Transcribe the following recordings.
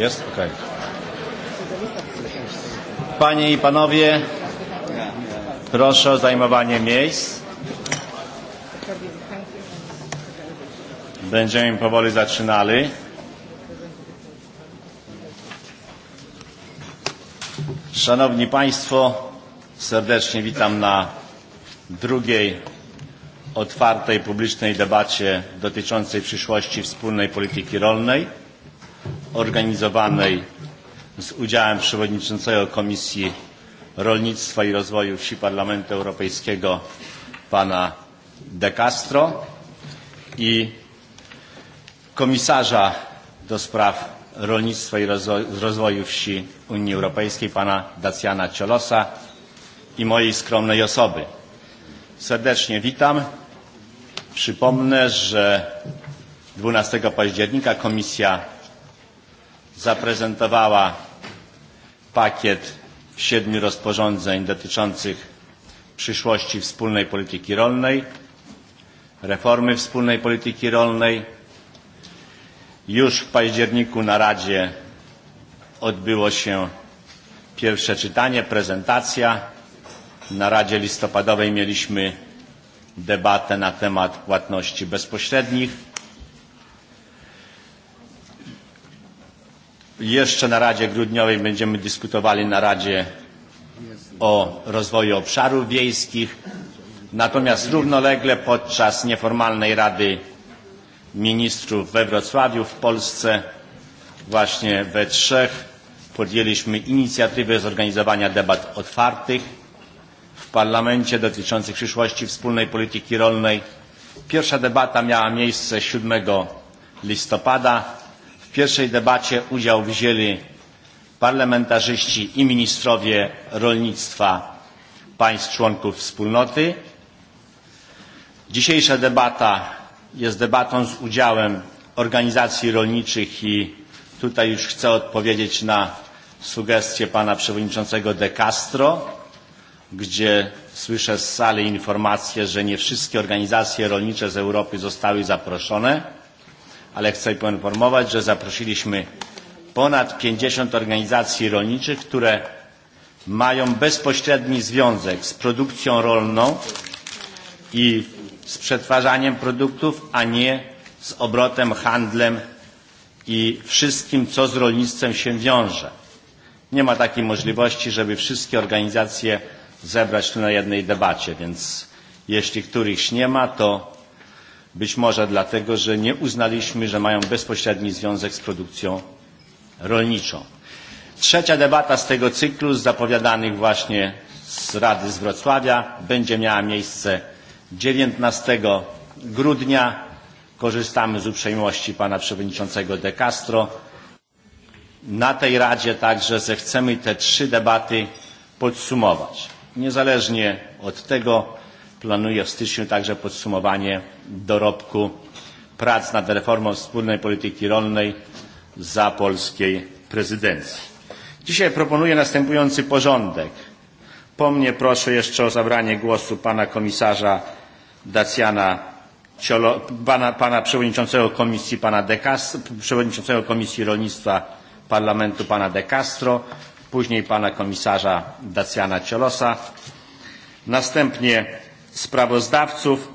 Jest? Okay. Panie i panowie, proszę o zajmowanie miejsc. Będziemy powoli zaczynali. Szanowni Państwo, serdecznie witam na drugiej otwartej publicznej debacie dotyczącej przyszłości wspólnej polityki rolnej organizowanej z udziałem przewodniczącego Komisji Rolnictwa i Rozwoju Wsi Parlamentu Europejskiego pana De Castro i komisarza do spraw rolnictwa i rozwoju wsi Unii Europejskiej pana Daciana Ciolosa i mojej skromnej osoby. Serdecznie witam. Przypomnę, że 12 października Komisja zaprezentowała pakiet siedmiu rozporządzeń dotyczących przyszłości wspólnej polityki rolnej, reformy wspólnej polityki rolnej. Już w październiku na Radzie odbyło się pierwsze czytanie, prezentacja. Na Radzie Listopadowej mieliśmy debatę na temat płatności bezpośrednich. Jeszcze na Radzie Grudniowej będziemy dyskutowali na Radzie o rozwoju obszarów wiejskich. Natomiast równolegle podczas nieformalnej Rady Ministrów we Wrocławiu w Polsce właśnie we trzech podjęliśmy inicjatywę zorganizowania debat otwartych w parlamencie dotyczących przyszłości wspólnej polityki rolnej. Pierwsza debata miała miejsce 7 listopada W pierwszej debacie udział wzięli parlamentarzyści i ministrowie rolnictwa państw członków wspólnoty. Dzisiejsza debata jest debatą z udziałem organizacji rolniczych i tutaj już chcę odpowiedzieć na sugestie pana przewodniczącego De Castro, gdzie słyszę z sali informację, że nie wszystkie organizacje rolnicze z Europy zostały zaproszone ale chcę poinformować, że zaprosiliśmy ponad 50 organizacji rolniczych, które mają bezpośredni związek z produkcją rolną i z przetwarzaniem produktów, a nie z obrotem, handlem i wszystkim, co z rolnictwem się wiąże. Nie ma takiej możliwości, żeby wszystkie organizacje zebrać tu na jednej debacie, więc jeśli których nie ma, to Być może dlatego, że nie uznaliśmy, że mają bezpośredni związek z produkcją rolniczą. Trzecia debata z tego cyklu, z zapowiadanych właśnie z Rady z Wrocławia, będzie miała miejsce 19 grudnia. Korzystamy z uprzejmości pana przewodniczącego De Castro. Na tej Radzie także zechcemy te trzy debaty podsumować. Niezależnie od tego planuję w styczniu także podsumowanie dorobku prac nad reformą wspólnej polityki rolnej za polskiej prezydencji. Dzisiaj proponuję następujący porządek. Po mnie proszę jeszcze o zabranie głosu pana komisarza Daciana Ciolo, pana, pana przewodniczącego komisji, pana De Castro, przewodniczącego komisji rolnictwa parlamentu, pana De Castro, później pana komisarza Daciana Ciolosa, następnie sprawozdawców,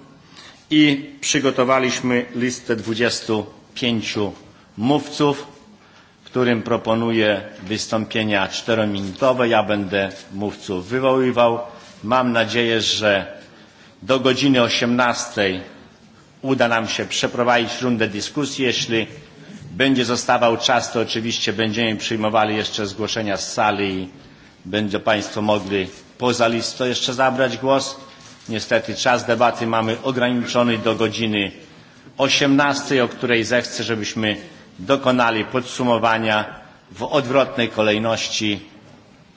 i przygotowaliśmy listę 25 mówców, którym proponuję wystąpienia czterominutowe. Ja będę mówców wywoływał. Mam nadzieję, że do godziny 18 uda nam się przeprowadzić rundę dyskusji. Jeśli będzie zostawał czas, to oczywiście będziemy przyjmowali jeszcze zgłoszenia z sali i będą Państwo mogli poza listą jeszcze zabrać głos. Niestety czas debaty mamy ograniczony do godziny 18, o której zechcę, żebyśmy dokonali podsumowania w odwrotnej kolejności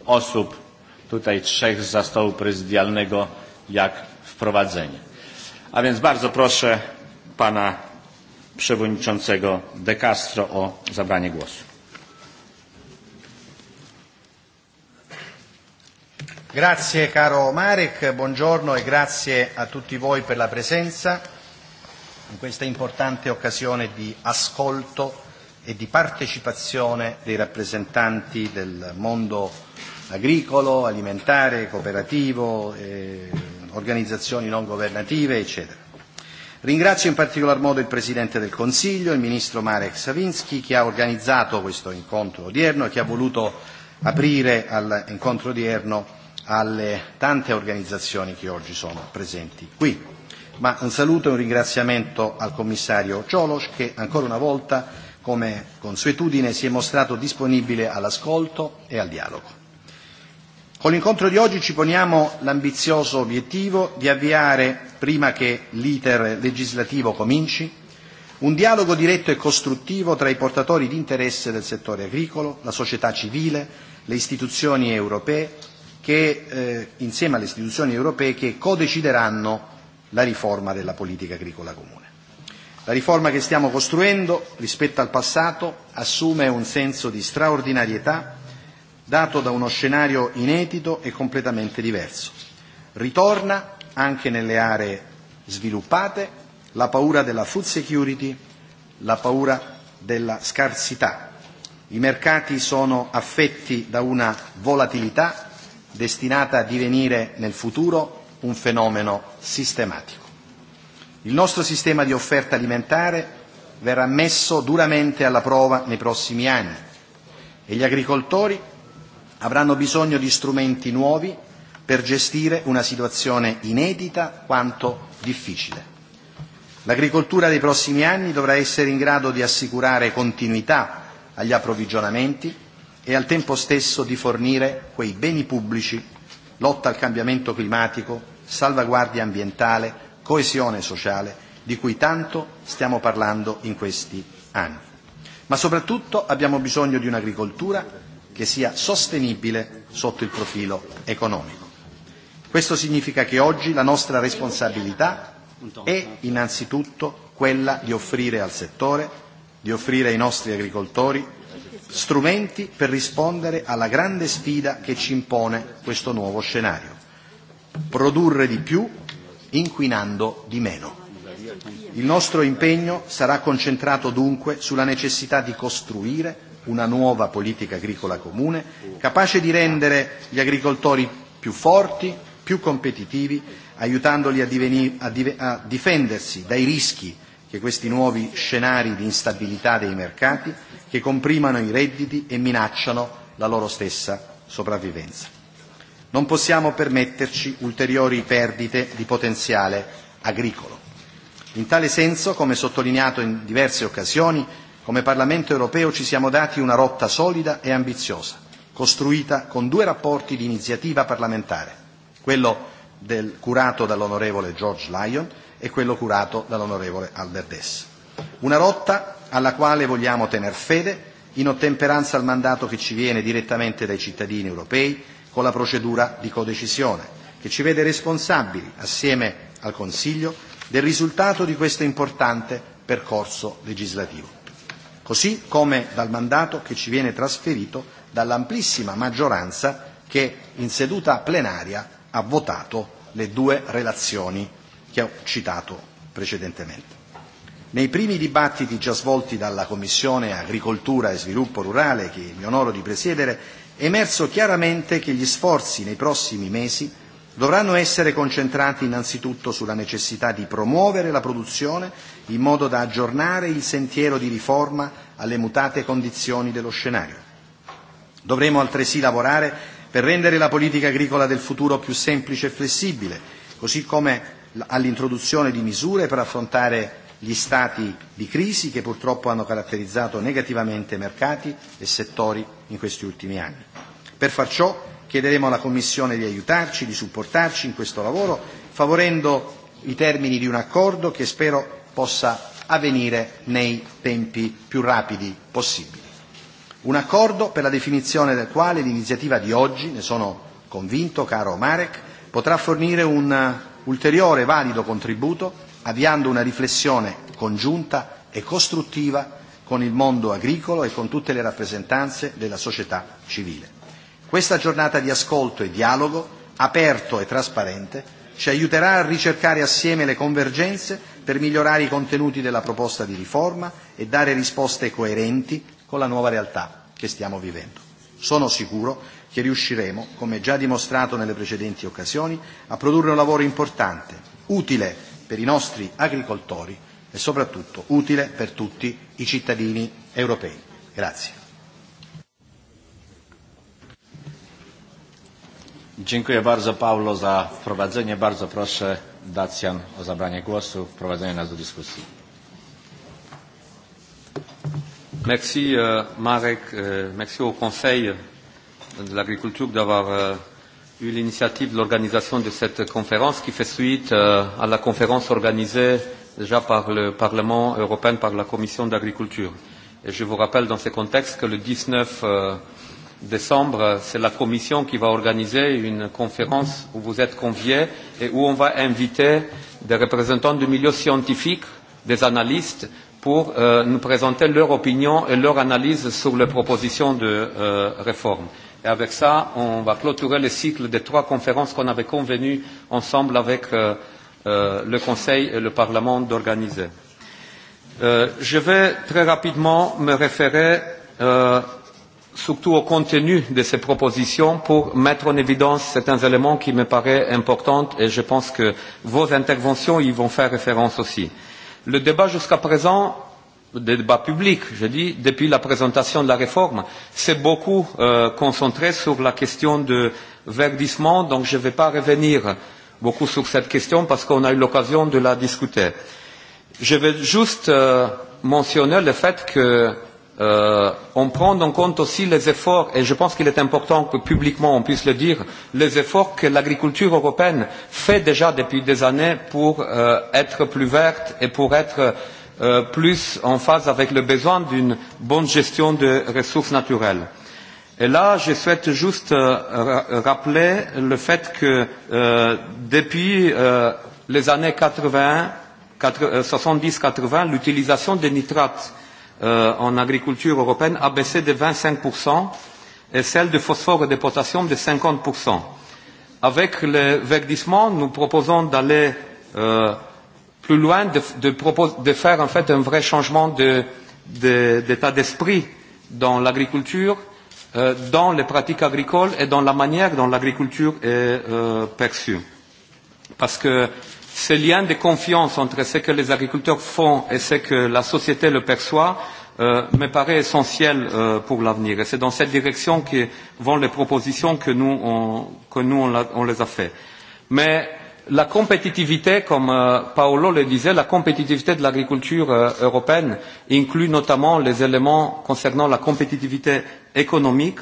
osób, tutaj trzech z zastołu prezydialnego, jak wprowadzenie. A więc bardzo proszę pana przewodniczącego De Castro o zabranie głosu. Grazie caro Marek, buongiorno e grazie a tutti voi per la presenza in questa importante occasione di ascolto e di partecipazione dei rappresentanti del mondo agricolo, alimentare, cooperativo, eh, organizzazioni non governative, eccetera. Ringrazio in particolar modo il Presidente del Consiglio, il Ministro Marek Savinsky, che ha organizzato questo incontro odierno e che ha voluto aprire all'incontro odierno alle tante organizzazioni che oggi sono presenti qui. Ma un saluto e un ringraziamento al commissario Cioloș che ancora una volta, come consuetudine, si è mostrato disponibile all'ascolto e al dialogo. Con l'incontro di oggi ci poniamo l'ambizioso obiettivo di avviare, prima che l'iter legislativo cominci, un dialogo diretto e costruttivo tra i portatori di interesse del settore agricolo, la società civile, le istituzioni europee che, eh, insieme alle istituzioni europee che codecideranno la riforma della politica agricola comune. La riforma che stiamo costruendo rispetto al passato assume un senso di straordinarietà dato da uno scenario inedito e completamente diverso. Ritorna anche nelle aree sviluppate la paura della food security, la paura della scarsità. I mercati sono affetti da una volatilità destinata a divenire nel futuro un fenomeno sistematico. Il nostro sistema di offerta alimentare verrà messo duramente alla prova nei prossimi anni e gli agricoltori avranno bisogno di strumenti nuovi per gestire una situazione inedita quanto difficile. L'agricoltura dei prossimi anni dovrà essere in grado di assicurare continuità agli approvvigionamenti, e al tempo stesso di fornire quei beni pubblici, lotta al cambiamento climatico, salvaguardia ambientale, coesione sociale, di cui tanto stiamo parlando in questi anni. Ma soprattutto abbiamo bisogno di un'agricoltura che sia sostenibile sotto il profilo economico. Questo significa che oggi la nostra responsabilità è innanzitutto quella di offrire al settore, di offrire ai nostri agricoltori strumenti per rispondere alla grande sfida che ci impone questo nuovo scenario. Produrre di più inquinando di meno. Il nostro impegno sarà concentrato dunque sulla necessità di costruire una nuova politica agricola comune capace di rendere gli agricoltori più forti, più competitivi, aiutandoli a, divenir, a, di, a difendersi dai rischi che questi nuovi scenari di instabilità dei mercati che comprimano i redditi e minacciano la loro stessa sopravvivenza. Non possiamo permetterci ulteriori perdite di potenziale agricolo. In tale senso, come sottolineato in diverse occasioni, come Parlamento europeo ci siamo dati una rotta solida e ambiziosa, costruita con due rapporti di iniziativa parlamentare, quello del, curato dall'onorevole George Lyon e quello curato dall'onorevole Alberdes. Una rotta alla quale vogliamo tener fede in ottemperanza al mandato che ci viene direttamente dai cittadini europei con la procedura di codecisione, che ci vede responsabili, assieme al Consiglio, del risultato di questo importante percorso legislativo. Così come dal mandato che ci viene trasferito dall'amplissima maggioranza che in seduta plenaria ha votato le due relazioni che ho citato precedentemente. Nei primi dibattiti già svolti dalla Commissione Agricoltura e Sviluppo Rurale, che mi onoro di presiedere, è emerso chiaramente che gli sforzi nei prossimi mesi dovranno essere concentrati innanzitutto sulla necessità di promuovere la produzione in modo da aggiornare il sentiero di riforma alle mutate condizioni dello scenario. Dovremo altresì lavorare per rendere la politica agricola del futuro più semplice e flessibile, così come all'introduzione di misure per affrontare gli stati di crisi che purtroppo hanno caratterizzato negativamente mercati e settori in questi ultimi anni. Per far ciò chiederemo alla Commissione di aiutarci, di supportarci in questo lavoro, favorendo i termini di un accordo che spero possa avvenire nei tempi più rapidi possibili. Un accordo per la definizione del quale l'iniziativa di oggi, ne sono convinto, caro Marek, potrà fornire un ulteriore valido contributo avviando una riflessione congiunta e costruttiva con il mondo agricolo e con tutte le rappresentanze della società civile. Questa giornata di ascolto e dialogo, aperto e trasparente, ci aiuterà a ricercare assieme le convergenze per migliorare i contenuti della proposta di riforma e dare risposte coerenti con la nuova realtà che stiamo vivendo. Sono sicuro che riusciremo, come già dimostrato nelle precedenti occasioni, a produrre un lavoro importante, utile per i nostri agricoltori e soprattutto utile per tutti i cittadini europei. Grazie. Dziękuję bardzo Paolo za wprowadzenie. Bardzo proszę Dacjan o zabranie głosu, wprowadzenie nas do dyskusji. Merci euh, Marek, euh, merci au Conseil de l'agriculture d'avoir euh, eu l'initiative de l'organisation de cette conférence qui fait suite euh, à la conférence organisée déjà par le Parlement européen, par la Commission d'agriculture. Et je vous rappelle dans ce contexte que le 19 euh, décembre, c'est la Commission qui va organiser une conférence où vous êtes conviés et où on va inviter des représentants du milieu scientifique, des analystes, pour euh, nous présenter leur opinion et leur analyse sur les propositions de euh, réforme. Et avec ça, on va clôturer le cycle des trois conférences qu'on avait convenues ensemble avec euh, euh, le Conseil et le Parlement d'organiser. Euh, je vais très rapidement me référer euh, surtout au contenu de ces propositions pour mettre en évidence certains éléments qui me paraissent importants et je pense que vos interventions y vont faire référence aussi. Le débat jusqu'à présent des débats publics, je dis, depuis la présentation de la réforme, s'est beaucoup euh, concentré sur la question de verdissement, donc je ne vais pas revenir beaucoup sur cette question parce qu'on a eu l'occasion de la discuter. Je vais juste euh, mentionner le fait que euh, on prend en compte aussi les efforts, et je pense qu'il est important que publiquement on puisse le dire, les efforts que l'agriculture européenne fait déjà depuis des années pour euh, être plus verte et pour être euh, Euh, plus en phase avec le besoin d'une bonne gestion des ressources naturelles. Et là, je souhaite juste euh, rappeler le fait que euh, depuis euh, les années 70-80, euh, l'utilisation des nitrates euh, en agriculture européenne a baissé de 25% et celle de phosphore et de potassium de 50%. Avec le verdissement, nous proposons d'aller euh, plus loin de, de, propose, de faire en fait un vrai changement d'état de, de, d'esprit dans l'agriculture, euh, dans les pratiques agricoles et dans la manière dont l'agriculture est euh, perçue. Parce que ce lien de confiance entre ce que les agriculteurs font et ce que la société le perçoit euh, me paraît essentiel euh, pour l'avenir. Et c'est dans cette direction que vont les propositions que nous, on, que nous on, la, on les a faites. Mais La compétitivité, comme euh, Paolo le disait, la compétitivité de l'agriculture euh, européenne inclut notamment les éléments concernant la compétitivité économique.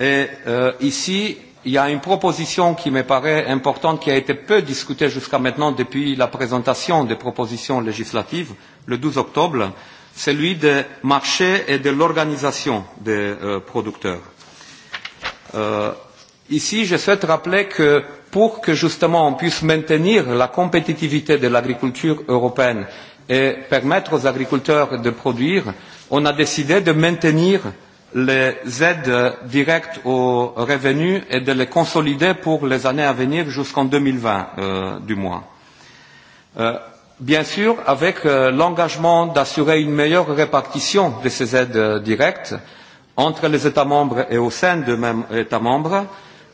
Et euh, ici, il y a une proposition qui me paraît importante, qui a été peu discutée jusqu'à maintenant depuis la présentation des propositions législatives le 12 octobre, celui des marchés et de l'organisation des euh, producteurs. Euh, Ici, je souhaite rappeler que pour que justement on puisse maintenir la compétitivité de l'agriculture européenne et permettre aux agriculteurs de produire, on a décidé de maintenir les aides directes aux revenus et de les consolider pour les années à venir jusqu'en 2020 euh, du moins. Euh, bien sûr, avec euh, l'engagement d'assurer une meilleure répartition de ces aides euh, directes entre les États membres et au sein de même États membres,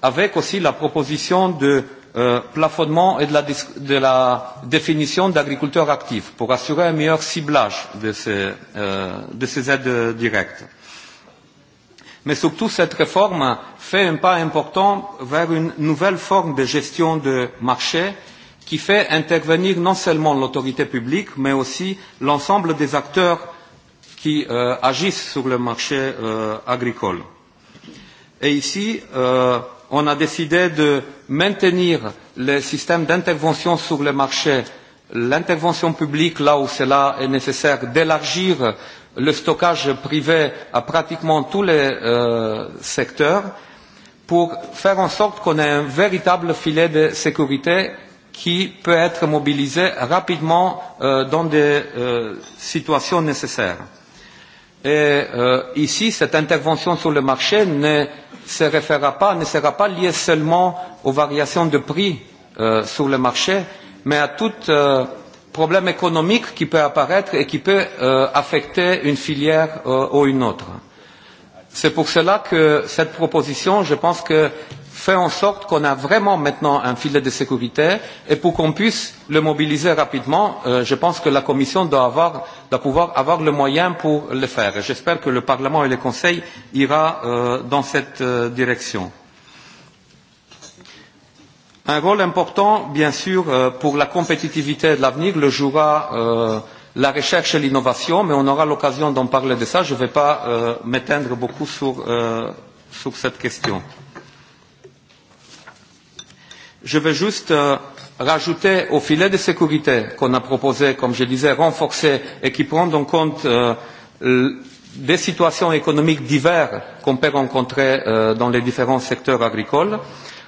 avec aussi la proposition de euh, plafonnement et de la, de la définition d'agriculteurs actifs pour assurer un meilleur ciblage de ces, euh, de ces aides directes. Mais surtout, cette réforme fait un pas important vers une nouvelle forme de gestion de marché qui fait intervenir non seulement l'autorité publique, mais aussi l'ensemble des acteurs qui euh, agissent sur le marché euh, agricole. Et ici, euh, on a décidé de maintenir le système d'intervention sur le marché, l'intervention publique là où cela est nécessaire, d'élargir le stockage privé à pratiquement tous les euh, secteurs pour faire en sorte qu'on ait un véritable filet de sécurité qui peut être mobilisé rapidement euh, dans des euh, situations nécessaires. Et euh, ici, cette intervention sur le marché n'est se référera pas, ne sera pas lié seulement aux variations de prix euh, sur le marché, mais à tout euh, problème économique qui peut apparaître et qui peut euh, affecter une filière euh, ou une autre. C'est pour cela que cette proposition, je pense que fait en sorte qu'on a vraiment maintenant un filet de sécurité et pour qu'on puisse le mobiliser rapidement, euh, je pense que la Commission doit, avoir, doit pouvoir avoir le moyen pour le faire. J'espère que le Parlement et le Conseil ira euh, dans cette euh, direction. Un rôle important, bien sûr, euh, pour la compétitivité de l'avenir le jouera euh, la recherche et l'innovation, mais on aura l'occasion d'en parler de ça. Je ne vais pas euh, m'étendre beaucoup sur, euh, sur cette question. Je vais juste euh, rajouter au filet de sécurité qu'on a proposé, comme je disais, renforcé et qui prend en compte euh, des situations économiques diverses qu'on peut rencontrer euh, dans les différents secteurs agricoles.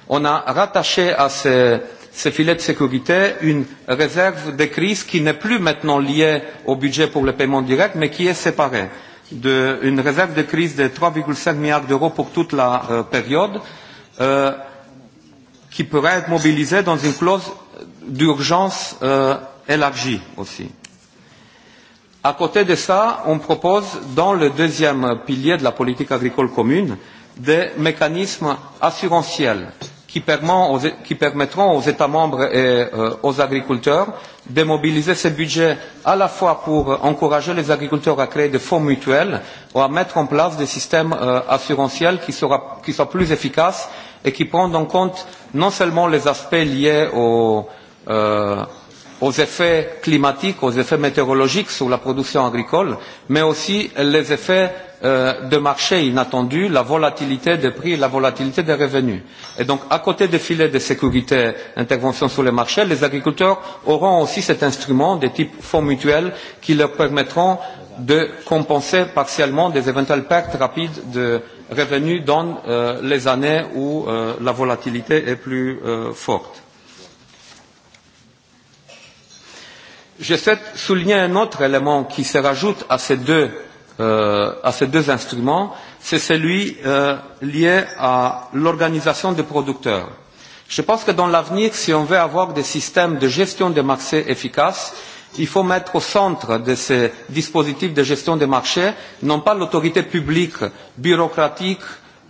On a rattaché à ces, ces filets de sécurité une réserve de crise qui n'est plus maintenant liée au budget pour le paiement direct, mais qui est séparée d'une réserve de crise de 3,5 milliards d'euros pour toute la euh, période. Euh, qui pourrait être mobilisé dans une clause d'urgence euh, élargie aussi. À côté de ça, on propose dans le deuxième pilier de la politique agricole commune des mécanismes assurantiels qui, aux, qui permettront aux États membres et euh, aux agriculteurs de mobiliser ces budgets à la fois pour encourager les agriculteurs à créer des fonds mutuels ou à mettre en place des systèmes euh, assurantiels qui, sera, qui soient plus efficaces et qui prennent en compte non seulement les aspects liés aux, euh, aux effets climatiques, aux effets météorologiques sur la production agricole, mais aussi les effets euh, de marché inattendus, la volatilité des prix et la volatilité des revenus. Et donc, à côté des filets de sécurité, intervention sur les marchés, les agriculteurs auront aussi cet instrument de type fonds mutuel qui leur permettront de compenser partiellement des éventuelles pertes rapides de, revenus dans euh, les années où euh, la volatilité est plus euh, forte. Je souhaite souligner un autre élément qui se rajoute à ces deux, euh, à ces deux instruments, c'est celui euh, lié à l'organisation des producteurs. Je pense que dans l'avenir, si on veut avoir des systèmes de gestion des marchés efficaces, il faut mettre au centre de ce dispositif de gestion des marchés non pas l'autorité publique bureaucratique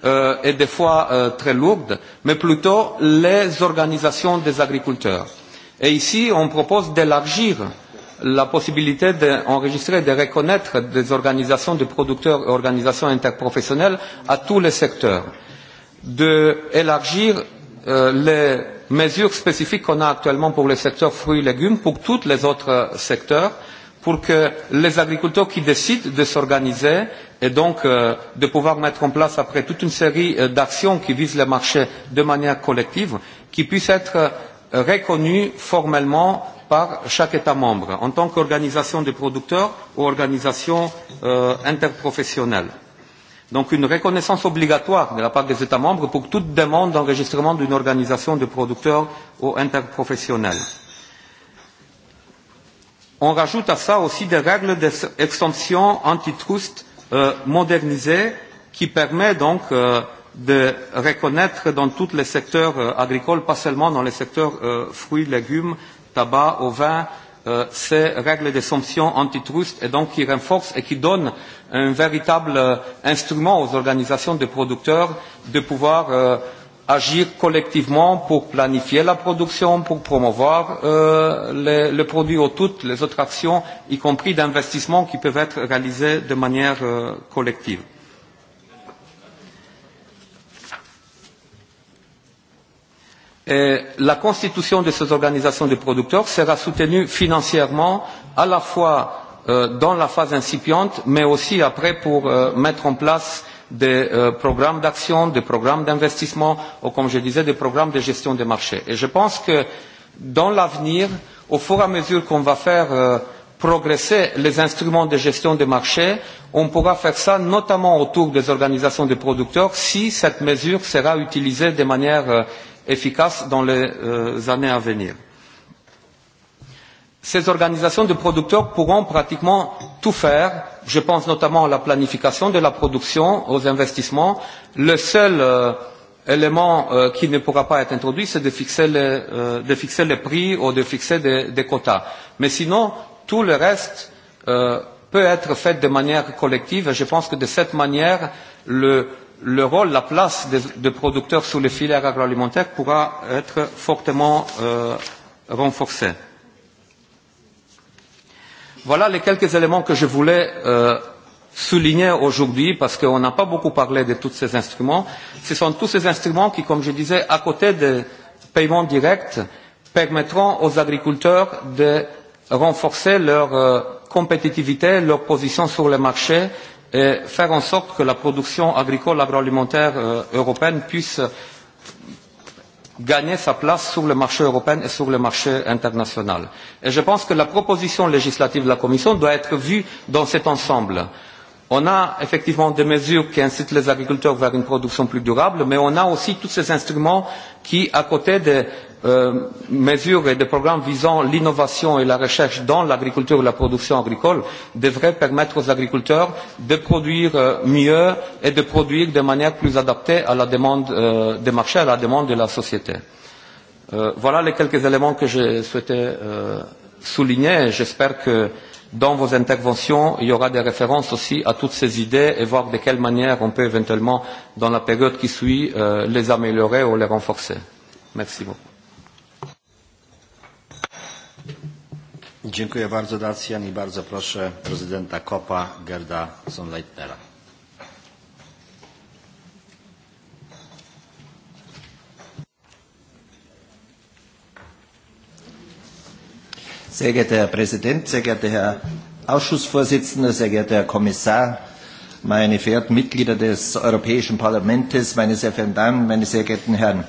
euh, et des fois euh, très lourde, mais plutôt les organisations des agriculteurs. Et ici, on propose d'élargir la possibilité d'enregistrer et de reconnaître des organisations de producteurs et organisations interprofessionnelles à tous les secteurs, d'élargir Euh, les mesures spécifiques qu'on a actuellement pour le secteur fruits et légumes, pour tous les autres euh, secteurs, pour que les agriculteurs qui décident de s'organiser et donc euh, de pouvoir mettre en place après toute une série euh, d'actions qui visent le marché de manière collective, qui puissent être euh, reconnues formellement par chaque État membre en tant qu'organisation des producteurs ou organisation euh, interprofessionnelle. Donc une reconnaissance obligatoire de la part des États membres pour toute demande d'enregistrement d'une organisation de producteurs ou interprofessionnels. On rajoute à ça aussi des règles d'extension antitrust euh, modernisées qui permet donc euh, de reconnaître dans tous les secteurs euh, agricoles, pas seulement dans les secteurs euh, fruits, légumes, tabac, ovins, Euh, ces règles de sanctions antitrust et donc qui renforcent et qui donnent un véritable euh, instrument aux organisations de producteurs de pouvoir euh, agir collectivement pour planifier la production, pour promouvoir euh, les, les produits ou toutes les autres actions, y compris d'investissements qui peuvent être réalisés de manière euh, collective. Euh, la constitution de ces organisations de producteurs sera soutenue financièrement à la fois euh, dans la phase incipiente, mais aussi après pour euh, mettre en place des euh, programmes d'action, des programmes d'investissement ou, comme je disais, des programmes de gestion des marchés. Et je pense que dans l'avenir, au fur et à mesure qu'on va faire euh, progresser les instruments de gestion des marchés, on pourra faire ça notamment autour des organisations de producteurs si cette mesure sera utilisée de manière euh, efficace dans les euh, années à venir. Ces organisations de producteurs pourront pratiquement tout faire. Je pense notamment à la planification de la production, aux investissements. Le seul euh, élément euh, qui ne pourra pas être introduit, c'est de, fixer les, euh, de fixer les prix ou de fixer des, des quotas. Mais sinon, tout le reste euh, peut être fait de manière collective et je pense que de cette manière, le, le rôle, la place des, des producteurs sur les filières agroalimentaires pourra être fortement euh, renforcée. Voilà les quelques éléments que je voulais euh, souligner aujourd'hui parce qu'on n'a pas beaucoup parlé de tous ces instruments. Ce sont tous ces instruments qui, comme je disais, à côté des paiements directs, permettront aux agriculteurs de renforcer leur euh, compétitivité, leur position sur le marché et faire en sorte que la production agricole agroalimentaire euh, européenne puisse gagner sa place sur le marché européen et sur le marché international. Et je pense que la proposition législative de la Commission doit être vue dans cet ensemble. On a effectivement des mesures qui incitent les agriculteurs vers une production plus durable, mais on a aussi tous ces instruments qui, à côté des Euh, mesures et des programmes visant l'innovation et la recherche dans l'agriculture et la production agricole devraient permettre aux agriculteurs de produire euh, mieux et de produire de manière plus adaptée à la demande euh, des marchés, à la demande de la société. Euh, voilà les quelques éléments que je souhaitais euh, souligner. J'espère que dans vos interventions, il y aura des références aussi à toutes ces idées et voir de quelle manière on peut éventuellement, dans la période qui suit, euh, les améliorer ou les renforcer. Merci beaucoup. Dziękuję bardzo Dacjan i bardzo proszę prezydenta Kopa Gerda Sonleitnera. Sehr geehrter Herr Präsident, sehr geehrter Herr Ausschussvorsitzender, sehr geehrter Herr Kommissar, meine verehrten Mitglieder des Europäischen Parlaments, meine sehr verehrten Damen, meine sehr geehrten Herren.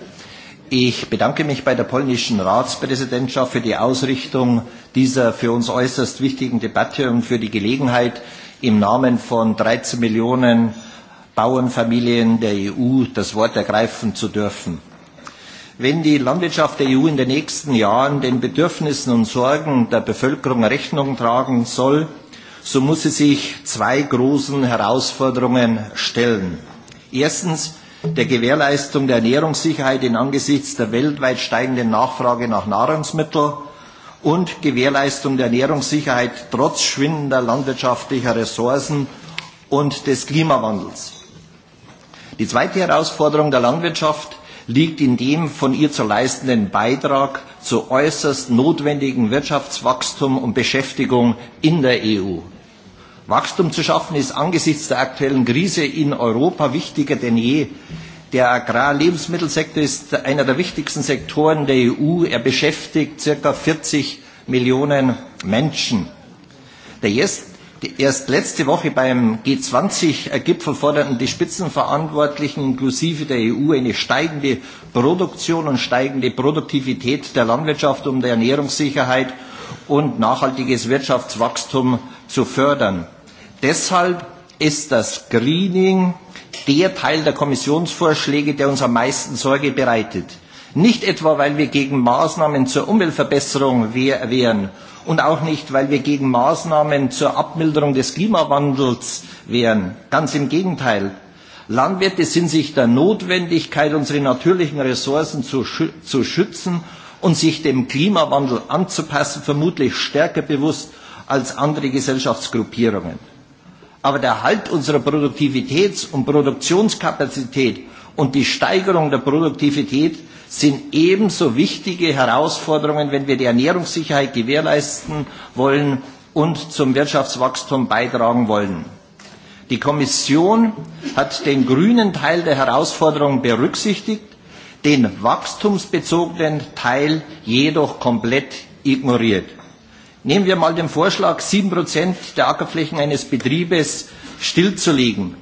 Ich bedanke mich bei der polnischen Ratspräsidentschaft für die Ausrichtung dieser für uns äußerst wichtigen Debatte und für die Gelegenheit, im Namen von 13 Millionen Bauernfamilien der EU das Wort ergreifen zu dürfen. Wenn die Landwirtschaft der EU in den nächsten Jahren den Bedürfnissen und Sorgen der Bevölkerung Rechnung tragen soll, so muss sie sich zwei großen Herausforderungen stellen. Erstens der Gewährleistung der Ernährungssicherheit in angesichts der weltweit steigenden Nachfrage nach Nahrungsmitteln und Gewährleistung der Ernährungssicherheit trotz schwindender landwirtschaftlicher Ressourcen und des Klimawandels. Die zweite Herausforderung der Landwirtschaft liegt in dem von ihr zu leistenden Beitrag zu äußerst notwendigen Wirtschaftswachstum und Beschäftigung in der EU. Wachstum zu schaffen ist angesichts der aktuellen Krise in Europa wichtiger denn je. Der Agrarlebensmittelsektor ist einer der wichtigsten Sektoren der EU. Er beschäftigt circa 40 Millionen Menschen. Der erst, die erst letzte Woche beim G20-Gipfel forderten die Spitzenverantwortlichen inklusive der EU eine steigende Produktion und steigende Produktivität der Landwirtschaft, um die Ernährungssicherheit und nachhaltiges Wirtschaftswachstum zu fördern. Deshalb ist das Screening der Teil der Kommissionsvorschläge, der uns am meisten Sorge bereitet. Nicht etwa, weil wir gegen Maßnahmen zur Umweltverbesserung wären und auch nicht, weil wir gegen Maßnahmen zur Abmilderung des Klimawandels wären. Ganz im Gegenteil. Landwirte sind sich der Notwendigkeit, unsere natürlichen Ressourcen zu, schü zu schützen und sich dem Klimawandel anzupassen, vermutlich stärker bewusst als andere Gesellschaftsgruppierungen. Aber der Erhalt unserer Produktivitäts- und Produktionskapazität und die Steigerung der Produktivität sind ebenso wichtige Herausforderungen, wenn wir die Ernährungssicherheit gewährleisten wollen und zum Wirtschaftswachstum beitragen wollen. Die Kommission hat den grünen Teil der Herausforderung berücksichtigt, den wachstumsbezogenen Teil jedoch komplett ignoriert. Nehmen wir mal den Vorschlag, sieben Prozent der Ackerflächen eines Betriebes stillzulegen.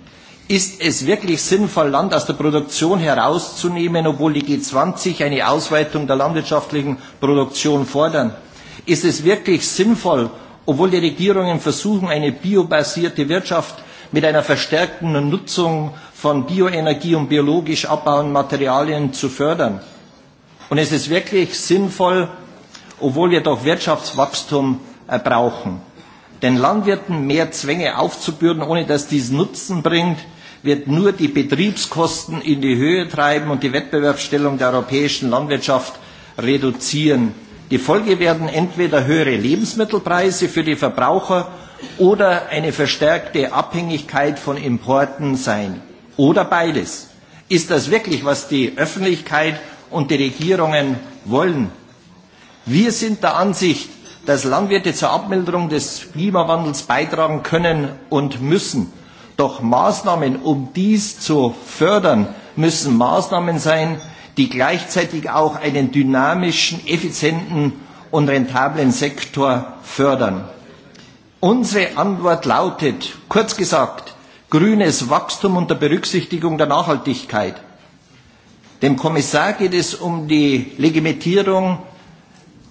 Ist es wirklich sinnvoll, Land aus der Produktion herauszunehmen, obwohl die G20 eine Ausweitung der landwirtschaftlichen Produktion fordern? Ist es wirklich sinnvoll, obwohl die Regierungen versuchen, eine biobasierte Wirtschaft mit einer verstärkten Nutzung von Bioenergie und biologisch abbauenden Materialien zu fördern? Und ist es ist wirklich sinnvoll, obwohl wir doch Wirtschaftswachstum äh, brauchen. Den Landwirten mehr Zwänge aufzubürden, ohne dass dies Nutzen bringt, wird nur die Betriebskosten in die Höhe treiben und die Wettbewerbsstellung der europäischen Landwirtschaft reduzieren. Die Folge werden entweder höhere Lebensmittelpreise für die Verbraucher oder eine verstärkte Abhängigkeit von Importen sein. Oder beides. Ist das wirklich, was die Öffentlichkeit und die Regierungen wollen? Wir sind der Ansicht, dass Landwirte zur Abmilderung des Klimawandels beitragen können und müssen. Doch Maßnahmen, um dies zu fördern, müssen Maßnahmen sein, die gleichzeitig auch einen dynamischen, effizienten und rentablen Sektor fördern. Unsere Antwort lautet, kurz gesagt, grünes Wachstum unter Berücksichtigung der Nachhaltigkeit. Dem Kommissar geht es um die Legitimierung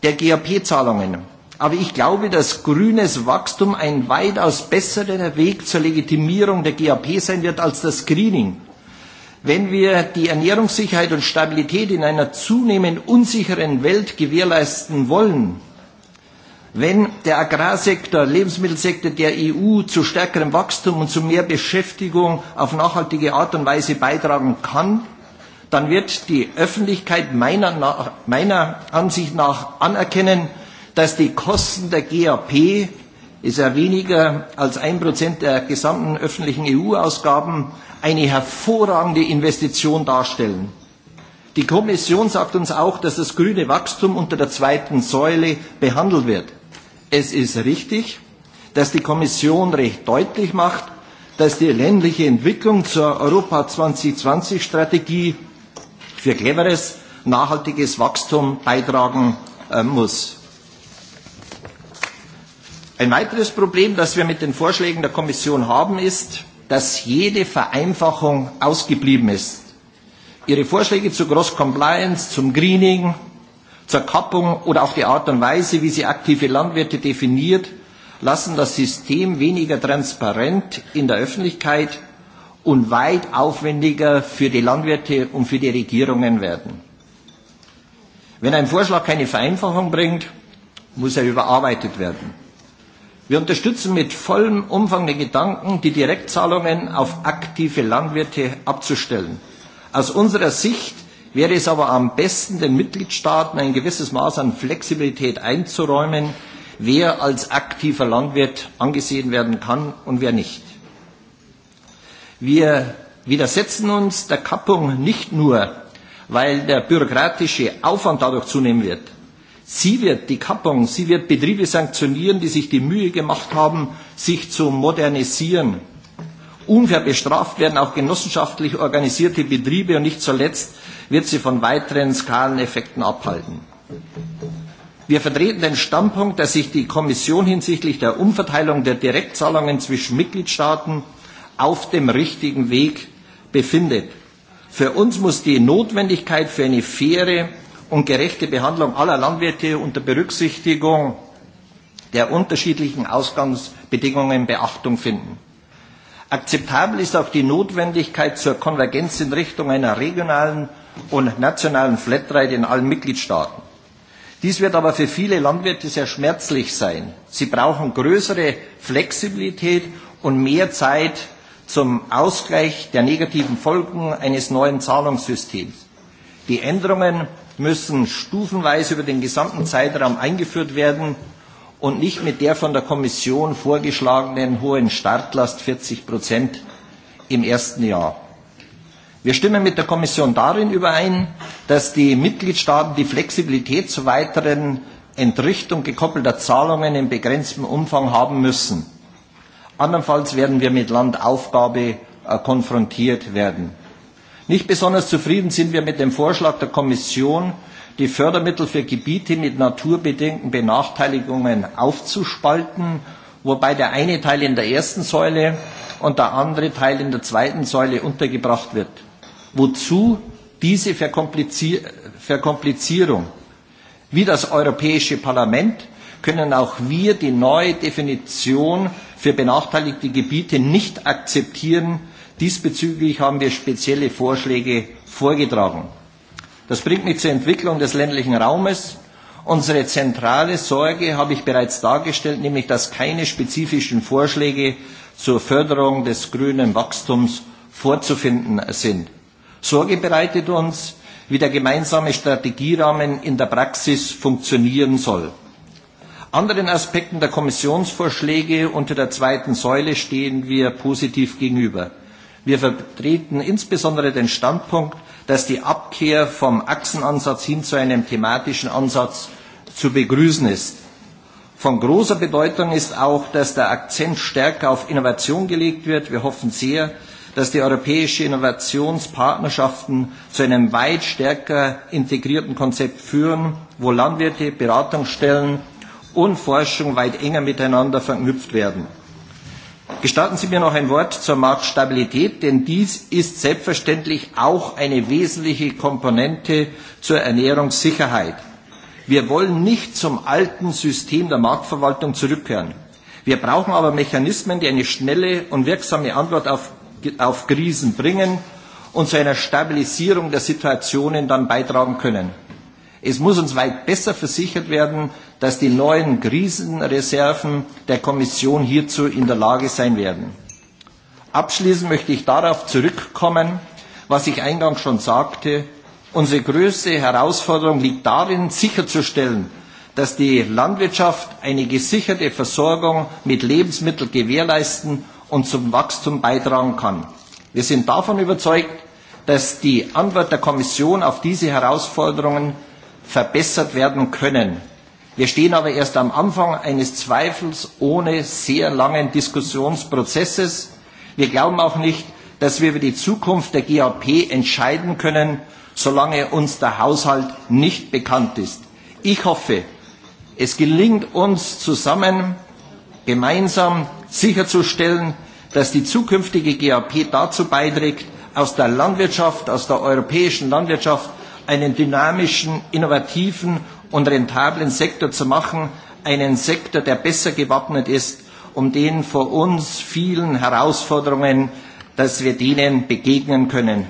der GAP-Zahlungen. Aber ich glaube, dass grünes Wachstum ein weitaus besserer Weg zur Legitimierung der GAP sein wird als das Screening. Wenn wir die Ernährungssicherheit und Stabilität in einer zunehmend unsicheren Welt gewährleisten wollen, wenn der Agrarsektor, Lebensmittelsektor der EU zu stärkerem Wachstum und zu mehr Beschäftigung auf nachhaltige Art und Weise beitragen kann, dann wird die Öffentlichkeit meiner, meiner Ansicht nach anerkennen, dass die Kosten der GAP ist ja weniger als ein Prozent der gesamten öffentlichen EU-Ausgaben eine hervorragende Investition darstellen. Die Kommission sagt uns auch, dass das grüne Wachstum unter der zweiten Säule behandelt wird. Es ist richtig, dass die Kommission recht deutlich macht, dass die ländliche Entwicklung zur Europa 2020 Strategie für cleveres, nachhaltiges Wachstum beitragen äh, muss. Ein weiteres Problem, das wir mit den Vorschlägen der Kommission haben, ist, dass jede Vereinfachung ausgeblieben ist. Ihre Vorschläge zur Gross Compliance, zum Greening, zur Kappung oder auch die Art und Weise, wie sie aktive Landwirte definiert, lassen das System weniger transparent in der Öffentlichkeit und weit aufwendiger für die Landwirte und für die Regierungen werden. Wenn ein Vorschlag keine Vereinfachung bringt, muss er überarbeitet werden. Wir unterstützen mit vollem Umfang den Gedanken, die Direktzahlungen auf aktive Landwirte abzustellen. Aus unserer Sicht wäre es aber am besten, den Mitgliedstaaten ein gewisses Maß an Flexibilität einzuräumen, wer als aktiver Landwirt angesehen werden kann und wer nicht. Wir widersetzen uns der Kappung nicht nur, weil der bürokratische Aufwand dadurch zunehmen wird. Sie wird die Kappung, sie wird Betriebe sanktionieren, die sich die Mühe gemacht haben, sich zu modernisieren. Unfair bestraft werden auch genossenschaftlich organisierte Betriebe und nicht zuletzt wird sie von weiteren Skaleneffekten abhalten. Wir vertreten den Standpunkt, dass sich die Kommission hinsichtlich der Umverteilung der Direktzahlungen zwischen Mitgliedstaaten auf dem richtigen Weg befindet. Für uns muss die Notwendigkeit für eine faire und gerechte Behandlung aller Landwirte unter Berücksichtigung der unterschiedlichen Ausgangsbedingungen Beachtung finden. Akzeptabel ist auch die Notwendigkeit zur Konvergenz in Richtung einer regionalen und nationalen Flatrate in allen Mitgliedstaaten. Dies wird aber für viele Landwirte sehr schmerzlich sein. Sie brauchen größere Flexibilität und mehr Zeit zum Ausgleich der negativen Folgen eines neuen Zahlungssystems. Die Änderungen müssen stufenweise über den gesamten Zeitraum eingeführt werden und nicht mit der von der Kommission vorgeschlagenen hohen Startlast 40 Prozent im ersten Jahr. Wir stimmen mit der Kommission darin überein, dass die Mitgliedstaaten die Flexibilität zur weiteren Entrichtung gekoppelter Zahlungen in begrenztem Umfang haben müssen. Andernfalls werden wir mit Landaufgabe äh, konfrontiert werden. Nicht besonders zufrieden sind wir mit dem Vorschlag der Kommission, die Fördermittel für Gebiete mit naturbedingten Benachteiligungen aufzuspalten, wobei der eine Teil in der ersten Säule und der andere Teil in der zweiten Säule untergebracht wird. Wozu diese Verkomplizier Verkomplizierung? Wie das Europäische Parlament können auch wir die neue Definition für benachteiligte Gebiete nicht akzeptieren. Diesbezüglich haben wir spezielle Vorschläge vorgetragen. Das bringt mich zur Entwicklung des ländlichen Raumes. Unsere zentrale Sorge habe ich bereits dargestellt, nämlich dass keine spezifischen Vorschläge zur Förderung des grünen Wachstums vorzufinden sind. Sorge bereitet uns, wie der gemeinsame Strategierahmen in der Praxis funktionieren soll anderen Aspekten der Kommissionsvorschläge unter der zweiten Säule stehen wir positiv gegenüber. Wir vertreten insbesondere den Standpunkt, dass die Abkehr vom Achsenansatz hin zu einem thematischen Ansatz zu begrüßen ist. Von großer Bedeutung ist auch, dass der Akzent stärker auf Innovation gelegt wird. Wir hoffen sehr, dass die europäische Innovationspartnerschaften zu einem weit stärker integrierten Konzept führen, wo Landwirte, Beratungsstellen und Forschung weit enger miteinander verknüpft werden. Gestatten Sie mir noch ein Wort zur Marktstabilität, denn dies ist selbstverständlich auch eine wesentliche Komponente zur Ernährungssicherheit. Wir wollen nicht zum alten System der Marktverwaltung zurückkehren. Wir brauchen aber Mechanismen, die eine schnelle und wirksame Antwort auf, auf Krisen bringen und zu einer Stabilisierung der Situationen dann beitragen können. Es muss uns weit besser versichert werden, dass die neuen Krisenreserven der Kommission hierzu in der Lage sein werden. Abschließend möchte ich darauf zurückkommen, was ich eingangs schon sagte. Unsere größte Herausforderung liegt darin, sicherzustellen, dass die Landwirtschaft eine gesicherte Versorgung mit Lebensmitteln gewährleisten und zum Wachstum beitragen kann. Wir sind davon überzeugt, dass die Antwort der Kommission auf diese Herausforderungen verbessert werden können. Wir stehen aber erst am Anfang eines Zweifels ohne sehr langen Diskussionsprozesses. Wir glauben auch nicht, dass wir über die Zukunft der GAP entscheiden können, solange uns der Haushalt nicht bekannt ist. Ich hoffe, es gelingt uns zusammen, gemeinsam sicherzustellen, dass die zukünftige GAP dazu beiträgt, aus der Landwirtschaft, aus der europäischen Landwirtschaft einen dynamischen, innovativen und rentablen Sektor zu machen, einen Sektor, der besser gewappnet ist, um den vor uns vielen Herausforderungen, dass wir denen begegnen können.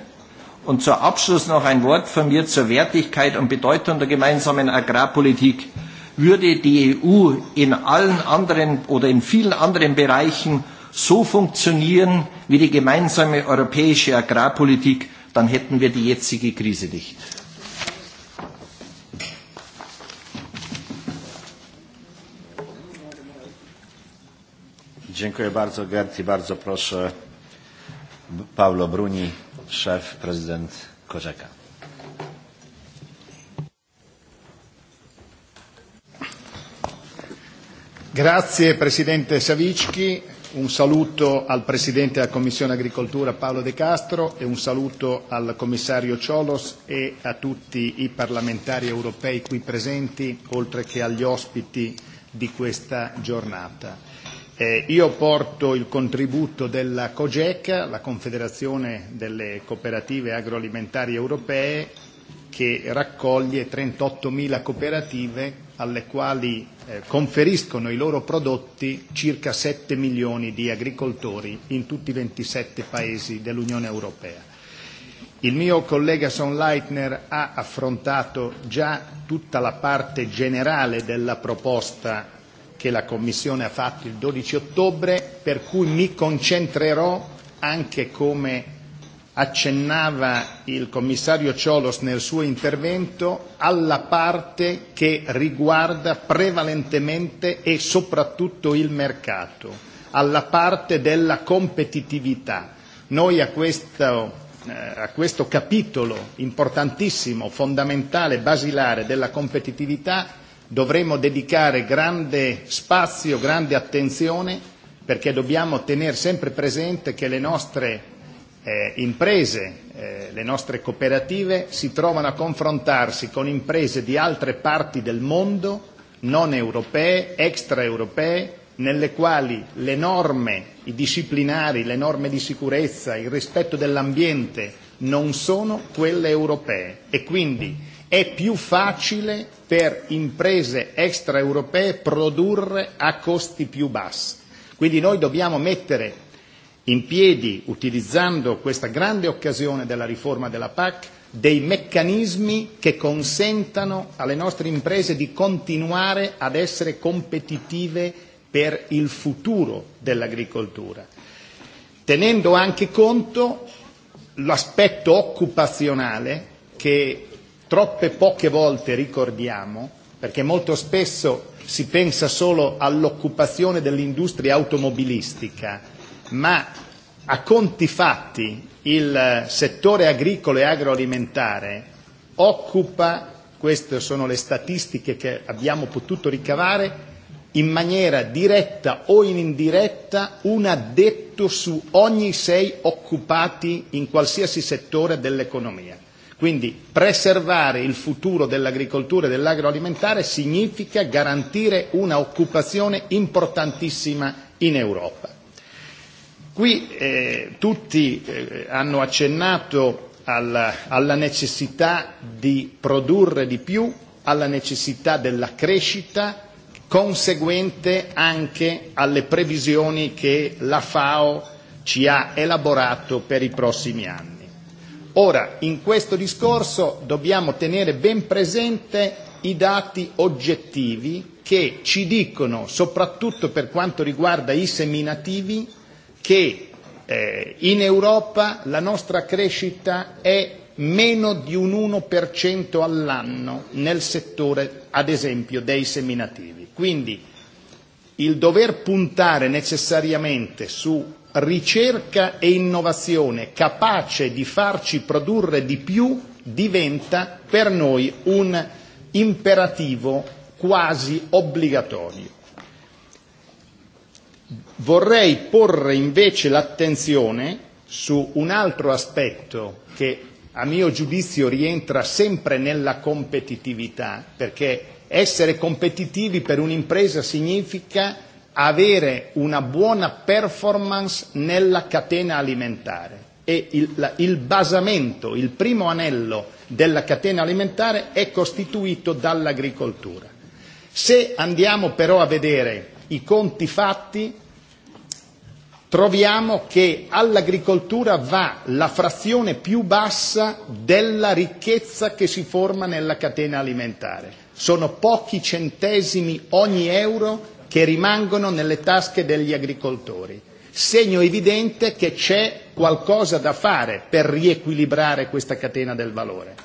Und zum Abschluss noch ein Wort von mir zur Wertigkeit und Bedeutung der gemeinsamen Agrarpolitik. Würde die EU in allen anderen oder in vielen anderen Bereichen so funktionieren wie die gemeinsame europäische Agrarpolitik, dann hätten wir die jetzige Krise nicht. Dziękuję bardzo Gerti, bardzo proszę Paolo Bruni, szef, prezydent Kozeka. Grazie Presidente Savicki. un saluto al Presidente della Commissione Agricoltura Paolo De Castro e un saluto al Commissario Ciolos e a tutti i parlamentari europei qui presenti, oltre che agli ospiti di questa giornata. Eh, io porto il contributo della COGEC, la Confederazione delle Cooperative Agroalimentari Europee, che raccoglie 38.000 cooperative alle quali eh, conferiscono i loro prodotti circa 7 milioni di agricoltori in tutti i 27 paesi dell'Unione Europea. Il mio collega Son Leitner ha affrontato già tutta la parte generale della proposta che la Commissione ha fatto il 12 ottobre, per cui mi concentrerò anche come accennava il commissario Ciolos nel suo intervento alla parte che riguarda prevalentemente e soprattutto il mercato, alla parte della competitività. Noi a questo, eh, a questo capitolo importantissimo, fondamentale, basilare della competitività dovremmo dedicare grande spazio, grande attenzione perché dobbiamo tenere sempre presente che le nostre eh, imprese, eh, le nostre cooperative si trovano a confrontarsi con imprese di altre parti del mondo, non europee, extraeuropee, nelle quali le norme, i disciplinari, le norme di sicurezza, il rispetto dell'ambiente non sono quelle europee e quindi è più facile per imprese extraeuropee produrre a costi più bassi. Quindi noi dobbiamo mettere in piedi, utilizzando questa grande occasione della riforma della PAC, dei meccanismi che consentano alle nostre imprese di continuare ad essere competitive per il futuro dell'agricoltura, tenendo anche conto l'aspetto occupazionale che troppe poche volte ricordiamo, perché molto spesso si pensa solo all'occupazione dell'industria automobilistica, ma a conti fatti il settore agricolo e agroalimentare occupa, queste sono le statistiche che abbiamo potuto ricavare, in maniera diretta o in indiretta un addetto su ogni sei occupati in qualsiasi settore dell'economia. Quindi preservare il futuro dell'agricoltura e dell'agroalimentare significa garantire una occupazione importantissima in Europa. Qui eh, tutti eh, hanno accennato alla, alla necessità di produrre di più, alla necessità della crescita conseguente anche alle previsioni che la FAO ci ha elaborato per i prossimi anni. Ora, in questo discorso dobbiamo tenere ben presente i dati oggettivi che ci dicono, soprattutto per quanto riguarda i seminativi, che eh, in Europa la nostra crescita è meno di un 1% all'anno nel settore, ad esempio, dei seminativi. Quindi il dover puntare necessariamente su ricerca e innovazione capace di farci produrre di più diventa per noi un imperativo quasi obbligatorio. Vorrei porre invece l'attenzione su un altro aspetto che a mio giudizio rientra sempre nella competitività, perché Essere competitivi per un'impresa significa avere una buona performance nella catena alimentare e il, la, il basamento, il primo anello della catena alimentare è costituito dall'agricoltura. Se andiamo però a vedere i conti fatti, troviamo che all'agricoltura va la frazione più bassa della ricchezza che si forma nella catena alimentare sono pochi centesimi ogni euro che rimangono nelle tasche degli agricoltori. Segno evidente che c'è qualcosa da fare per riequilibrare questa catena del valore.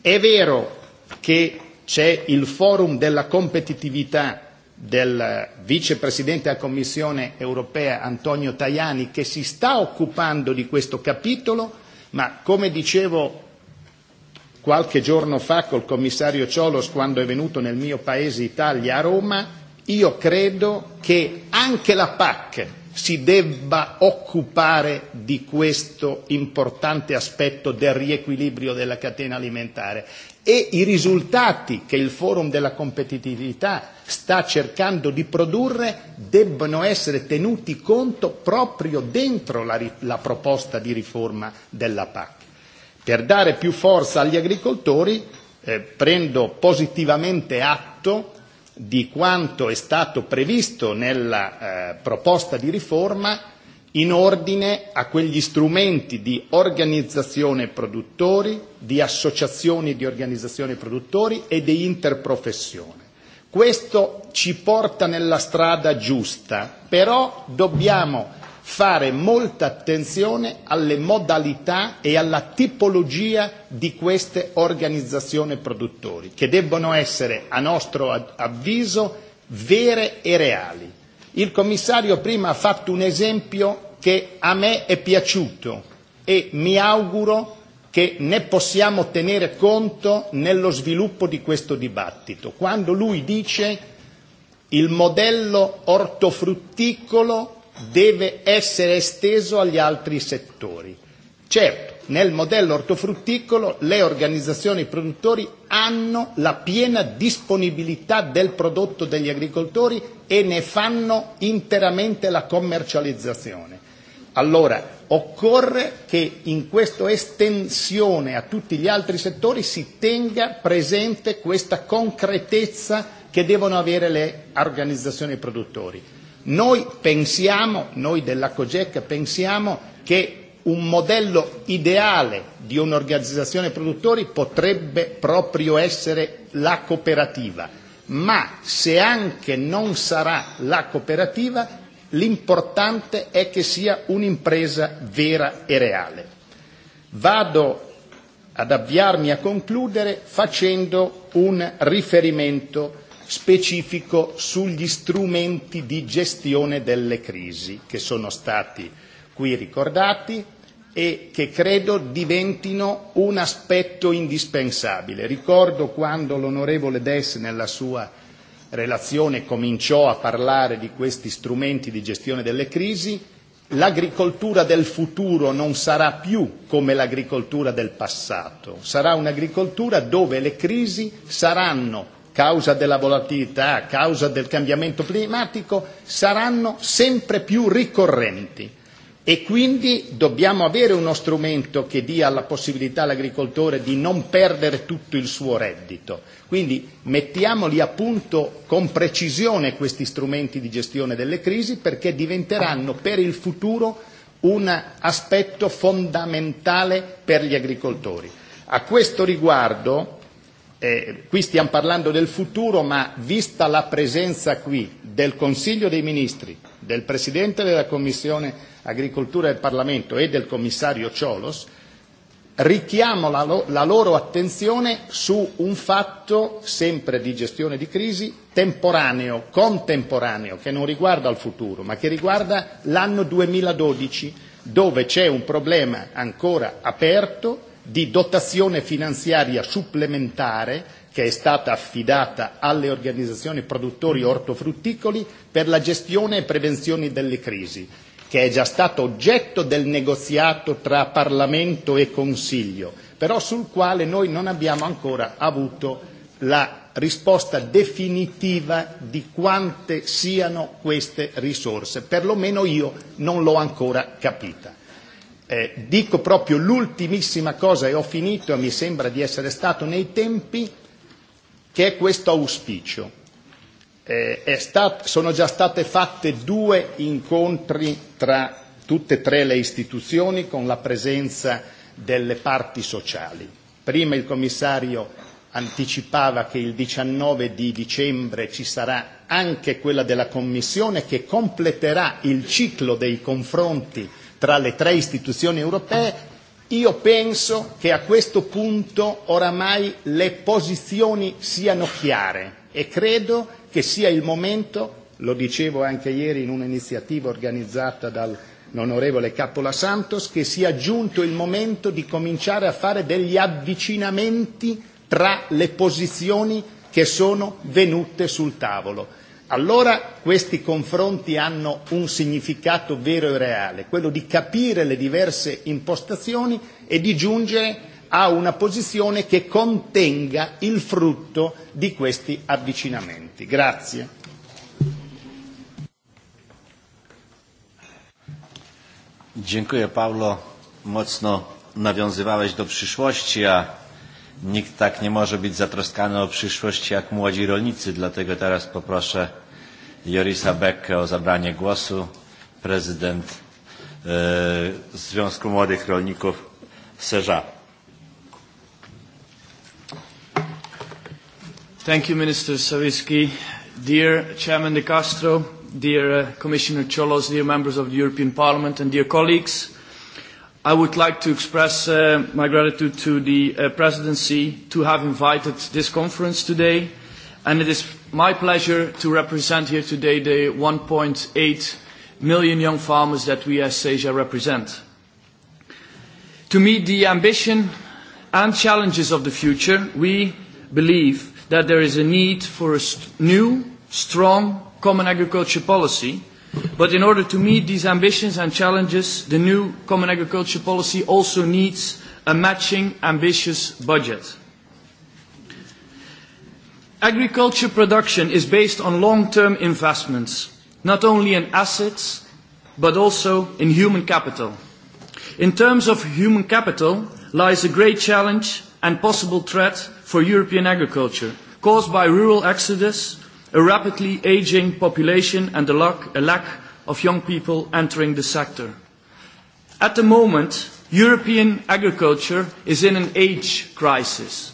È vero che c'è il forum della competitività del vicepresidente della Commissione europea Antonio Tajani che si sta occupando di questo capitolo, ma come dicevo qualche giorno fa col commissario Ciolos quando è venuto nel mio paese Italia a Roma, io credo che anche la PAC si debba occupare di questo importante aspetto del riequilibrio della catena alimentare e i risultati che il forum della competitività sta cercando di produrre debbono essere tenuti conto proprio dentro la, la proposta di riforma della PAC. Per dare più forza agli agricoltori eh, prendo positivamente atto di quanto è stato previsto nella eh, proposta di riforma in ordine a quegli strumenti di organizzazione produttori, di associazioni di organizzazione produttori e di interprofessione. Questo ci porta nella strada giusta, però dobbiamo fare molta attenzione alle modalità e alla tipologia di queste organizzazioni produttori, che debbono essere, a nostro avviso, vere e reali. Il commissario prima ha fatto un esempio che a me è piaciuto e mi auguro che ne possiamo tenere conto nello sviluppo di questo dibattito, quando lui dice il modello ortofrutticolo deve essere esteso agli altri settori. Certo, nel modello ortofrutticolo le organizzazioni e produttori hanno la piena disponibilità del prodotto degli agricoltori e ne fanno interamente la commercializzazione. Allora, occorre che in questa estensione a tutti gli altri settori si tenga presente questa concretezza che devono avere le organizzazioni e produttori. Noi pensiamo, noi della COGEC pensiamo che un modello ideale di un'organizzazione produttori potrebbe proprio essere la cooperativa, ma se anche non sarà la cooperativa, l'importante è che sia un'impresa vera e reale. Vado ad avviarmi a concludere facendo un riferimento specifico sugli strumenti di gestione delle crisi che sono stati qui ricordati e che credo diventino un aspetto indispensabile. Ricordo quando l'onorevole Dess nella sua relazione cominciò a parlare di questi strumenti di gestione delle crisi, l'agricoltura del futuro non sarà più come l'agricoltura del passato, sarà un'agricoltura dove le crisi saranno causa della volatilità, causa del cambiamento climatico, saranno sempre più ricorrenti e quindi dobbiamo avere uno strumento che dia la possibilità all'agricoltore di non perdere tutto il suo reddito. Quindi mettiamoli a punto con precisione questi strumenti di gestione delle crisi perché diventeranno per il futuro un aspetto fondamentale per gli agricoltori. A questo riguardo Eh, qui stiamo parlando del futuro, ma vista la presenza qui del Consiglio dei Ministri, del Presidente della Commissione Agricoltura del Parlamento e del Commissario Ciolos, richiamo la, lo la loro attenzione su un fatto sempre di gestione di crisi temporaneo, contemporaneo, che non riguarda il futuro, ma che riguarda l'anno 2012, dove c'è un problema ancora aperto di dotazione finanziaria supplementare che è stata affidata alle organizzazioni produttori ortofrutticoli per la gestione e prevenzione delle crisi, che è già stato oggetto del negoziato tra Parlamento e Consiglio, però sul quale noi non abbiamo ancora avuto la risposta definitiva di quante siano queste risorse, perlomeno io non l'ho ancora capita. Eh, dico proprio l'ultimissima cosa e ho finito, e mi sembra di essere stato nei tempi, che è questo auspicio. Eh, è stat- sono già state fatte due incontri tra tutte e tre le istituzioni con la presenza delle parti sociali. Prima il commissario anticipava che il 19 di dicembre ci sarà anche quella della Commissione che completerà il ciclo dei confronti tra le tre istituzioni europee, io penso che a questo punto oramai le posizioni siano chiare e credo che sia il momento, lo dicevo anche ieri in un'iniziativa organizzata dal l'onorevole Capola Santos, che sia giunto il momento di cominciare a fare degli avvicinamenti tra le posizioni che sono venute sul tavolo. Allora questi confronti hanno un significato vero e reale, quello di capire le diverse impostazioni e di giungere a una posizione che contenga il frutto di questi avvicinamenti. Grazie. Dziękuję Paolo, mocno nawiązywałeś do przyszłości, a Nikt tak nie może być zatroskany o przyszłość jak młodzi rolnicy, dlatego teraz poproszę Jorisa Beckę o zabranie głosu, prezydent e, Związku Młodych Rolników Seża. Thank you, Minister Sawicki. Dear Chairman de Castro, dear uh, Commissioner Cholos, dear members of the European Parliament and dear colleagues, I would like to express uh, my gratitude to the uh, presidency to have invited this conference today. And it is my pleasure to represent here today the 1.8 million young farmers that we as Asia represent. To meet the ambition and challenges of the future, we believe that there is a need for a st new, strong common agriculture policy – But in order to meet these ambitions and challenges, the new Common Agriculture Policy also needs a matching ambitious budget. Agriculture production is based on long-term investments, not only in assets, but also in human capital. In terms of human capital lies a great challenge and possible threat for European agriculture, caused by rural exodus, a rapidly aging population and a lack, a lack of young people entering the sector. At the moment, European agriculture is in an age crisis.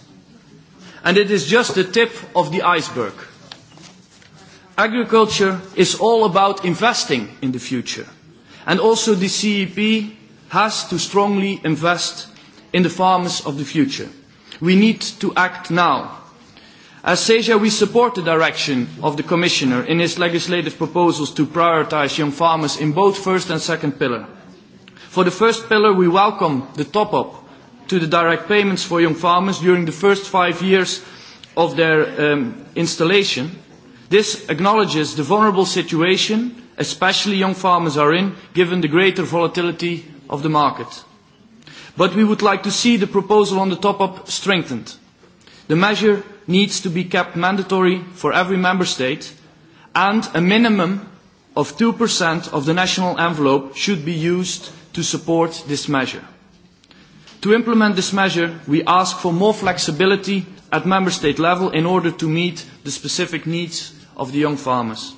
And it is just the tip of the iceberg. Agriculture is all about investing in the future. And also the CEP has to strongly invest in the farmers of the future. We need to act now. As SEJA, we support the direction of the Commissioner in his legislative proposals to prioritise young farmers in both first and second pillar. For the first pillar, we welcome the top-up to the direct payments for young farmers during the first five years of their um, installation. This acknowledges the vulnerable situation, especially young farmers are in, given the greater volatility of the market. But we would like to see the proposal on the top-up strengthened. The measure needs to be kept mandatory for every member state and a minimum of 2% of the national envelope should be used to support this measure. To implement this measure, we ask for more flexibility at member state level in order to meet the specific needs of the young farmers.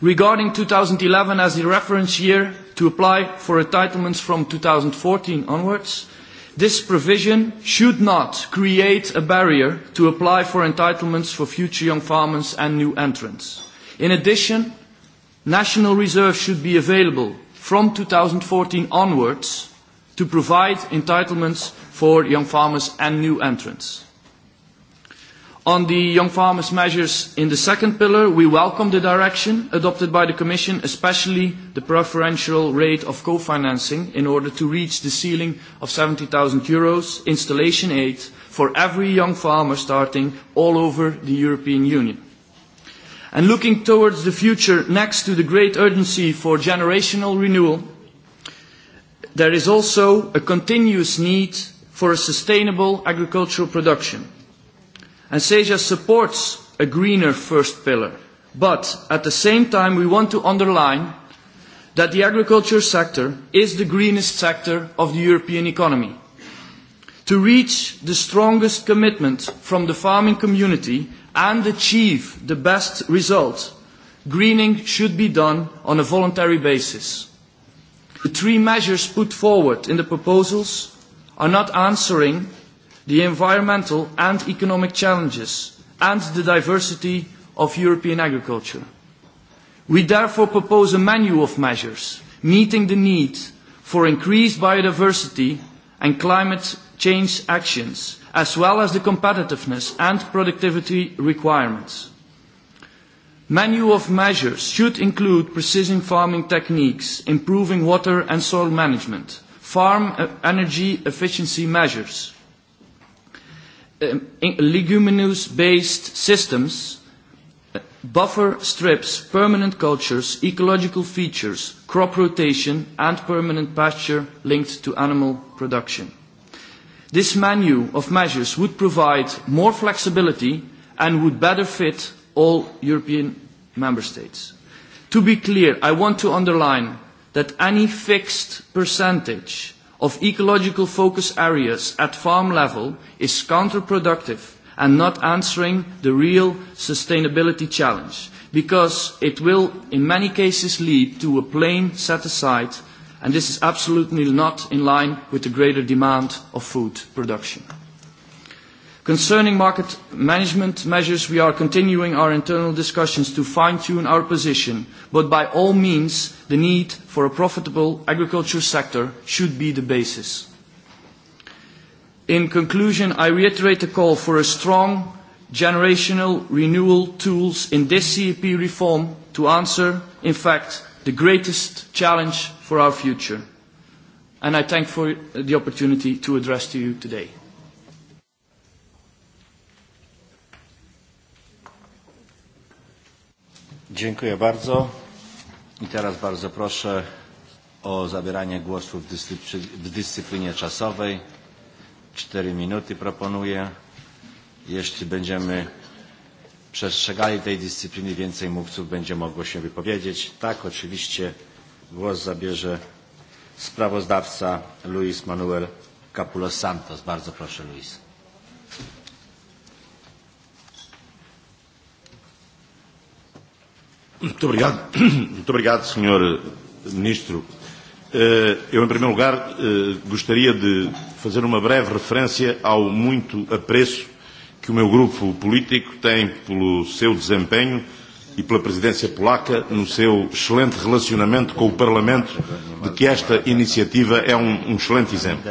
Regarding 2011 as the reference year to apply for entitlements from 2014 onwards, This provision should not create a barrier to apply for entitlements for future young farmers and new entrants. In addition, national reserves should be available from 2014 onwards to provide entitlements for young farmers and new entrants. On the young farmers measures in the second pillar, we welcome the direction adopted by the Commission, especially the preferential rate of co-financing in order to reach the ceiling of 70,000 euros installation aid for every young farmer starting all over the European Union. And looking towards the future, next to the great urgency for generational renewal, there is also a continuous need for a sustainable agricultural production And SEJA supports a greener first pillar. But at the same time, we want to underline that the agriculture sector is the greenest sector of the European economy. To reach the strongest commitment from the farming community and achieve the best result, greening should be done on a voluntary basis. The three measures put forward in the proposals are not answering the environmental and economic challenges, and the diversity of European agriculture. We therefore propose a menu of measures meeting the need for increased biodiversity and climate change actions, as well as the competitiveness and productivity requirements. Menu of measures should include precision farming techniques, improving water and soil management, farm e-, energy efficiency measures, Um, leguminous-based systems uh, buffer strips permanent cultures, ecological features, crop rotation and permanent pasture linked to animal production. This menu of measures would provide more flexibility and would better fit all European member states. To be clear, I want to underline that any fixed percentage of ecological focus areas at farm level is counterproductive and not answering the real sustainability challenge because it will in many cases lead to a plain set aside and this is absolutely not in line with the greater demand of food production. Concerning market management measures, we are continuing our internal discussions to fine-tune our position, but by all means the need for a profitable agriculture sector should be the basis. In conclusion, I reiterate the call for a strong generational renewal tools in this CEP reform to answer, in fact, the greatest challenge for our future. And I thank for the opportunity to address to you today. Dziękuję bardzo. I teraz bardzo proszę o zabieranie głosu w, dyscypl w dyscyplinie czasowej. Cztery minuty proponuję. Jeśli będziemy przestrzegali tej dyscypliny, więcej mówców będzie mogło się wypowiedzieć. Tak, oczywiście głos zabierze sprawozdawca Luis Manuel Capulos Santos. Bardzo proszę, Luis. Muito obrigado, muito obrigado, Sr. Ministro. Eh, eu, em primeiro lugar, eh, gostaria de fazer uma breve referência ao muito apreço que o meu grupo político tem pelo seu desempenho e pela presidência polaca no seu excelente relacionamento com o Parlamento, de que esta iniciativa é um, um excelente exemplo.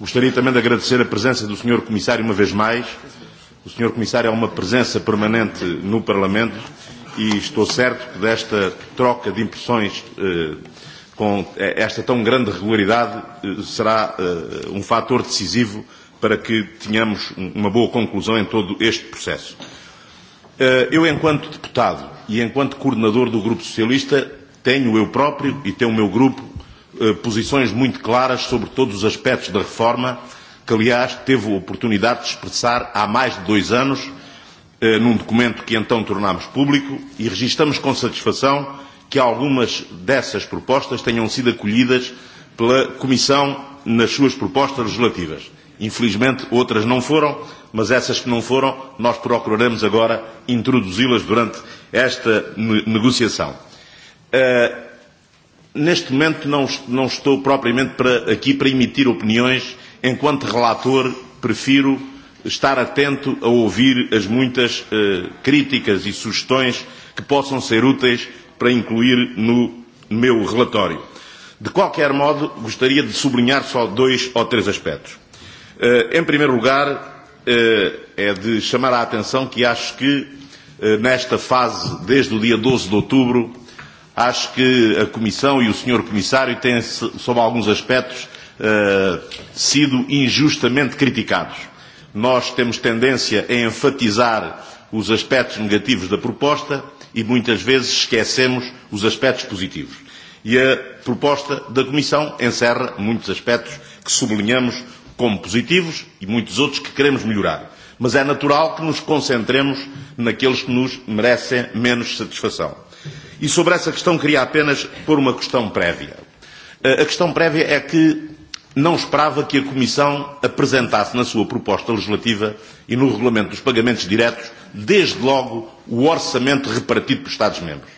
Gostaria também de agradecer a presença do Sr. Comissário uma vez mais. O Sr. Comissário é uma presença permanente no Parlamento e estou certo que desta troca de impressões eh, com esta tão grande regularidade eh, será eh, um fator decisivo para que tenhamos um, uma boa conclusão em todo este processo. Eh, eu, enquanto deputado e enquanto coordenador do Grupo Socialista, tenho eu próprio e tem o meu grupo eh, posições muito claras sobre todos os aspectos da reforma, que aliás teve a oportunidade de expressar há mais de dois anos Eh, num documento que então tornámos público e registramos com satisfação que algumas dessas propostas tenham sido acolhidas pela Comissão nas suas propostas legislativas. Infelizmente outras não foram, mas essas que não foram nós procuraremos agora introduzi-las durante esta negociação. Uh, neste momento não, não estou propriamente para, aqui para emitir opiniões, enquanto relator prefiro estar atento a ouvir as muitas uh, críticas e sugestões que possam ser úteis para incluir no meu relatório. De qualquer modo, gostaria de sublinhar só dois ou três aspectos. Uh, em primeiro lugar, uh, é de chamar a atenção que acho que uh, nesta fase, desde o dia 12 de outubro, acho que a Comissão e o Sr. Comissário têm, sob alguns aspectos, sido injustamente criticados Nós temos tendência a enfatizar os aspectos negativos da proposta e muitas vezes esquecemos os aspectos positivos. E a proposta da Comissão encerra muitos aspectos que sublinhamos como positivos e muitos outros que queremos melhorar. Mas é natural que nos concentremos naqueles que nos merecem menos satisfação. E sobre essa questão queria apenas pôr uma questão prévia. A questão prévia é que não esperava que a Comissão apresentasse na sua proposta legislativa e no regulamento dos pagamentos diretos, desde logo, o orçamento repartido pelos Estados-membros.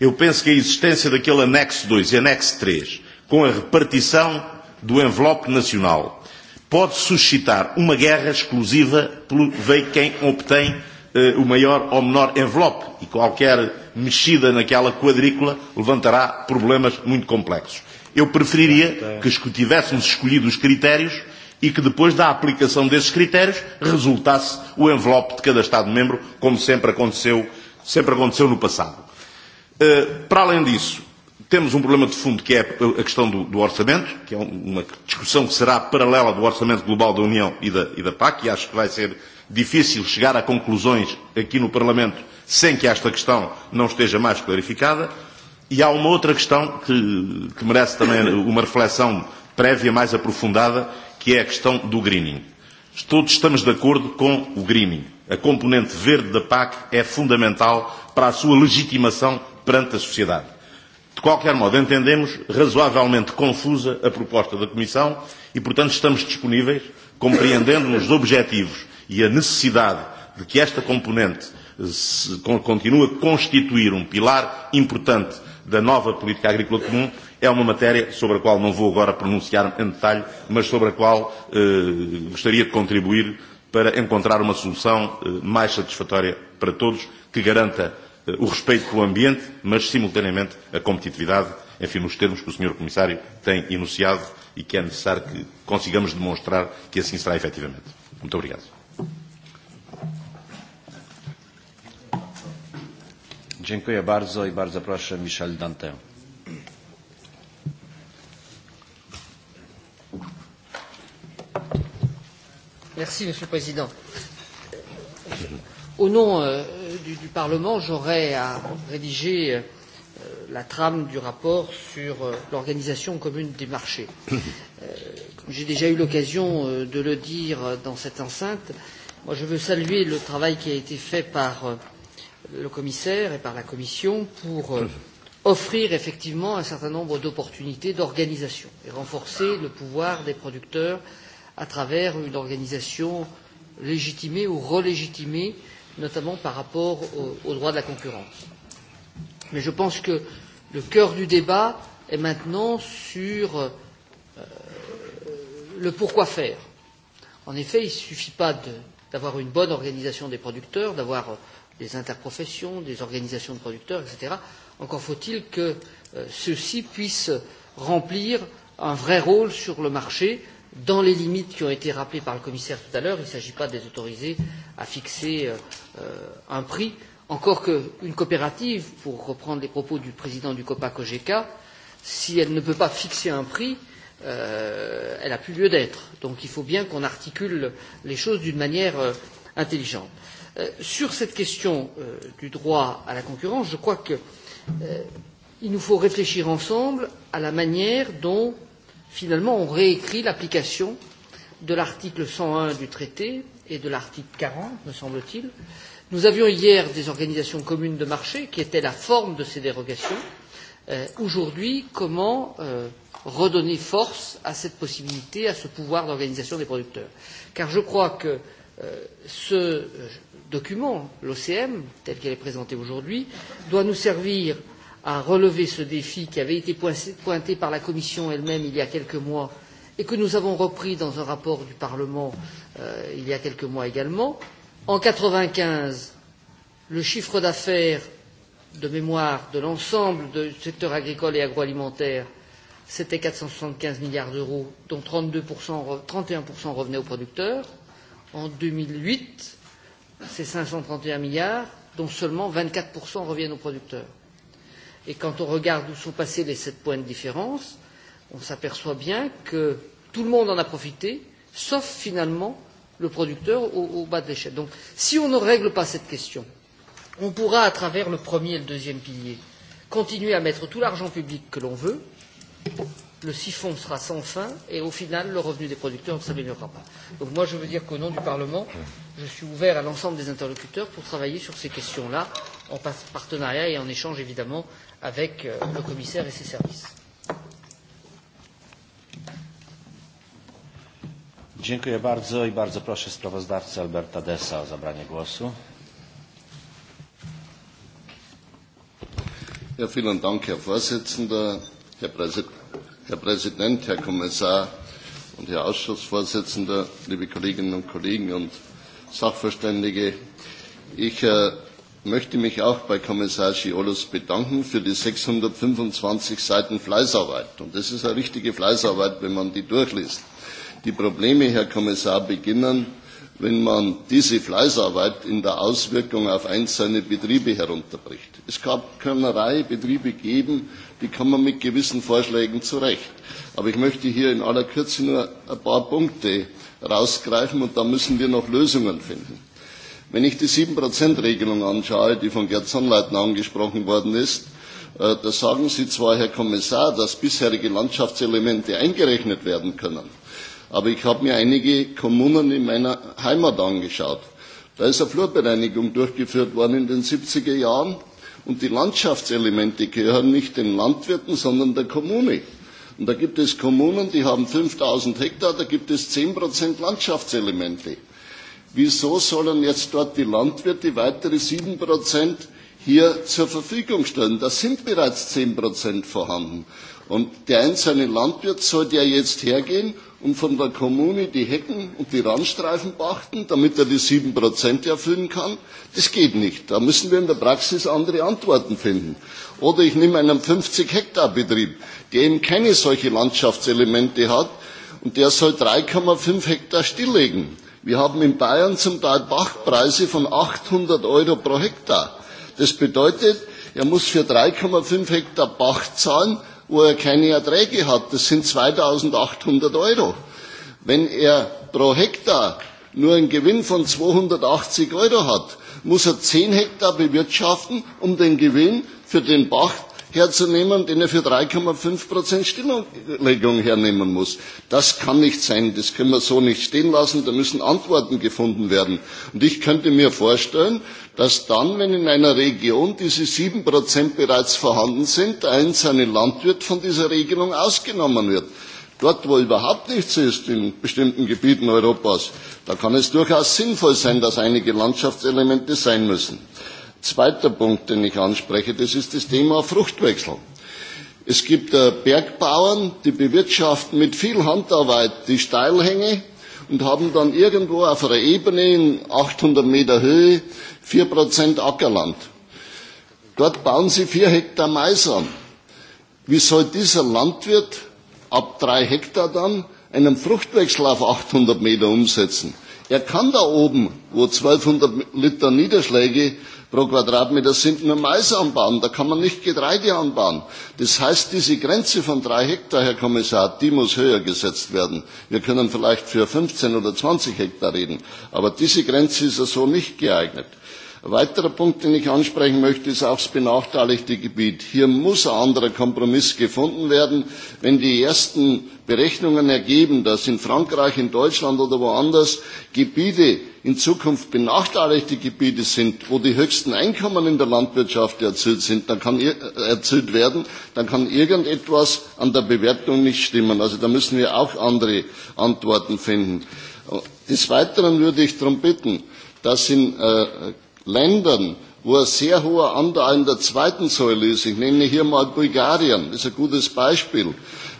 Eu penso que a existência daquele anexo 2 e anexo 3, com a repartição do envelope nacional, pode suscitar uma guerra exclusiva pelo veio quem obtém eh, o maior ou menor envelope e qualquer mexida naquela quadrícula levantará problemas muito complexos. Eu preferiria que tivéssemos escolhido os critérios e que depois da aplicação desses critérios resultasse o envelope de cada Estado-membro, como sempre aconteceu, sempre aconteceu no passado. Eh, para além disso, temos um problema de fundo que é a questão do, do orçamento, que é um, uma discussão que será paralela do orçamento global da União e da, e da PAC, e acho que vai ser difícil chegar a conclusões aqui no Parlamento sem que esta questão não esteja mais clarificada. E há uma outra questão que, que merece também uma reflexão prévia mais aprofundada, que é a questão do greening. Todos estamos de acordo com o greening. A componente verde da PAC é fundamental para a sua legitimação perante a sociedade. De qualquer modo, entendemos razoavelmente confusa a proposta da Comissão e, portanto, estamos disponíveis, compreendendo os objetivos e a necessidade de que esta componente continue a constituir um pilar importante da nova política agrícola comum é uma matéria sobre a qual não vou agora pronunciar em detalhe, mas sobre a qual eh, gostaria de contribuir para encontrar uma solução eh, mais satisfatória para todos, que garanta eh, o respeito pelo ambiente, mas simultaneamente a competitividade, enfim, nos termos que o Sr. Comissário tem enunciado e que é necessário que consigamos demonstrar que assim será efetivamente. Muito obrigado. Dziękuję bardzo i bardzo proszę Michel Dante. Merci, Monsieur le Président. Au nom euh, du, du Parlement, j'aurais à rédiger euh, la trame du rapport sur euh, l'organisation commune des marchés. Euh, J'ai déjà eu l'occasion euh, de le dire dans cette enceinte. Moi, je veux saluer le travail qui a été fait par euh, le commissaire et par la Commission pour euh, offrir effectivement un certain nombre d'opportunités d'organisation et renforcer le pouvoir des producteurs à travers une organisation légitimée ou relégitimée, notamment par rapport au, au droit de la concurrence. Mais je pense que le cœur du débat est maintenant sur euh, le pourquoi faire. En effet, il ne suffit pas d'avoir une bonne organisation des producteurs, d'avoir des interprofessions, des organisations de producteurs, etc. Encore faut-il que euh, ceux-ci puissent remplir un vrai rôle sur le marché dans les limites qui ont été rappelées par le commissaire tout à l'heure. Il ne s'agit pas de les autoriser à fixer euh, un prix. Encore qu'une coopérative, pour reprendre les propos du président du COPAC OGK, si elle ne peut pas fixer un prix, euh, elle n'a plus lieu d'être. Donc il faut bien qu'on articule les choses d'une manière euh, intelligente. Euh, sur cette question euh, du droit à la concurrence, je crois qu'il euh, nous faut réfléchir ensemble à la manière dont, finalement, on réécrit l'application de l'article 101 du traité et de l'article 40, me semble-t-il. Nous avions hier des organisations communes de marché qui étaient la forme de ces dérogations. Euh, Aujourd'hui, comment euh, redonner force à cette possibilité, à ce pouvoir d'organisation des producteurs Car je crois que euh, ce euh, document, l'OCM, tel qu'elle est présentée aujourd'hui, doit nous servir à relever ce défi qui avait été pointé par la Commission elle-même il y a quelques mois et que nous avons repris dans un rapport du Parlement euh, il y a quelques mois également. En 1995, le chiffre d'affaires de mémoire de l'ensemble du secteur agricole et agroalimentaire, c'était 475 milliards d'euros, dont 32%, 31% revenaient aux producteurs. En 2008, c'est 531 milliards, dont seulement 24% reviennent aux producteurs. Et quand on regarde où sont passés les 7 points de différence, on s'aperçoit bien que tout le monde en a profité, sauf finalement le producteur au, au bas de l'échelle. Donc si on ne règle pas cette question, on pourra, à travers le premier et le deuxième pilier, continuer à mettre tout l'argent public que l'on veut, le siphon sera sans fin et au final, le revenu des producteurs ne s'améliorera pas. Donc moi, je veux dire qu'au nom du Parlement, je suis ouvert à l'ensemble des interlocuteurs pour travailler sur ces questions-là, en partenariat et en échange évidemment avec euh, le commissaire et ses services. Dziękuję bardzo i bardzo proszę sprawozdawcę Alberta Dessa o zabranie głosu. Ja, vielen Dank, Herr Vorsitzender, Herr Präsident Herr Präsident, Herr Kommissar und Herr Ausschussvorsitzender, liebe Kolleginnen und Kollegen und Sachverständige. Ich äh, möchte mich auch bei Kommissar Schiolos bedanken für die 625 Seiten Fleißarbeit. Und das ist eine richtige Fleißarbeit, wenn man die durchliest. Die Probleme, Herr Kommissar, beginnen, wenn man diese Fleißarbeit in der Auswirkung auf einzelne Betriebe herunterbricht. Es gab Körnerei, Betriebe geben, die kann man mit gewissen Vorschlägen zurecht. Aber ich möchte hier in aller Kürze nur ein paar Punkte rausgreifen und da müssen wir noch Lösungen finden. Wenn ich die 7%-Regelung anschaue, die von Gerd Sonnleitner angesprochen worden ist, äh, da sagen Sie zwar, Herr Kommissar, dass bisherige Landschaftselemente eingerechnet werden können. Aber ich habe mir einige Kommunen in meiner Heimat angeschaut. Da ist eine Flurbereinigung durchgeführt worden in den 70er Jahren Und die Landschaftselemente gehören nicht den Landwirten, sondern der Kommune. Und da gibt es Kommunen, die haben 5000 Hektar, da gibt es 10% Landschaftselemente. Wieso sollen jetzt dort die Landwirte weitere 7% hier zur Verfügung stellen? Da sind bereits 10% vorhanden. Und der einzelne Landwirt soll ja jetzt hergehen und von der Kommune die Hecken und die Randstreifen beachten, damit er die 7% erfüllen kann. Das geht nicht. Da müssen wir in der Praxis andere Antworten finden. Oder ich nehme einen 50-Hektar-Betrieb, der eben keine solche Landschaftselemente hat und der soll 3,5 Hektar stilllegen. Wir haben in Bayern zum Teil Bachpreise von 800 Euro pro Hektar. Das bedeutet, er muss für 3,5 Hektar Bach zahlen, wo er keine Erträge hat. Das sind 2800 Euro. Wenn er pro Hektar nur einen Gewinn von 280 Euro hat, muss er 10 Hektar bewirtschaften, um den Gewinn für den Bach herzunehmen, den er für 3,5% Stilllegung hernehmen muss. Das kann nicht sein, das können wir so nicht stehen lassen, da müssen Antworten gefunden werden. Und ich könnte mir vorstellen, dass dann, wenn in einer Region diese sieben Prozent bereits vorhanden sind, einzelne Landwirt von dieser Regelung ausgenommen wird. Dort, wo überhaupt nichts ist, in bestimmten Gebieten Europas, da kann es durchaus sinnvoll sein, dass einige Landschaftselemente sein müssen. Zweiter Punkt, den ich anspreche, das ist das Thema Fruchtwechsel. Es gibt äh, Bergbauern, die bewirtschaften mit viel Handarbeit die Steilhänge und haben dann irgendwo auf einer Ebene in 800 Meter Höhe vier Prozent Ackerland. Dort bauen sie vier Hektar Mais an. Wie soll dieser Landwirt ab drei Hektar dann einen Fruchtwechsel auf 800 Meter umsetzen? Er kann da oben, wo 1200 Liter Niederschläge pro Quadratmeter sind, nur Mais anbauen. Da kann man nicht Getreide anbauen. Das heißt, diese Grenze von drei Hektar, Herr Kommissar, die muss höher gesetzt werden. Wir können vielleicht für 15 oder 20 Hektar reden, aber diese Grenze ist ja so nicht geeignet. Ein weiterer Punkt, den ich ansprechen möchte, ist auch das benachteiligte Gebiet. Hier muss ein anderer Kompromiss gefunden werden. Wenn die ersten Berechnungen ergeben, dass in Frankreich, in Deutschland oder woanders Gebiete in Zukunft benachteiligte Gebiete sind, wo die höchsten Einkommen in der Landwirtschaft erzielt, sind, dann kann, äh, erzielt werden, dann kann irgendetwas an der Bewertung nicht stimmen. Also da müssen wir auch andere Antworten finden. Äh, des Weiteren würde ich darum bitten, dass in äh, Ländern, wo ein sehr hoher Anteil in der zweiten Säule ist, ich nenne hier mal Bulgarien, das ist ein gutes Beispiel,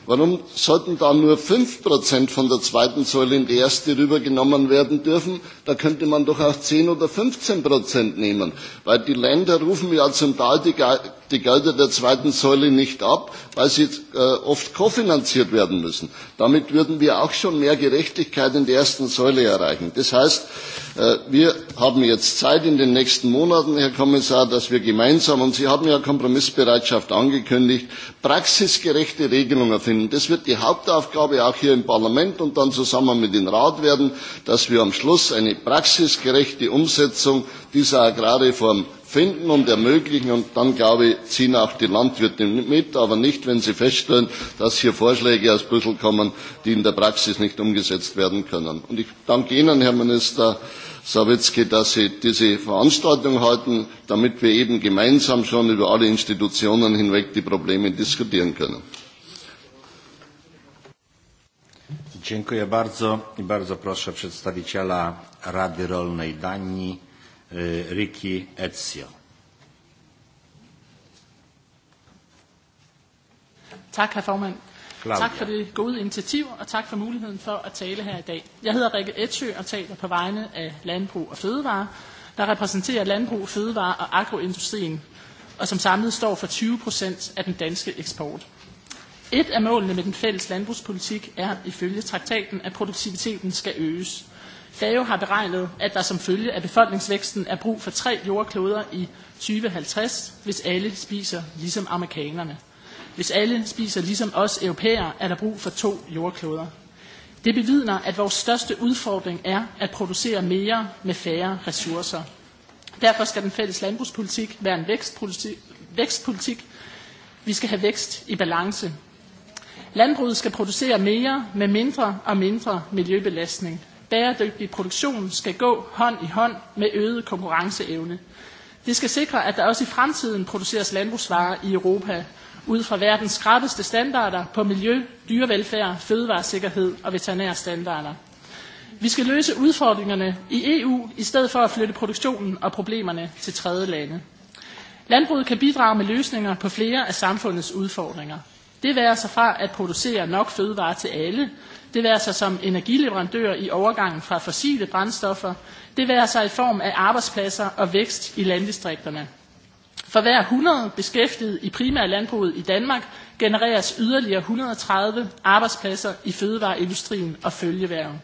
warum sollten da nur 5% von der zweiten Säule in die erste rübergenommen werden dürfen? Da könnte man doch auch 10 oder 15% nehmen, weil die Länder rufen ja zum Teil die die Gelder der zweiten Säule nicht ab, weil sie äh, oft kofinanziert werden müssen. Damit würden wir auch schon mehr Gerechtigkeit in der ersten Säule erreichen. Das heißt, äh, wir haben jetzt Zeit in den nächsten Monaten, Herr Kommissar, dass wir gemeinsam, und Sie haben ja Kompromissbereitschaft angekündigt, praxisgerechte Regelungen finden. Das wird die Hauptaufgabe auch hier im Parlament und dann zusammen mit dem Rat werden, dass wir am Schluss eine praxisgerechte Umsetzung dieser Agrarreform finden und ermöglichen. Und dann, glaube ich, ziehen auch die Landwirte mit, aber nicht, wenn sie feststellen, dass hier Vorschläge aus Brüssel kommen, die in der Praxis nicht umgesetzt werden können. Und ich danke Ihnen, Herr Minister Sawicki, dass Sie diese Veranstaltung halten, damit wir eben gemeinsam schon über alle Institutionen hinweg die Probleme diskutieren können. Dziękuję bardzo i bardzo proszę przedstawiciela Rady Rolnej Danii Eh, Ricky Ezio. Tak, herr formand. Claudia. Tak for det gode initiativ, og tak for muligheden for at tale her i dag. Jeg hedder Rikke Etsø og taler på vegne af Landbrug og Fødevare, der repræsenterer Landbrug, Fødevare og Agroindustrien, og som samlet står for 20 procent af den danske eksport. Et af målene med den fælles landbrugspolitik er ifølge traktaten, at produktiviteten skal øges. FAO har beregnet, at der som følge af befolkningsvæksten er brug for tre jordkloder i 2050, hvis alle spiser ligesom amerikanerne. Hvis alle spiser ligesom os europæere, er der brug for to jordkloder. Det bevidner, at vores største udfordring er at producere mere med færre ressourcer. Derfor skal den fælles landbrugspolitik være en vækstpolitik. vækstpolitik. Vi skal have vækst i balance. Landbruget skal producere mere med mindre og mindre miljøbelastning bæredygtig produktion skal gå hånd i hånd med øget konkurrenceevne. Det skal sikre, at der også i fremtiden produceres landbrugsvarer i Europa, ud fra verdens skrappeste standarder på miljø, dyrevelfærd, fødevaresikkerhed og veterinærstandarder. Vi skal løse udfordringerne i EU, i stedet for at flytte produktionen og problemerne til tredje lande. Landbruget kan bidrage med løsninger på flere af samfundets udfordringer. Det værer sig fra at producere nok fødevare til alle, Det være sig som energileverandør i overgangen fra fossile brændstoffer. Det være sig i form af arbejdspladser og vækst i landdistrikterne. For hver 100 beskæftiget i primær landbruget i Danmark genereres yderligere 130 arbejdspladser i fødevareindustrien og følgeværen.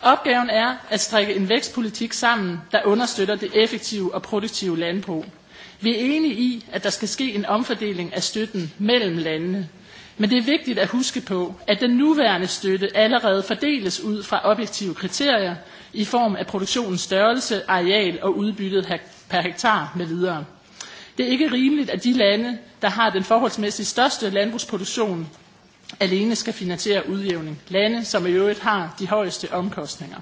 Opgaven er at strikke en vækstpolitik sammen, der understøtter det effektive og produktive landbrug. Vi er enige i, at der skal ske en omfordeling af støtten mellem landene, Men det er vigtigt at huske på, at den nuværende støtte allerede fordeles ud fra objektive kriterier i form af produktionens størrelse, areal og udbyttet per hektar med videre. Det er ikke rimeligt, at de lande, der har den forholdsmæssigt største landbrugsproduktion, alene skal finansiere udjævning. Lande, som i øvrigt har de højeste omkostninger.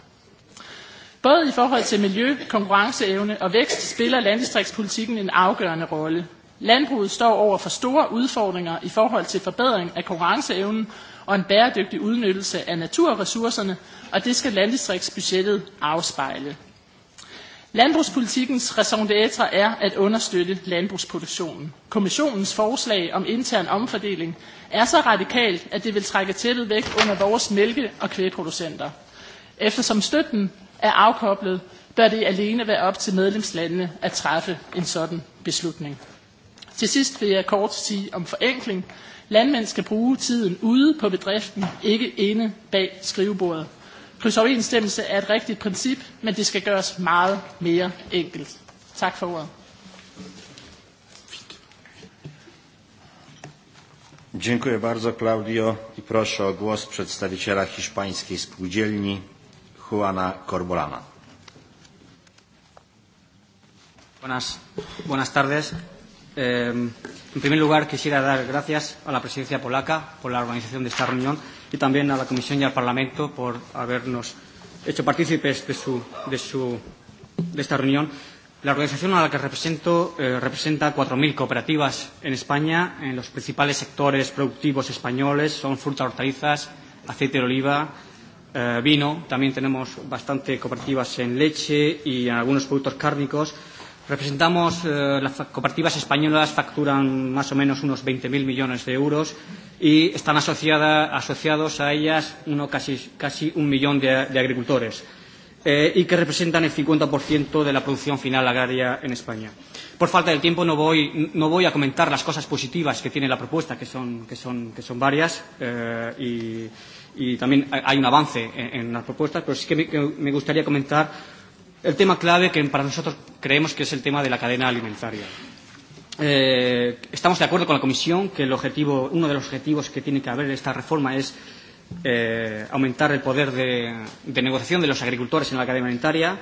Både i forhold til miljø, konkurrenceevne og vækst spiller landdistriktspolitikken en afgørende rolle. Landbruget står over for store udfordringer i forhold til forbedring af konkurrenceevnen og en bæredygtig udnyttelse af naturressourcerne, og det skal landdistriktsbudgettet afspejle. Landbrugspolitikkens raison d'être er at understøtte landbrugsproduktionen. Kommissionens forslag om intern omfordeling er så radikalt, at det vil trække tættet væk under vores mælke- og kvægproducenter. Eftersom støtten er afkoblet, bør det alene være op til medlemslandene at træffe en sådan beslutning. Til sidst vil jeg kort sige om forenkling. Landmænd skal bruge tiden ude på bedriften, ikke inde bag skrivebordet. Krydsoverensstemmelse er et rigtigt princip, men det skal gøres meget mere enkelt. Tak for ordet. Dziękuję bardzo Claudio i proszę o głos przedstawiciela hiszpańskiej spółdzielni Juana Corbolana. Buenas, buenas tardes. Eh, en primer lugar, quisiera dar gracias a la presidencia polaca por la organización de esta reunión y también a la Comisión y al Parlamento por habernos hecho partícipes de, su, de, su, de esta reunión. La organización a la que represento eh, representa 4.000 cooperativas en España. En los principales sectores productivos españoles son fruta, hortalizas, aceite de oliva, eh, vino. También tenemos bastante cooperativas en leche y en algunos productos cárnicos. Representamos, eh, las cooperativas españolas facturan más o menos unos 20.000 millones de euros y están asociada, asociados a ellas uno, casi, casi un millón de, de agricultores eh, y que representan el 50% de la producción final agraria en España. Por falta de tiempo no voy, no voy a comentar las cosas positivas que tiene la propuesta, que son, que son, que son varias eh, y, y también hay un avance en, en las propuestas, pero sí que me, que me gustaría comentar el tema clave que para nosotros creemos que es el tema de la cadena alimentaria. Eh, estamos de acuerdo con la Comisión que el objetivo, uno de los objetivos que tiene que haber esta reforma es eh, aumentar el poder de, de negociación de los agricultores en la cadena alimentaria,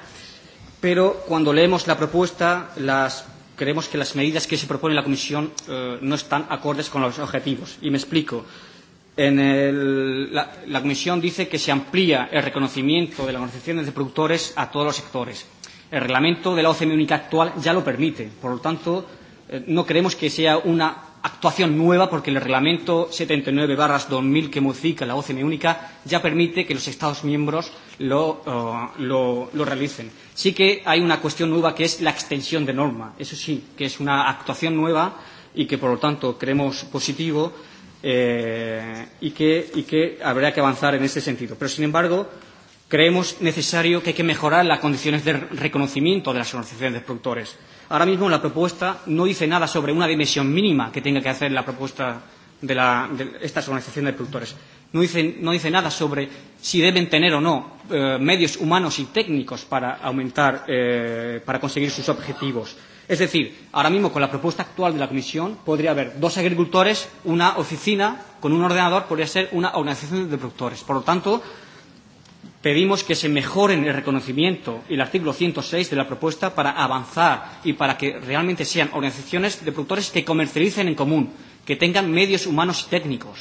pero cuando leemos la propuesta las, creemos que las medidas que se propone la Comisión eh, no están acordes con los objetivos. Y me explico. En el, la, la Comisión dice que se amplía el reconocimiento de las organizaciones de productores a todos los sectores. El reglamento de la OCM única actual ya lo permite. Por lo tanto, eh, no creemos que sea una actuación nueva porque el reglamento 79 barras 2000 que modifica la OCM única ya permite que los Estados miembros lo, uh, lo, lo realicen. Sí que hay una cuestión nueva que es la extensión de norma. Eso sí, que es una actuación nueva y que por lo tanto creemos positivo eh, y, que, y que habrá que avanzar en ese sentido. Pero, sin embargo, creemos necesario que hay que mejorar las condiciones de reconocimiento de las organizaciones de productores. Ahora mismo la propuesta no dice nada sobre una dimensión mínima que tenga que hacer la propuesta de, la, de estas organizaciones de productores. No dice, no dice nada sobre si deben tener o no eh, medios humanos y técnicos para aumentar, eh, para conseguir sus objetivos. Es decir, ahora mismo con la propuesta actual de la Comisión podría haber dos agricultores, una oficina con un ordenador, podría ser una organización de productores. Por lo tanto, pedimos que se mejoren el reconocimiento y el artículo 106 de la propuesta para avanzar y para que realmente sean organizaciones de productores que comercialicen en común, que tengan medios humanos y técnicos.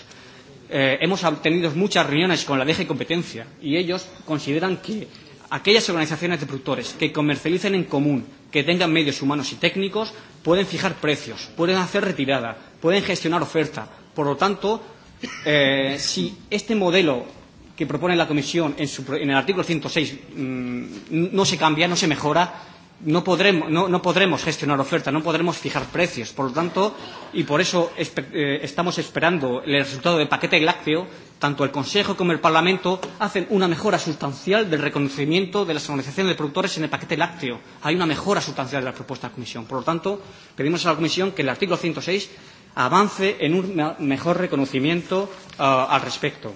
Eh, hemos tenido muchas reuniones con la DG Competencia y ellos consideran que aquellas organizaciones de productores que comercialicen en común, que tengan medios humanos y técnicos, pueden fijar precios, pueden hacer retirada, pueden gestionar oferta. Por lo tanto, eh, si este modelo que propone la Comisión en, su, en el artículo 106 mmm, no se cambia, no se mejora, no podremos, no, no podremos gestionar oferta, no podremos fijar precios. Por lo tanto, y por eso espe eh, estamos esperando el resultado del paquete lácteo, tanto el Consejo como el Parlamento hacen una mejora sustancial del reconocimiento de las organizaciones de productores en el paquete lácteo. Hay una mejora sustancial de la propuesta de la Comisión. Por lo tanto, pedimos a la Comisión que el artículo 106 avance en un mejor reconocimiento uh, al respecto.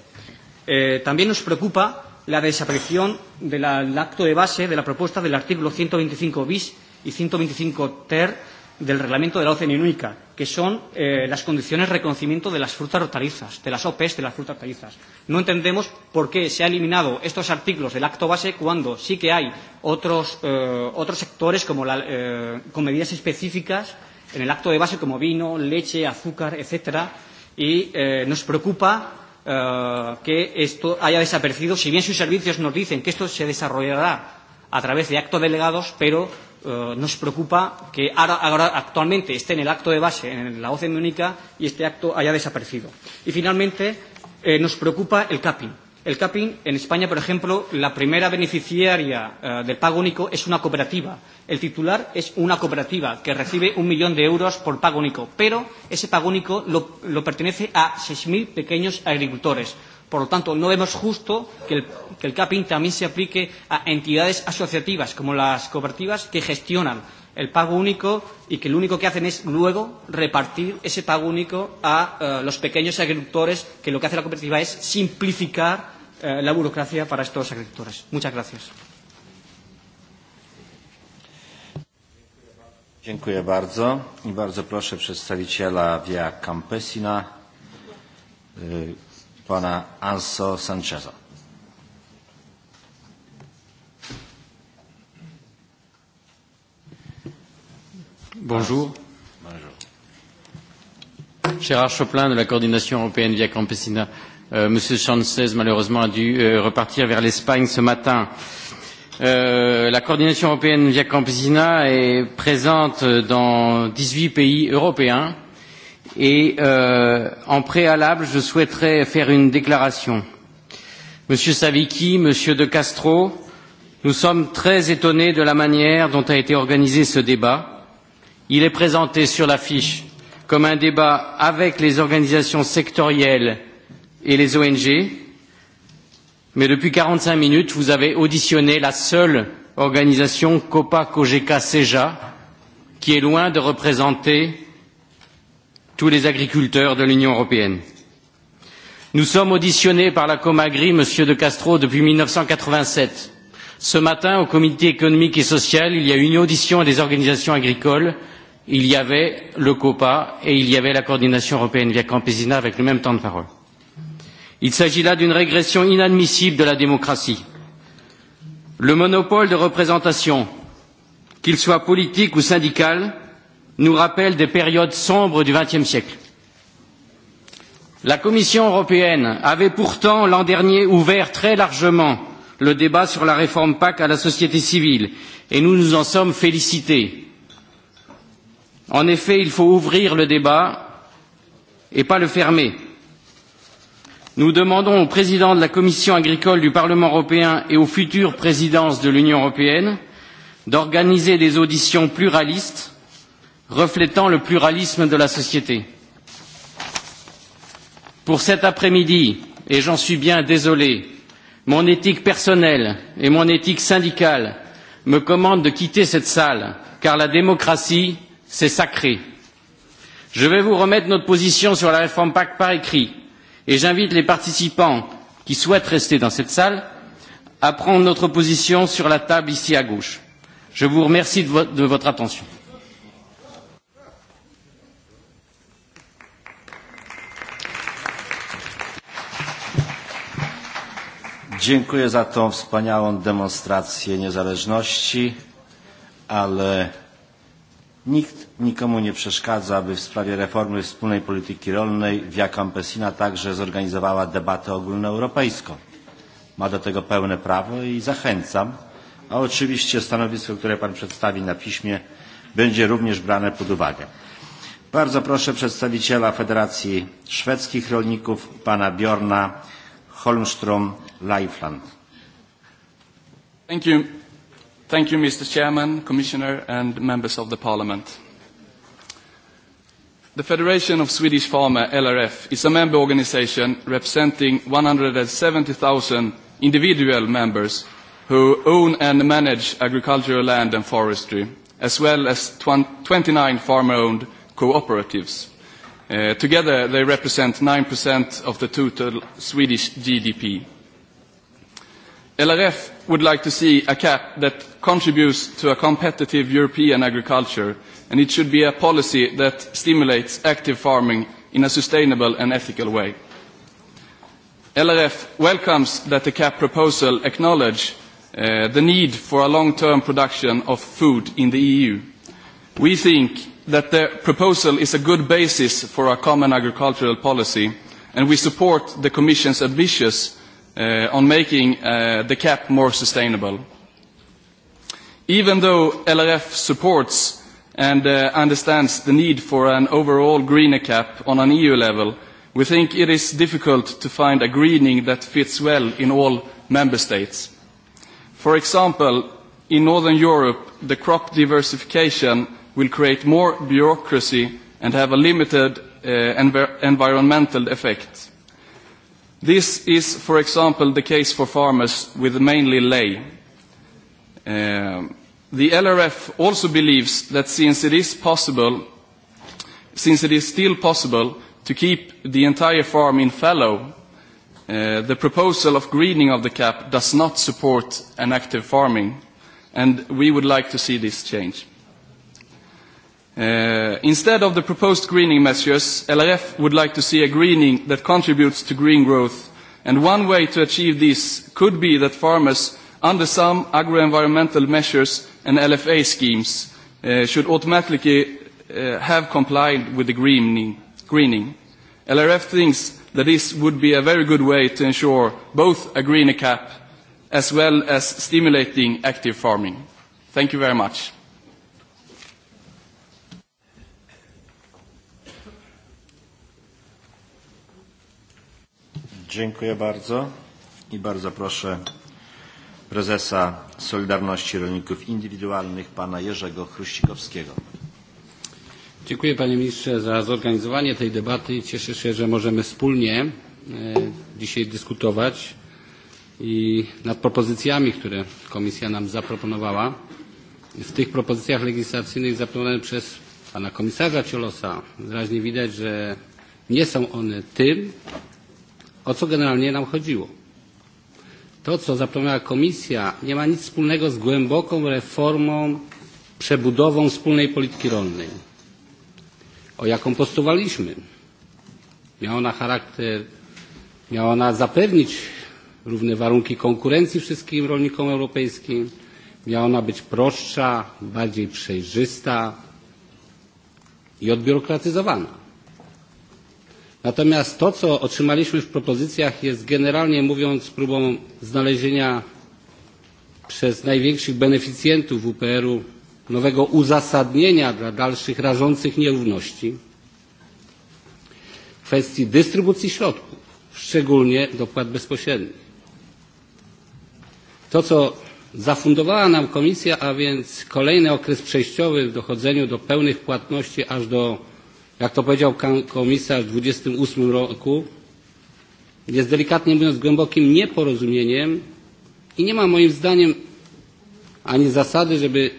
Eh, también nos preocupa la desaparición del acto de base de la propuesta del artículo 125 bis y 125 ter del reglamento de la OCN única, que son eh, las condiciones de reconocimiento de las frutas hortalizas, de las OPEs de las frutas hortalizas. No entendemos por qué se han eliminado estos artículos del acto base cuando sí que hay otros, eh, otros sectores como la, eh, con medidas específicas en el acto de base como vino, leche, azúcar, etcétera, y eh, nos preocupa Eh, que esto haya desaparecido, si bien sus servicios nos dicen que esto se desarrollará a través de actos delegados, pero eh, nos preocupa que ahora, ahora actualmente esté en el acto de base, en la OCM única, y este acto haya desaparecido. Y finalmente, eh, nos preocupa el capping el capping, en España, por ejemplo, la primera beneficiaria uh, del pago único es una cooperativa. El titular es una cooperativa que recibe un millón de euros por pago único, pero ese pago único lo, lo pertenece a 6.000 pequeños agricultores. Por lo tanto, no vemos justo que el, que el capping también se aplique a entidades asociativas como las cooperativas que gestionan el pago único y que lo único que hacen es luego repartir ese pago único a uh, los pequeños agricultores, que lo que hace la cooperativa es simplificar eh, la burocracia para estos agricultores. Muchas gracias. Dziękuję bardzo i bardzo proszę przedstawiciela Via Campesina, pana Anso Sancheza. Bonjour. Bonjour. Gérard Choplin de la coordination européenne Via Campesina. Euh, Monsieur Chances, malheureusement, a dû euh, repartir vers l'Espagne ce matin. Euh, la coordination européenne via Campesina est présente dans 18 pays européens et euh, en préalable, je souhaiterais faire une déclaration. Monsieur Savicki, Monsieur De Castro, nous sommes très étonnés de la manière dont a été organisé ce débat. Il est présenté sur l'affiche comme un débat avec les organisations sectorielles et les ONG, mais depuis 45 minutes, vous avez auditionné la seule organisation Copa Cogeca Seja, qui est loin de représenter tous les agriculteurs de l'Union européenne. Nous sommes auditionnés par la Comagri, Monsieur De Castro, depuis 1987. Ce matin, au Comité économique et social, il y a eu une audition des organisations agricoles. Il y avait le COPA et il y avait la coordination européenne via Campesina avec le même temps de parole. Il s'agit là d'une régression inadmissible de la démocratie. Le monopole de représentation, qu'il soit politique ou syndical, nous rappelle des périodes sombres du XXe siècle. La Commission européenne avait pourtant l'an dernier ouvert très largement le débat sur la réforme PAC à la société civile et nous nous en sommes félicités. En effet, il faut ouvrir le débat et pas le fermer. Nous demandons au président de la commission agricole du Parlement européen et aux futures présidences de l'Union européenne d'organiser des auditions pluralistes reflétant le pluralisme de la société. Pour cet après-midi, et j'en suis bien désolé, mon éthique personnelle et mon éthique syndicale me commandent de quitter cette salle, car la démocratie, c'est sacré. Je vais vous remettre notre position sur la réforme PAC par écrit Et j'invite les participants qui souhaitent rester dans cette salle à prendre notre position sur la table ici à gauche. Je vous remercie de, vo de votre attention. Dziękuję za tą wspaniałą demonstrację niezależności, ale nikt nikomu nie przeszkadza, aby w sprawie reformy wspólnej polityki rolnej Via Campesina także zorganizowała debatę ogólnoeuropejską. Ma do tego pełne prawo i zachęcam, a oczywiście stanowisko, które Pan przedstawi na piśmie, będzie również brane pod uwagę. Bardzo proszę przedstawiciela Federacji Szwedzkich Rolników, pana Bjorna Holmström Leifland. Thank you. Thank you, Mr. Chairman, Commissioner and members of the Parliament. The Federation of Swedish Farmer, LRF, is a member organization representing 170,000 individual members who own and manage agricultural land and forestry, as well as 29 farmer-owned cooperatives. Uh, together, they represent 9% of the total Swedish GDP. LRF would like to see a cap that contributes to a competitive European agriculture, and it should be a policy that stimulates active farming in a sustainable and ethical way. LRF welcomes that the CAP proposal acknowledge uh, the need for a long-term production of food in the EU. We think that the proposal is a good basis for a common agricultural policy, and we support the Commission's ambitions uh, on making uh, the CAP more sustainable. Even though LRF supports and uh, understands the need for an overall greener cap on an EU level, we think it is difficult to find a greening that fits well in all member states. For example, in Northern Europe, the crop diversification will create more bureaucracy and have a limited uh, env environmental effect. This is, for example, the case for farmers with mainly lay. Um, the LRF also believes that since it is possible, since it is still possible to keep the entire farm in fallow, uh, the proposal of greening of the cap does not support an active farming, and we would like to see this change. Uh, instead of the proposed greening measures, LRF would like to see a greening that contributes to green growth, and one way to achieve this could be that farmers under some agro-environmental measures and LFA schemes uh, should automatically uh, have complied with the greening. greening. LRF thinks that this would be a very good way to ensure both a greener cap as well as stimulating active farming. Thank you very much. Dziękuję bardzo i bardzo proszę prezesa Solidarności Rolników Indywidualnych pana Jerzego Chruścikowskiego. Dziękuję panie ministrze za zorganizowanie tej debaty i cieszę się, że możemy wspólnie e, dzisiaj dyskutować i nad propozycjami, które komisja nam zaproponowała. W tych propozycjach legislacyjnych zaproponowanych przez pana komisarza Ciolosa wyraźnie widać, że nie są one tym, o co generalnie nam chodziło to, co zaproponowała Komisja, nie ma nic wspólnego z głęboką reformą, przebudową wspólnej polityki rolnej, o jaką postulowaliśmy. Miała ona charakter, miała ona zapewnić równe warunki konkurencji wszystkim rolnikom europejskim, miała ona być prostsza, bardziej przejrzysta i odbiurokratyzowana. Natomiast to, co otrzymaliśmy w propozycjach jest generalnie mówiąc próbą znalezienia przez największych beneficjentów WPR-u nowego uzasadnienia dla dalszych rażących nierówności w kwestii dystrybucji środków, szczególnie dopłat bezpośrednich. To, co zafundowała nam Komisja, a więc kolejny okres przejściowy w dochodzeniu do pełnych płatności aż do jak to powiedział komisarz w 28 roku, jest delikatnie mówiąc głębokim nieporozumieniem i nie ma moim zdaniem ani zasady, żeby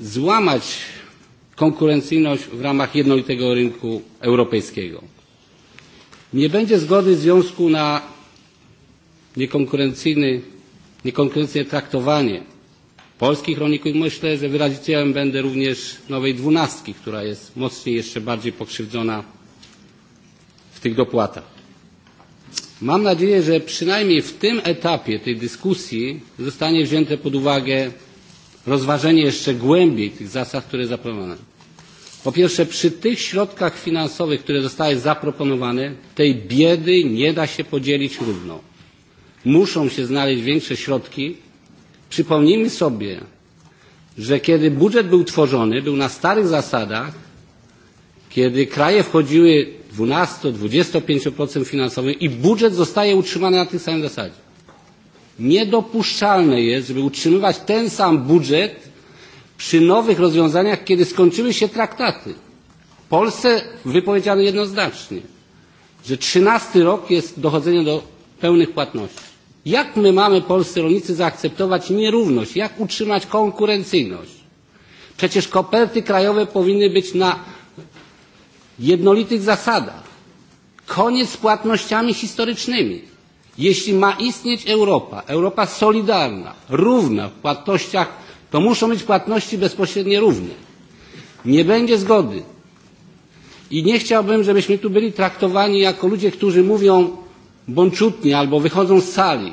złamać konkurencyjność w ramach jednolitego rynku europejskiego. Nie będzie zgody w związku na niekonkurencyjne traktowanie polskich rolników. Myślę, że wyrazicielem będę również nowej dwunastki, która jest mocniej jeszcze bardziej pokrzywdzona w tych dopłatach. Mam nadzieję, że przynajmniej w tym etapie tej dyskusji zostanie wzięte pod uwagę rozważenie jeszcze głębiej tych zasad, które zaproponowano. Po pierwsze, przy tych środkach finansowych, które zostały zaproponowane, tej biedy nie da się podzielić równo. Muszą się znaleźć większe środki Przypomnijmy sobie, że kiedy budżet był tworzony, był na starych zasadach, kiedy kraje wchodziły 12-25% finansowych i budżet zostaje utrzymany na tych samych zasadzie. Niedopuszczalne jest, żeby utrzymywać ten sam budżet przy nowych rozwiązaniach, kiedy skończyły się traktaty. W Polsce wypowiedziano jednoznacznie, że 13 rok jest dochodzenie do pełnych płatności. Jak my mamy, polscy rolnicy, zaakceptować nierówność? Jak utrzymać konkurencyjność? Przecież koperty krajowe powinny być na jednolitych zasadach. Koniec z płatnościami historycznymi. Jeśli ma istnieć Europa, Europa solidarna, równa w płatnościach, to muszą być płatności bezpośrednio równe. Nie będzie zgody. I nie chciałbym, żebyśmy tu byli traktowani jako ludzie, którzy mówią bączutnie albo wychodzą z sali.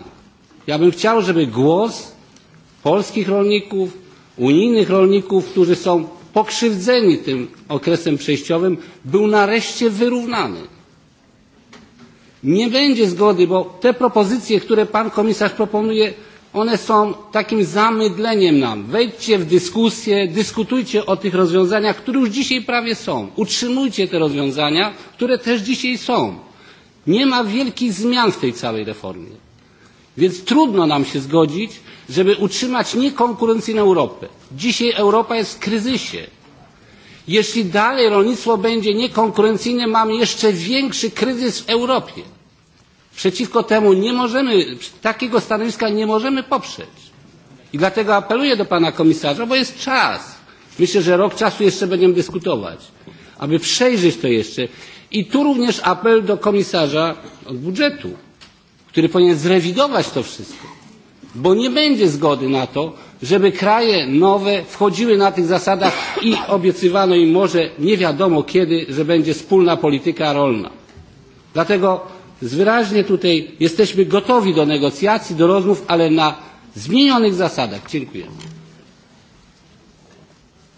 Ja bym chciał, żeby głos polskich rolników, unijnych rolników, którzy są pokrzywdzeni tym okresem przejściowym, był nareszcie wyrównany. Nie będzie zgody, bo te propozycje, które pan komisarz proponuje, one są takim zamydleniem nam. Wejdźcie w dyskusję, dyskutujcie o tych rozwiązaniach, które już dzisiaj prawie są. Utrzymujcie te rozwiązania, które też dzisiaj są. Nie ma wielkich zmian w tej całej reformie. Więc trudno nam się zgodzić, żeby utrzymać niekonkurencyjną Europę. Dzisiaj Europa jest w kryzysie. Jeśli dalej rolnictwo będzie niekonkurencyjne, mamy jeszcze większy kryzys w Europie. Przeciwko temu nie możemy, takiego stanowiska nie możemy poprzeć. I dlatego apeluję do pana komisarza, bo jest czas. Myślę, że rok czasu jeszcze będziemy dyskutować, aby przejrzeć to jeszcze I tu również apel do komisarza od budżetu, który powinien zrewidować to wszystko, bo nie będzie zgody na to, żeby kraje nowe wchodziły na tych zasadach i obiecywano im może nie wiadomo kiedy, że będzie wspólna polityka rolna. Dlatego wyraźnie tutaj jesteśmy gotowi do negocjacji, do rozmów, ale na zmienionych zasadach. Dziękuję.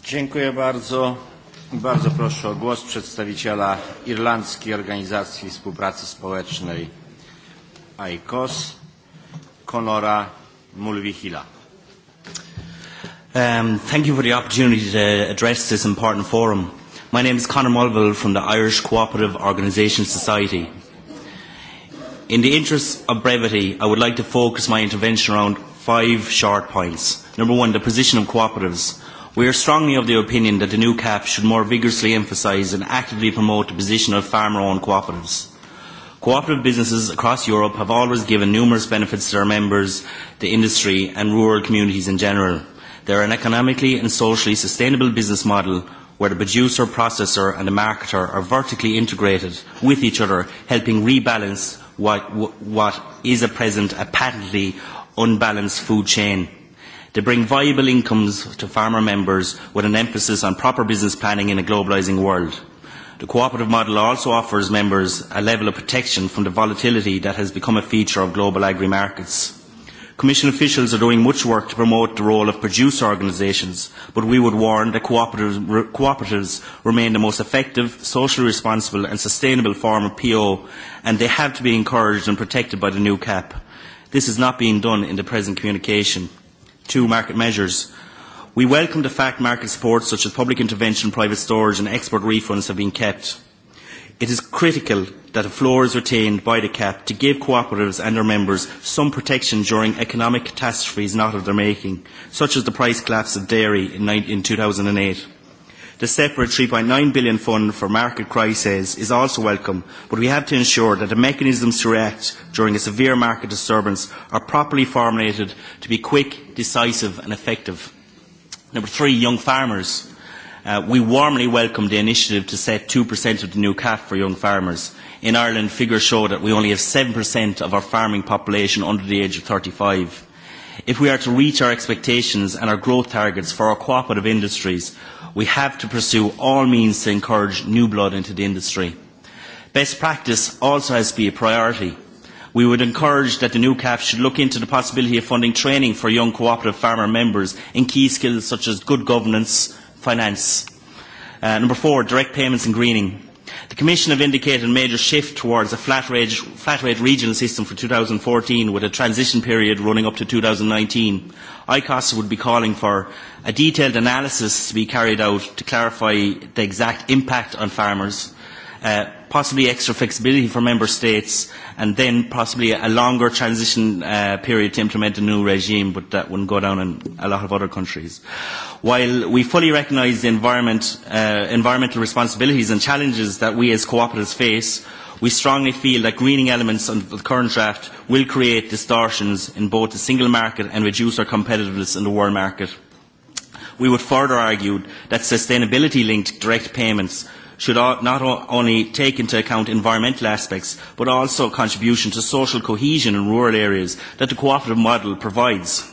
Dziękuję bardzo. Bardzo proszę o głos przedstawiciela Irlandzkiej Organizacji Współpracy Społecznej ICOS, Konora Mulvihila. Um, thank you for the opportunity to address this important forum. My name is Conor Mulville from the Irish Cooperative Organisation Society. In the interest of brevity, I would like to focus my intervention around five short points. Number one, the position of cooperatives. We are strongly of the opinion that the new CAP should more vigorously emphasise and actively promote the position of farmer-owned cooperatives. Cooperative businesses across Europe have always given numerous benefits to their members, the industry and rural communities in general. They are an economically and socially sustainable business model where the producer, processor and the marketer are vertically integrated with each other, helping rebalance what, what is at present a patently unbalanced food chain to bring viable incomes to farmer members with an emphasis on proper business planning in a globalising world. The cooperative model also offers members a level of protection from the volatility that has become a feature of global agri markets. Commission officials are doing much work to promote the role of producer organisations, but we would warn that cooperatives, cooperatives remain the most effective, socially responsible and sustainable form of PO, and they have to be encouraged and protected by the new CAP. This is not being done in the present communication two market measures. We welcome the fact market supports such as public intervention, private storage and export refunds have been kept. It is critical that a floor is retained by the cap to give cooperatives and their members some protection during economic catastrophes not of their making, such as the price collapse of dairy in 2008. The separate 3.9 billion fund for market crises is also welcome, but we have to ensure that the mechanisms to react during a severe market disturbance are properly formulated to be quick, decisive and effective. Number three, young farmers. Uh, we warmly welcome the initiative to set 2% of the new cap for young farmers. In Ireland, figures show that we only have 7% of our farming population under the age of 35. If we are to reach our expectations and our growth targets for our cooperative industries, we have to pursue all means to encourage new blood into the industry. Best practice also has to be a priority. We would encourage that the new CAF should look into the possibility of funding training for young cooperative farmer members in key skills such as good governance, finance. Uh, number four, direct payments and greening. The Commission have indicated a major shift towards a flat rate, flat rate regional system for 2014 with a transition period running up to 2019. ICOS would be calling for a detailed analysis to be carried out to clarify the exact impact on farmers Uh, possibly extra flexibility for member states, and then possibly a longer transition uh, period to implement a new regime, but that wouldn't go down in a lot of other countries. While we fully recognise the environment, uh, environmental responsibilities and challenges that we as cooperatives face, we strongly feel that greening elements of the current draft will create distortions in both the single market and reduce our competitiveness in the world market. We would further argue that sustainability-linked direct payments should not only take into account environmental aspects, but also contribution to social cohesion in rural areas that the cooperative model provides.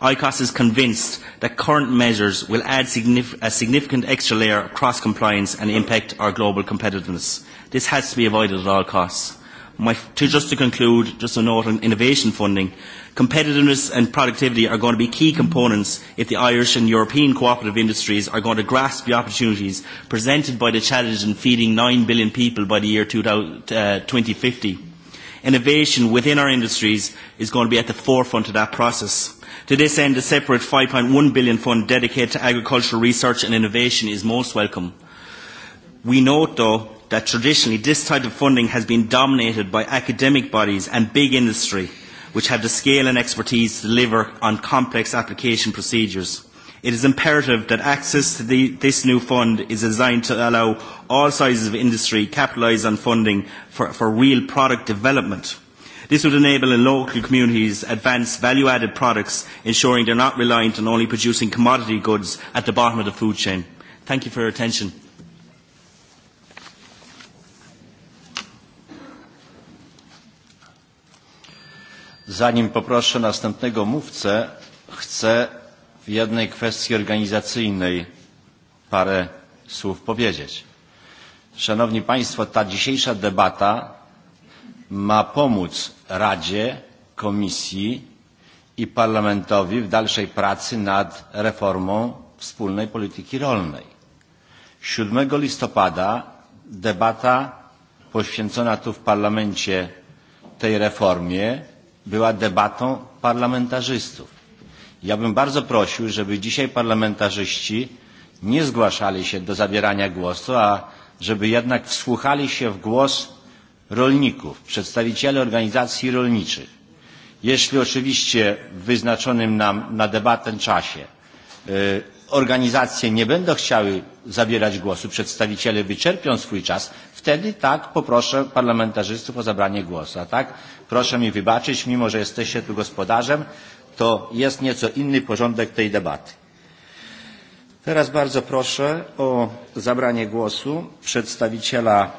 ICOS is convinced that current measures will add signif a significant extra layer of cross-compliance and impact our global competitiveness. This has to be avoided at all costs. My, to, just to conclude, just a note on innovation funding. Competitiveness and productivity are going to be key components if the Irish and European cooperative industries are going to grasp the opportunities presented by the challenge in feeding 9 billion people by the year 2050. Uh, innovation within our industries is going to be at the forefront of that process. To this end, a separate 5.1 billion fund dedicated to agricultural research and innovation is most welcome. We note, though, that traditionally this type of funding has been dominated by academic bodies and big industry, which have the scale and expertise to deliver on complex application procedures. It is imperative that access to the, this new fund is designed to allow all sizes of industry capitalise on funding for, for real product development. This would enable local communities advance value-added products, ensuring they're not reliant on only producing commodity goods at the bottom of the food chain. Thank you for your attention. Zanim poproszę następnego mówcę, chcę w jednej kwestii organizacyjnej parę słów powiedzieć. Szanowni Państwo, ta dzisiejsza debata ma pomóc Radzie, Komisji i Parlamentowi w dalszej pracy nad reformą wspólnej polityki rolnej. 7 listopada debata poświęcona tu w Parlamencie tej reformie była debatą parlamentarzystów. Ja bym bardzo prosił, żeby dzisiaj parlamentarzyści nie zgłaszali się do zabierania głosu, a żeby jednak wsłuchali się w głos rolników, przedstawicieli organizacji rolniczych. Jeśli oczywiście w wyznaczonym nam na debatę czasie organizacje nie będą chciały zabierać głosu, przedstawiciele wyczerpią swój czas, wtedy tak poproszę parlamentarzystów o zabranie głosu. A tak proszę mi wybaczyć, mimo że jesteście tu gospodarzem, to jest nieco inny porządek tej debaty. Teraz bardzo proszę o zabranie głosu przedstawiciela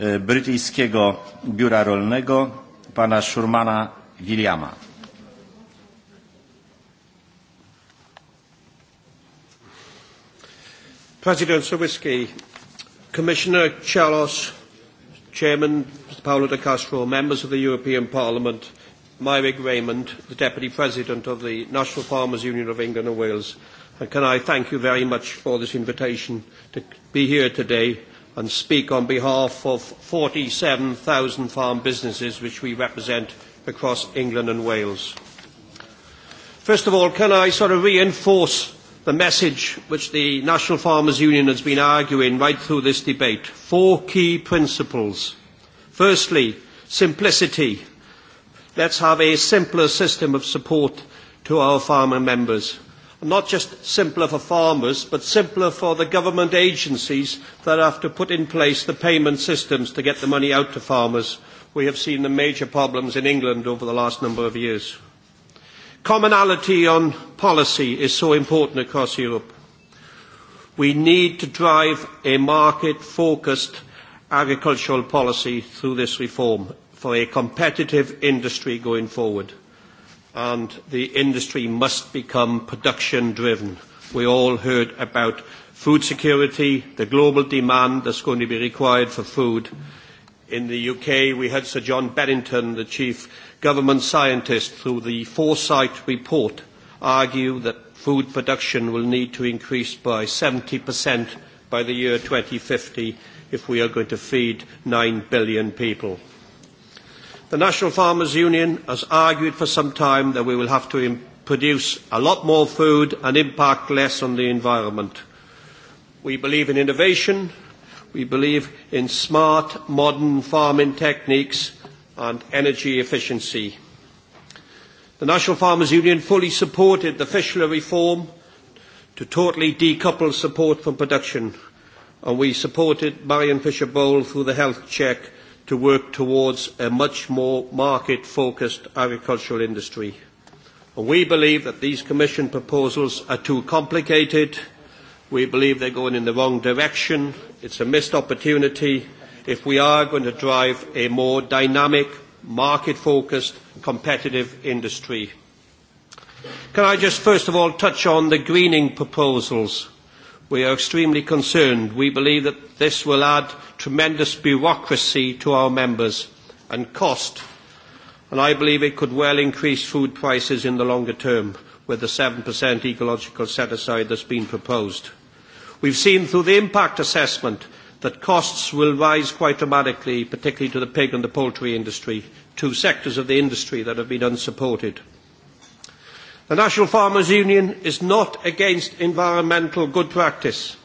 e, brytyjskiego biura rolnego, pana Szurmana Williama. President Sawicki Commissioner Chalos, Chairman Mr. Paolo de Castro, members of the European Parliament, Myrick Raymond, the Deputy President of the National Farmers Union of England and Wales, and can I thank you very much for this invitation to be here today and speak on behalf of 47,000 farm businesses which we represent across England and Wales. First of all, can I sort of reinforce the message which the National Farmers Union has been arguing right through this debate. Four key principles. Firstly, simplicity. Let's have a simpler system of support to our farmer members. Not just simpler for farmers, but simpler for the government agencies that have to put in place the payment systems to get the money out to farmers. We have seen the major problems in England over the last number of years. Commonality on policy is so important across Europe. We need to drive a market-focused agricultural policy through this reform for a competitive industry going forward. And the industry must become production-driven. We all heard about food security, the global demand that's going to be required for food. In the UK, we had Sir John Bennington, the chief government scientists through the Foresight report argue that food production will need to increase by 70% by the year 2050 if we are going to feed 9 billion people. The National Farmers Union has argued for some time that we will have to produce a lot more food and impact less on the environment. We believe in innovation, we believe in smart modern farming techniques and energy efficiency. The National Farmers Union fully supported the Fischler reform to totally decouple support from production, and we supported Marion Fisher Bowl through the health check to work towards a much more market-focused agricultural industry. And we believe that these Commission proposals are too complicated. We believe they're going in the wrong direction. It's a missed opportunity if we are going to drive a more dynamic, market-focused, competitive industry. Can I just first of all touch on the greening proposals? We are extremely concerned. We believe that this will add tremendous bureaucracy to our members and cost, and I believe it could well increase food prices in the longer term with the 7% ecological set aside that's been proposed. We've seen through the impact assessment that costs will rise quite dramatically, particularly to the pig and the poultry industry, two sectors of the industry that have been unsupported. The National Farmers Union is not against environmental good practice.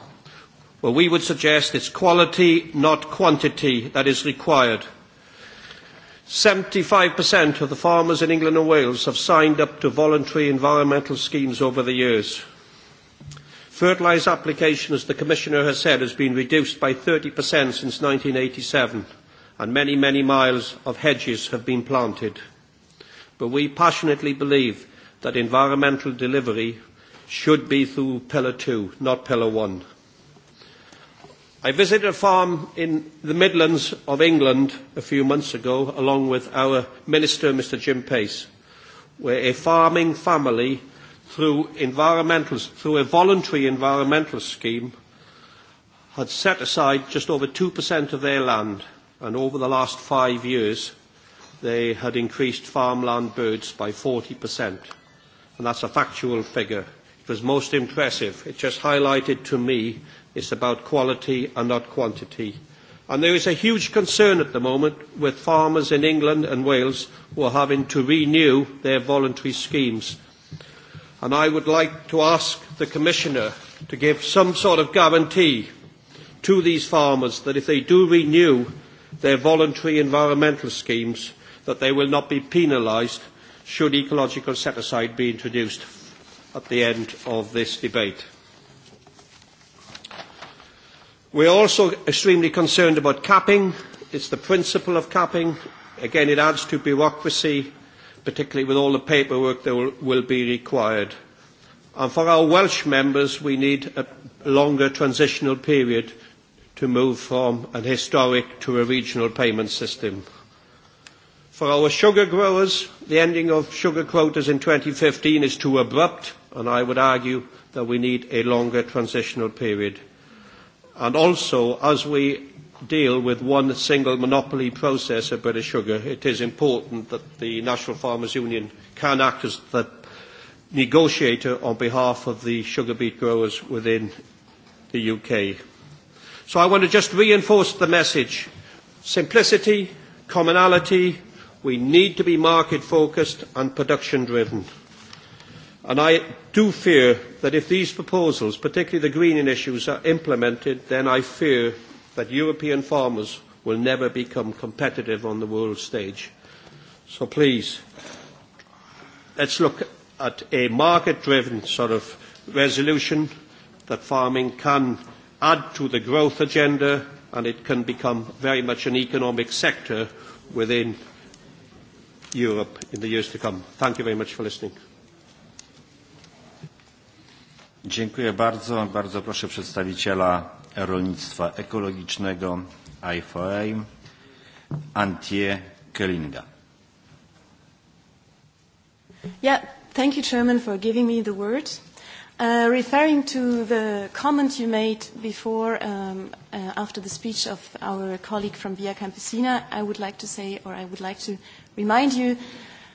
Well, we would suggest it's quality, not quantity, that is required. 75% of the farmers in England and Wales have signed up to voluntary environmental schemes over the years. Fertiliser application, as the Commissioner has said, has been reduced by 30% since 1987, and many, many miles of hedges have been planted. But we passionately believe that environmental delivery should be through Pillar 2, not Pillar 1. I visited a farm in the Midlands of England a few months ago, along with our Minister, Mr Jim Pace, where a farming family through, environmental, through a voluntary environmental scheme had set aside just over 2% of their land and over the last five years they had increased farmland birds by 40%. And that's a factual figure. It was most impressive. It just highlighted to me it's about quality and not quantity. And there is a huge concern at the moment with farmers in England and Wales who are having to renew their voluntary schemes And I would like to ask the Commissioner to give some sort of guarantee to these farmers that if they do renew their voluntary environmental schemes, that they will not be penalised should ecological set aside be introduced at the end of this debate. We are also extremely concerned about capping. It's the principle of capping. Again, it adds to bureaucracy particularly with all the paperwork that will, will be required. And for our Welsh members, we need a longer transitional period to move from an historic to a regional payment system. For our sugar growers, the ending of sugar quotas in 2015 is too abrupt, and I would argue that we need a longer transitional period. And also, as we deal with one single monopoly process of British sugar, it is important that the National Farmers Union can act as the negotiator on behalf of the sugar beet growers within the UK. So I want to just reinforce the message. Simplicity, commonality, we need to be market focused and production driven. And I do fear that if these proposals, particularly the greening issues, are implemented, then I fear that European farmers will never become competitive on the world stage. So please, let's look at a market-driven sort of resolution that farming can add to the growth agenda and it can become very much an economic sector within Europe in the years to come. Thank you very much for listening. Dziękuję bardzo. Bardzo proszę przedstawiciela rolnictwa ekologicznego IFOA Antje Kelinga. Yeah, thank you, Chairman, for giving me the word. Uh, referring to the comment you made before, um, uh, after the speech of our colleague from Via Campesina, I would like to say, or I would like to remind you,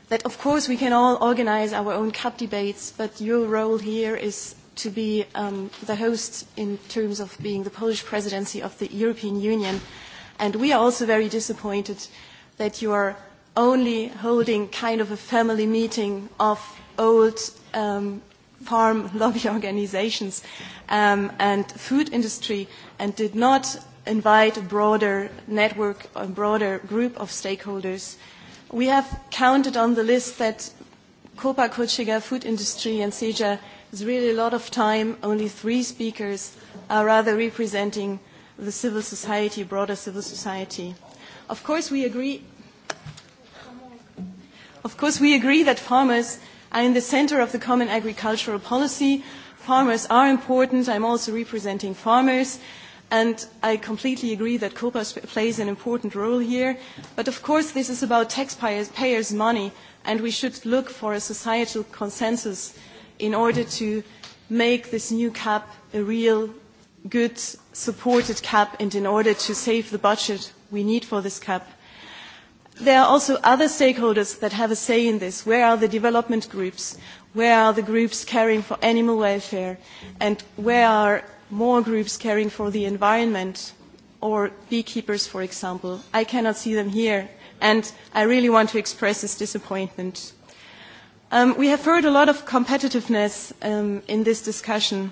that of course we can all organize our own cup debates, but your role here is to be um, the host in terms of being the Polish presidency of the European Union. And we are also very disappointed that you are only holding kind of a family meeting of old um, farm lobby organizations um, and food industry and did not invite a broader network, a broader group of stakeholders. We have counted on the list that Copa Kochiga Food Industry and Seja is really a lot of time. Only three speakers are rather representing the civil society, broader civil society. Of course, we agree. Of course, we agree that farmers are in the center of the common agricultural policy. Farmers are important. I'm also representing farmers. And I completely agree that COPA plays an important role here. But of course, this is about taxpayers' money, and we should look for a societal consensus in order to make this new cap a real good supported cap and in order to save the budget we need for this cap. There are also other stakeholders that have a say in this. Where are the development groups? Where are the groups caring for animal welfare? And where are more groups caring for the environment or beekeepers, for example? I cannot see them here, and I really want to express this disappointment. Um, we have heard a lot of competitiveness um, in this discussion.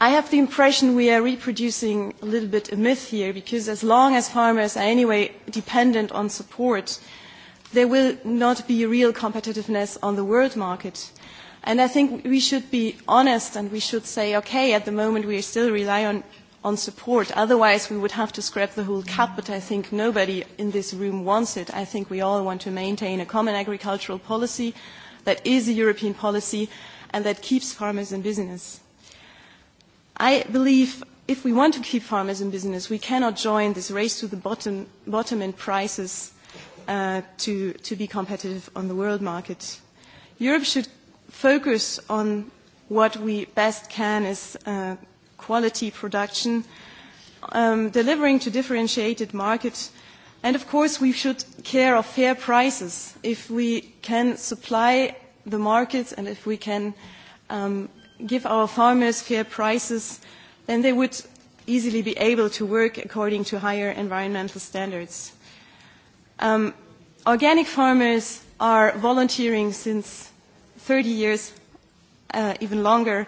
I have the impression we are reproducing a little bit a myth here because as long as farmers are anyway dependent on support, there will not be real competitiveness on the world market. And I think we should be honest and we should say, okay, at the moment we still rely on on support. Otherwise, we would have to scrap the whole cap, but I think nobody in this room wants it. I think we all want to maintain a common agricultural policy that is a European policy and that keeps farmers in business. I believe if we want to keep farmers in business, we cannot join this race to the bottom, bottom in prices uh, to, to be competitive on the world market. Europe should focus on what we best can as uh, quality production, um, delivering to differentiated markets, and of course we should care of fair prices if we can supply the markets and if we can um, give our farmers fair prices, then they would easily be able to work according to higher environmental standards. Um, organic farmers are volunteering since 30 years, uh, even longer,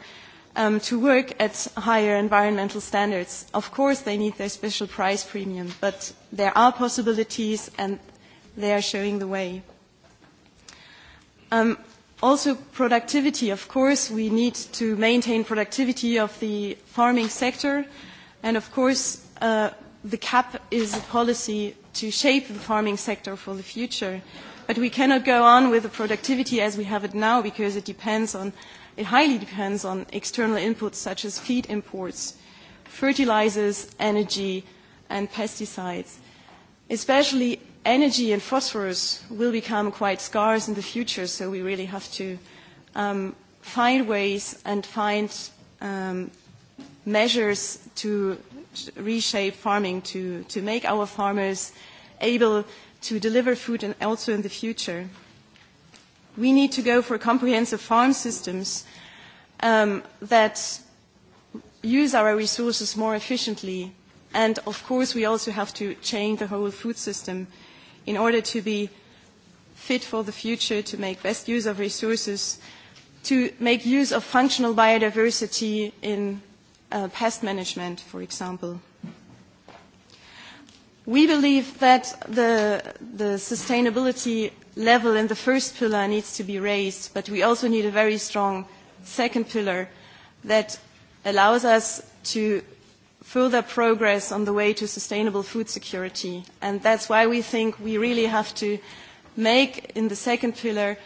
um, to work at higher environmental standards. Of course, they need their special price premium, but there are possibilities and they are showing the way. Um, also, productivity, of course, we need to maintain productivity of the farming sector, and of course, uh, the CAP is a policy to shape the farming sector for the future. But we cannot go on with the productivity as we have it now because it depends on It highly depends on external inputs such as feed imports, fertilizers, energy, and pesticides. Especially energy and phosphorus will become quite scarce in the future, so we really have to um, find ways and find um, measures to reshape farming, to, to make our farmers able to deliver food and also in the future. We need to go for comprehensive farm systems um, that use our resources more efficiently. And of course, we also have to change the whole food system in order to be fit for the future, to make best use of resources, to make use of functional biodiversity in uh, pest management, for example. We believe that the, the sustainability level in the first pillar needs to be raised, but we also need a very strong second pillar that allows us to further progress on the way to sustainable food security. And that's why we think we really have to make in the second pillar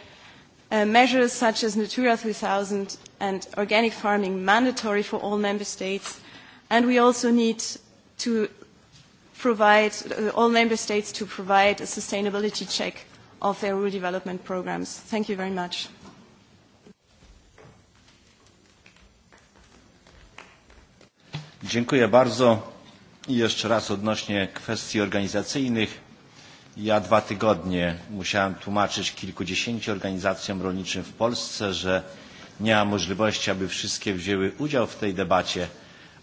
uh, measures such as Natura 3000 and organic farming mandatory for all member states. And we also need to provide, uh, all member states to provide a sustainability check of their rural development programs. Thank you very much. Dziękuję bardzo. I jeszcze raz odnośnie kwestii organizacyjnych. Ja dwa tygodnie musiałem tłumaczyć kilkudziesięciu organizacjom rolniczym w Polsce, że nie ma możliwości, aby wszystkie wzięły udział w tej debacie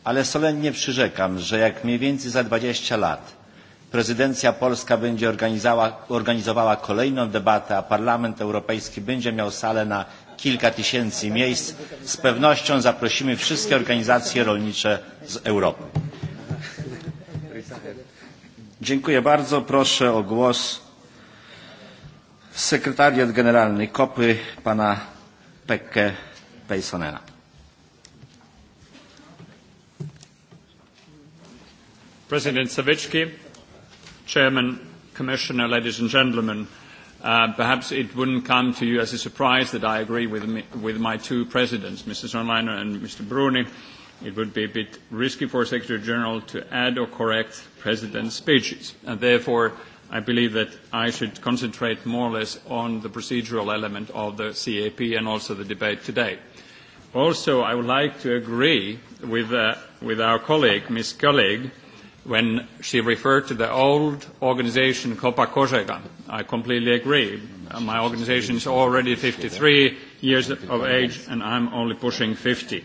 ale solennie przyrzekam, że jak mniej więcej za 20 lat prezydencja polska będzie organizowała kolejną debatę, a Parlament Europejski będzie miał salę na kilka tysięcy miejsc, z pewnością zaprosimy wszystkie organizacje rolnicze z Europy. Dziękuję bardzo. Proszę o głos sekretariat generalny KOPY pana Pekke Pejsonena. President Savitsky, Chairman, Commissioner, ladies and gentlemen, uh, perhaps it wouldn't come to you as a surprise that I agree with, me, with my two presidents, Mr. Sonleiner and Mr. Bruni. It would be a bit risky for Secretary General to add or correct President's speeches, and uh, therefore I believe that I should concentrate more or less on the procedural element of the CAP and also the debate today. Also, I would like to agree with, uh, with our colleague, Ms. Colleague, when she referred to the old organization Copa Kosega, I completely agree. My organization is already 53 years of age and I'm only pushing 50.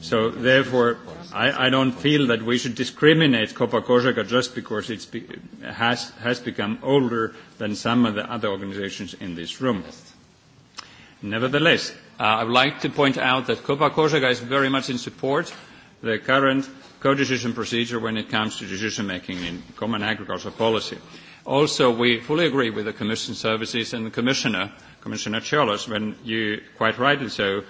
So therefore, I, I don't feel that we should discriminate Copa Kosega just because it be, has, has become older than some of the other organizations in this room. Nevertheless, uh, I would like to point out that Copa Kosega is very much in support the current co-decision procedure when it comes to decision making in common agricultural policy. Also, we fully agree with the Commission services and the Commissioner, Commissioner Cholos, when you quite rightly so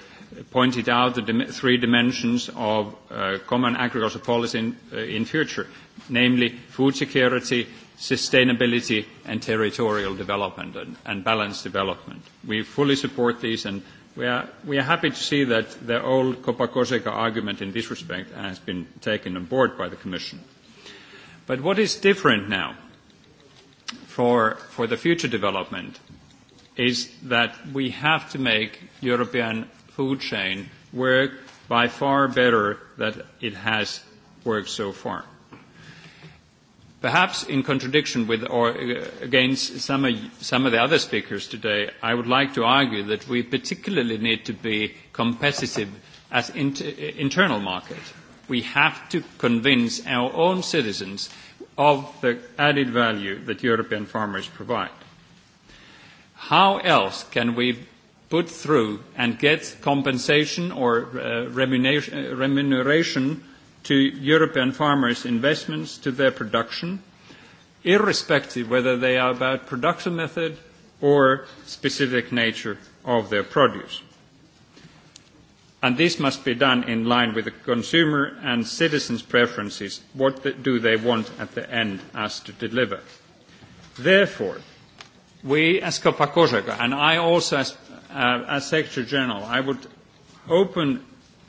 pointed out the three dimensions of uh, common agricultural policy in, uh, in future, namely food security, sustainability and territorial development and, and balanced development. We fully support these and We are, we are happy to see that the old Kopakoseka argument in this respect has been taken on board by the Commission. But what is different now for, for the future development is that we have to make European food chain work by far better than it has worked so far. Perhaps in contradiction with or uh, against some of, some of the other speakers today, I would like to argue that we particularly need to be competitive as inter uh, internal market. We have to convince our own citizens of the added value that European farmers provide. How else can we put through and get compensation or uh, remuneration, uh, remuneration to European farmers' investments to their production, irrespective whether they are about production method or specific nature of their produce. And this must be done in line with the consumer and citizens' preferences. What do they want at the end us to deliver? Therefore, we as Kopakosaka, and I also as, uh, as Secretary General, I would open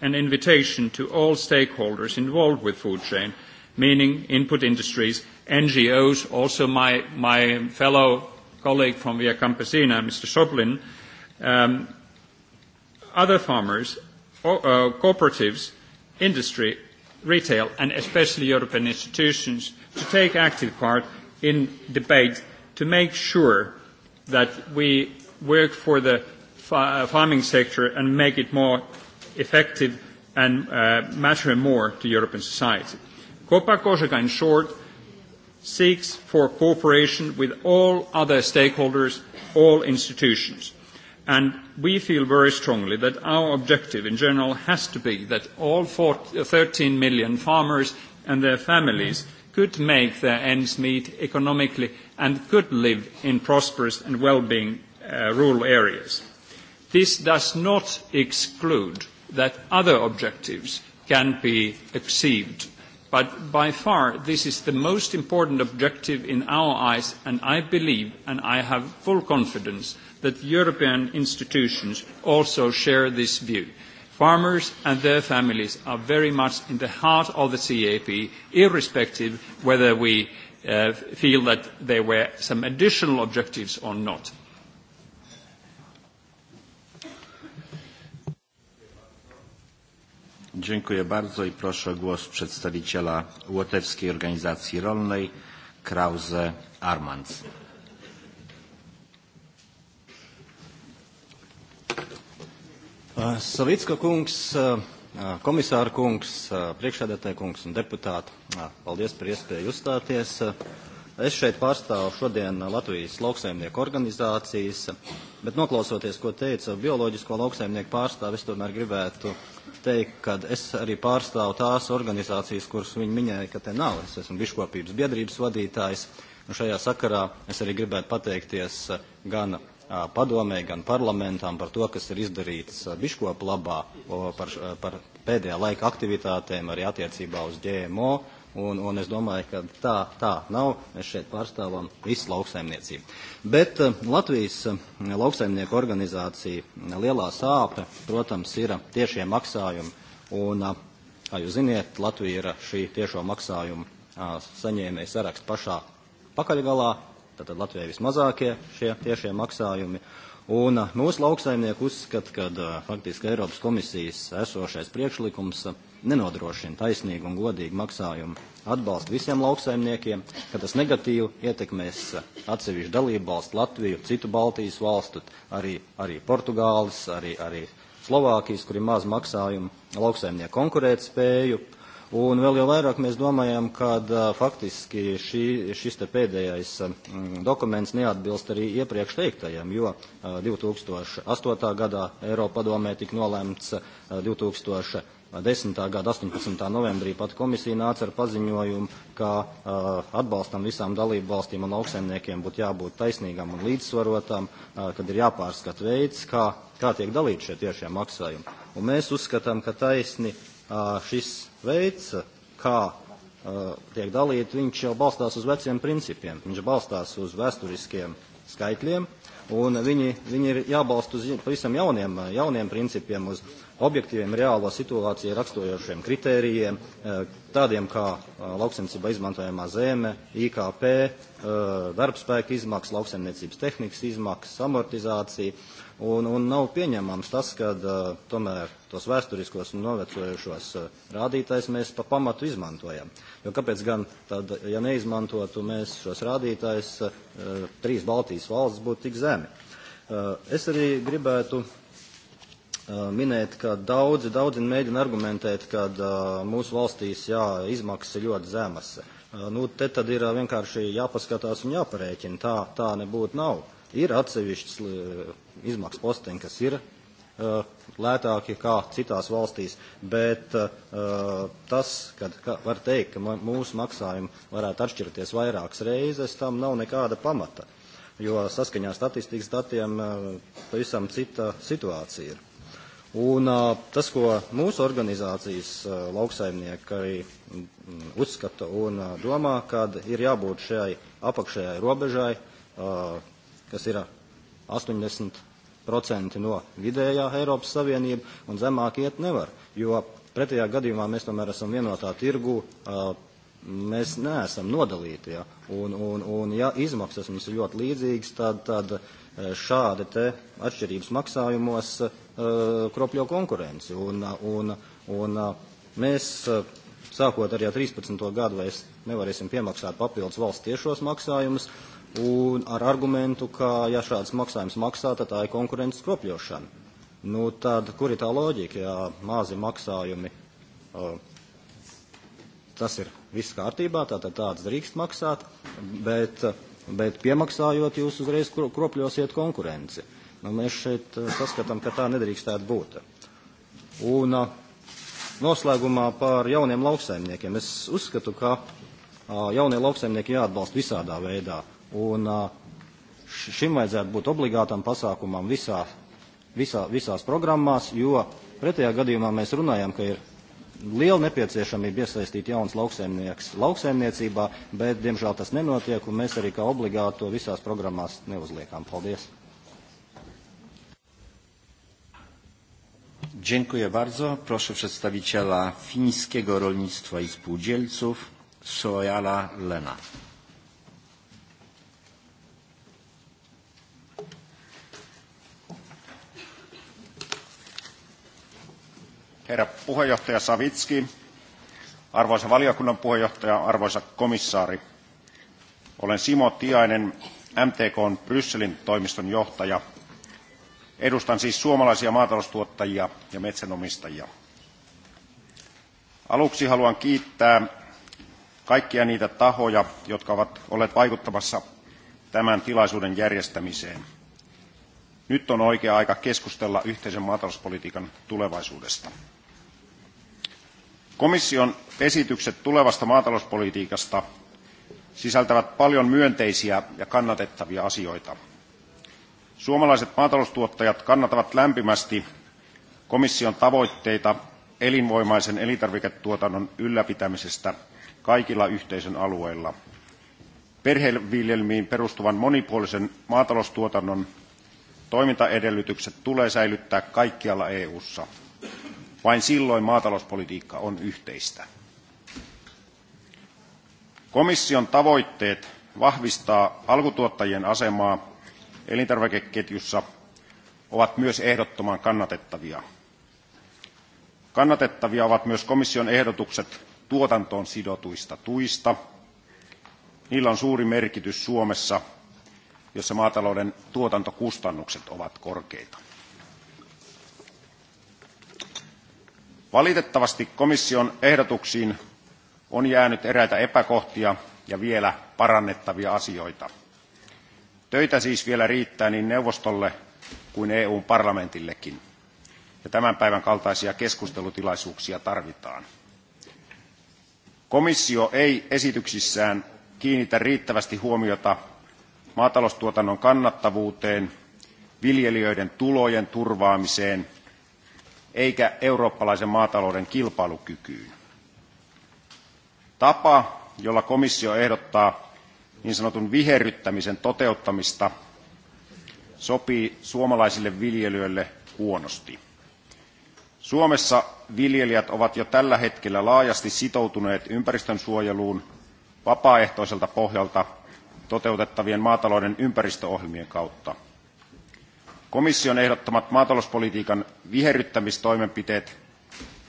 an invitation to all stakeholders involved with food chain, meaning input industries, NGOs, also my, my fellow colleague from Via Campesina, Mr. Soblin, um, other farmers, o- uh, cooperatives, industry, retail, and especially European institutions to take active part in debate to make sure that we work for the farming sector and make it more effective and uh, matter more to European society. COPA Corsica, in short, seeks for cooperation with all other stakeholders, all institutions. And we feel very strongly that our objective in general has to be that all 14, 13 million farmers and their families could make their ends meet economically and could live in prosperous and well-being uh, rural areas. This does not exclude that other objectives can be achieved. But by far, this is the most important objective in our eyes, and I believe, and I have full confidence, that European institutions also share this view. Farmers and their families are very much in the heart of the CAP, irrespective whether we uh, feel that there were some additional objectives or not. Dziękuję bardzo i proszę o głos przedstawiciela Łotewskiej Organizacji Rolnej Krause Armans. Eh, Savicka kungs, eh, eh, komisāra kungs, priekšsēdētāja kungs un deputāti, paldies par iespēju uzstāties. Es šeit pārstāvu šodien Latvijas lauksaimnieku organizācijas, bet noklausoties, ko teica bioloģisko lauksaimnieku pārstāvis, es tomēr gribētu teikt, ka es arī pārstāvu tās organizācijas, kuras viņi minēja, ka te nav. Es esmu biškopības biedrības vadītājs, un šajā sakarā es arī gribētu pateikties gan padomē, gan parlamentām par to, kas ir izdarīts biškopu labā, par, par pēdējā laika aktivitātēm, arī attiecībā uz GMO, un, un es domāju, ka tā, tā nav, mēs šeit pārstāvam visu lauksaimniecību. Bet eh, Latvijas eh, lauksaimnieku organizācija eh, Lielā sāpe, protams, ir tiešie maksājumi, un, kā jūs ziniet, Latvija ir šī tiešo maksājumu saņēmēja sarakst pašā pakaļgalā, tātad Latvijai vismazākie šie tiešie maksājumi. Un mūsu lauksaimnieku uzskata, ka faktiski Eiropas komisijas esošais priekšlikums nenodrošina taisnīgu un godīgu maksājumu atbalstu visiem lauksaimniekiem, ka tas negatīvi ietekmēs atsevišķu dalību valstu Latviju, citu Baltijas valstu, arī, arī Portugāles, arī, arī Slovākijas, kur ir maz maksājumu lauksaimnieku konkurēt spēju. Un vēl jau vairāk mēs domājam, ka faktiski šī, šis te pēdējais dokuments neatbilst arī iepriekš teiktajam, jo 2008. gadā Eiropa padomē tika nolēmts uh, 2000 10. gada 18. novembrī pat komisija nāca ar paziņojumu, ka uh, atbalstam visām dalību valstīm un augstsaimniekiem būtu jābūt taisnīgam un līdzsvarotam, uh, kad ir jāpārskat veids, kā, kā tiek dalīti šie tiešie maksājumi. Un mēs uzskatām, ka taisni uh, šis veids, kā tiek dalīt viņš jau balstās uz veciem principiem, viņš balstās uz vēsturiskiem skaitļiem, un viņi, viņi ir jābalst uz pavisam jauniem, jauniem principiem, uz objektīviem reālo situāciju raksturojošiem kritērijiem, e, tādiem kā e, lauksemniecība izmantojamā zeme, IKP, e, darbspēka izmaksas, lauksemniecības tehnikas izmaksas, amortizācija. Un, un nav pieņemams tas, ka uh, tomēr tos vēsturiskos un novecojušos uh, mēs pa pamatu izmantojam. Jo kāpēc gan tad, ja neizmantotu mēs šos rādītājus, uh, trīs Baltijas valsts būtu tik zemi? Uh, es arī gribētu Eh, minēt, ka daudzi, daudzi mēģina argumentēt, ka eh, mūsu valstīs jā, izmaksas ir ļoti zemas. Eh, nu, te tad ir vienkārši jāpaskatās un jāpareiķina. Tā, tā nebūtu nav. Ir atsevišķas izmaksas posteņi, kas ir lētāki kā citās valstīs, bet tas, kad var teikt, ka mūsu maksājumi varētu atšķirties vairākas reizes, tam nav nekāda pamata, jo saskaņā statistikas datiem pavisam cita situācija ir. Un tas, ko mūsu organizācijas lauksaimnieki arī mm, uzskata un domā, kad ir jābūt šai apakšējai robežai, kas ir 80% no vidējā Eiropas Savienība, un zemāk iet nevar, jo pretējā gadījumā mēs tomēr esam vienotā tirgu, mēs neesam nodalīti, ja? un, un, un ja izmaksas mums ir ļoti līdzīgas, tad, tad šādi te atšķirības maksājumos kropļo eh, konkurenci. Un, un, un mēs, eh, sākot arī ar 13. gadu, es nevarēsim piemaksāt papildus valsts tiešos maksājumus, un ar argumentu, ka ja šāds maksājums maksā, tad tā ir konkurences kropļošana. Nu, tad kur ir tā loģika, ja mazi maksājumi, eh, tas ir viss kārtībā, tātad tāds drīkst maksāt, bet, bet piemaksājot jūs uzreiz kropļosiet konkurenci. Nu, mēs šeit eh, saskatām, ka tā nedrīkstētu būt. Un eh, noslēgumā par jauniem lauksaimniekiem. Es uzskatu, ka eh, jaunie lauksaimnieki jāatbalsta visādā veidā. Un šim vajadzētu būt obligātam pasākumam visā, visā, visās programmās, jo pretējā gadījumā mēs runājam, ka ir liela nepieciešamība iesaistīt jauns lauksaimnieks lauksaimniecībā, bet, diemžēl, tas nenotiek, un mēs arī kā obligāto visās programmās neuzliekam. Paldies! Dziękuję bardzo. Proszę przedstawiciela fińskiego rolnictwa i spółdzielców Sojala Lena. Herra puheenjohtaja Savitski, arvoisa valiokunnan puheenjohtaja, arvoisa komissaari, olen Simo Tiainen, MTK on Brysselin toimiston johtaja – Edustan siis suomalaisia maataloustuottajia ja metsänomistajia. Aluksi haluan kiittää kaikkia niitä tahoja, jotka ovat olleet vaikuttamassa tämän tilaisuuden järjestämiseen. Nyt on oikea aika keskustella yhteisen maatalouspolitiikan tulevaisuudesta. Komission esitykset tulevasta maatalouspolitiikasta sisältävät paljon myönteisiä ja kannatettavia asioita – Suomalaiset maataloustuottajat kannattavat lämpimästi komission tavoitteita elinvoimaisen elintarviketuotannon ylläpitämisestä kaikilla yhteisön alueilla. Perheviljelmiin perustuvan monipuolisen maataloustuotannon toimintaedellytykset tulee säilyttää kaikkialla EU:ssa. Vain silloin maatalouspolitiikka on yhteistä. Komission tavoitteet vahvistaa alkutuottajien asemaa elintarvikeketjussa ovat myös ehdottoman kannatettavia. Kannatettavia ovat myös komission ehdotukset tuotantoon sidotuista tuista. Niillä on suuri merkitys Suomessa, jossa maatalouden tuotantokustannukset ovat korkeita. Valitettavasti komission ehdotuksiin on jäänyt eräitä epäkohtia ja vielä parannettavia asioita – Töitä siis vielä riittää niin neuvostolle kuin EU parlamentillekin. Ja tämän päivän kaltaisia keskustelutilaisuuksia tarvitaan. Komissio ei esityksissään kiinnitä riittävästi huomiota maataloustuotannon kannattavuuteen, viljelijöiden tulojen turvaamiseen eikä eurooppalaisen maatalouden kilpailukykyyn. Tapa, jolla komissio ehdottaa niin sanotun viherryttämisen toteuttamista sopii suomalaisille viljelijöille huonosti. Suomessa viljelijät ovat jo tällä hetkellä laajasti sitoutuneet ympäristönsuojeluun vapaaehtoiselta pohjalta toteutettavien maatalouden ympäristöohjelmien kautta. Komission ehdottamat maatalouspolitiikan viherryttämistoimenpiteet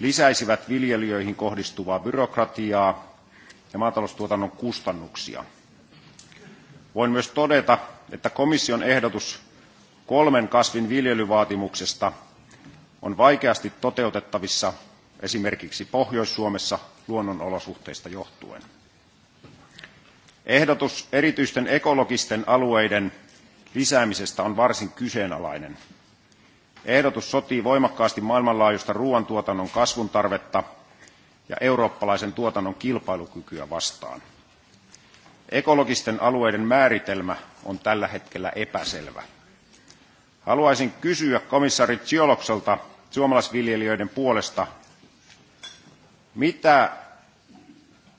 lisäisivät viljelijöihin kohdistuvaa byrokratiaa ja maataloustuotannon kustannuksia. Voin myös todeta, että komission ehdotus kolmen kasvin viljelyvaatimuksesta on vaikeasti toteutettavissa esimerkiksi Pohjois-Suomessa luonnonolosuhteista johtuen. Ehdotus erityisten ekologisten alueiden lisäämisestä on varsin kyseenalainen. Ehdotus sotii voimakkaasti maailmanlaajuista ruoantuotannon kasvun tarvetta ja eurooppalaisen tuotannon kilpailukykyä vastaan. Ekologisten alueiden määritelmä on tällä hetkellä epäselvä. Haluaisin kysyä komissaari Tsiolokselta suomalaisviljelijöiden puolesta, mitä,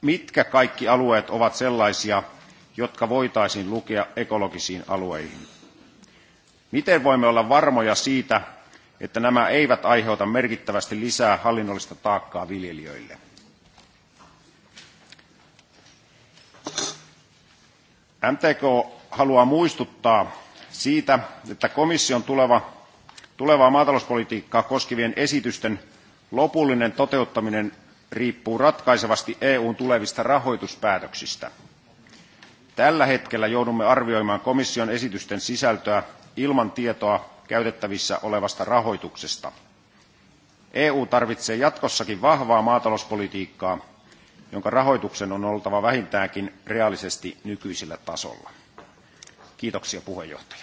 mitkä kaikki alueet ovat sellaisia, jotka voitaisiin lukea ekologisiin alueihin. Miten voimme olla varmoja siitä, että nämä eivät aiheuta merkittävästi lisää hallinnollista taakkaa viljelijöille? MTK haluaa muistuttaa siitä, että komission tuleva, tulevaa maatalouspolitiikkaa koskevien esitysten lopullinen toteuttaminen riippuu ratkaisevasti EUn tulevista rahoituspäätöksistä. Tällä hetkellä joudumme arvioimaan komission esitysten sisältöä ilman tietoa käytettävissä olevasta rahoituksesta. EU tarvitsee jatkossakin vahvaa maatalouspolitiikkaa, jonka rahoituksen on oltava vähintäänkin reaalisesti nykyisellä tasolla. Kiitoksia puheenjohtaja.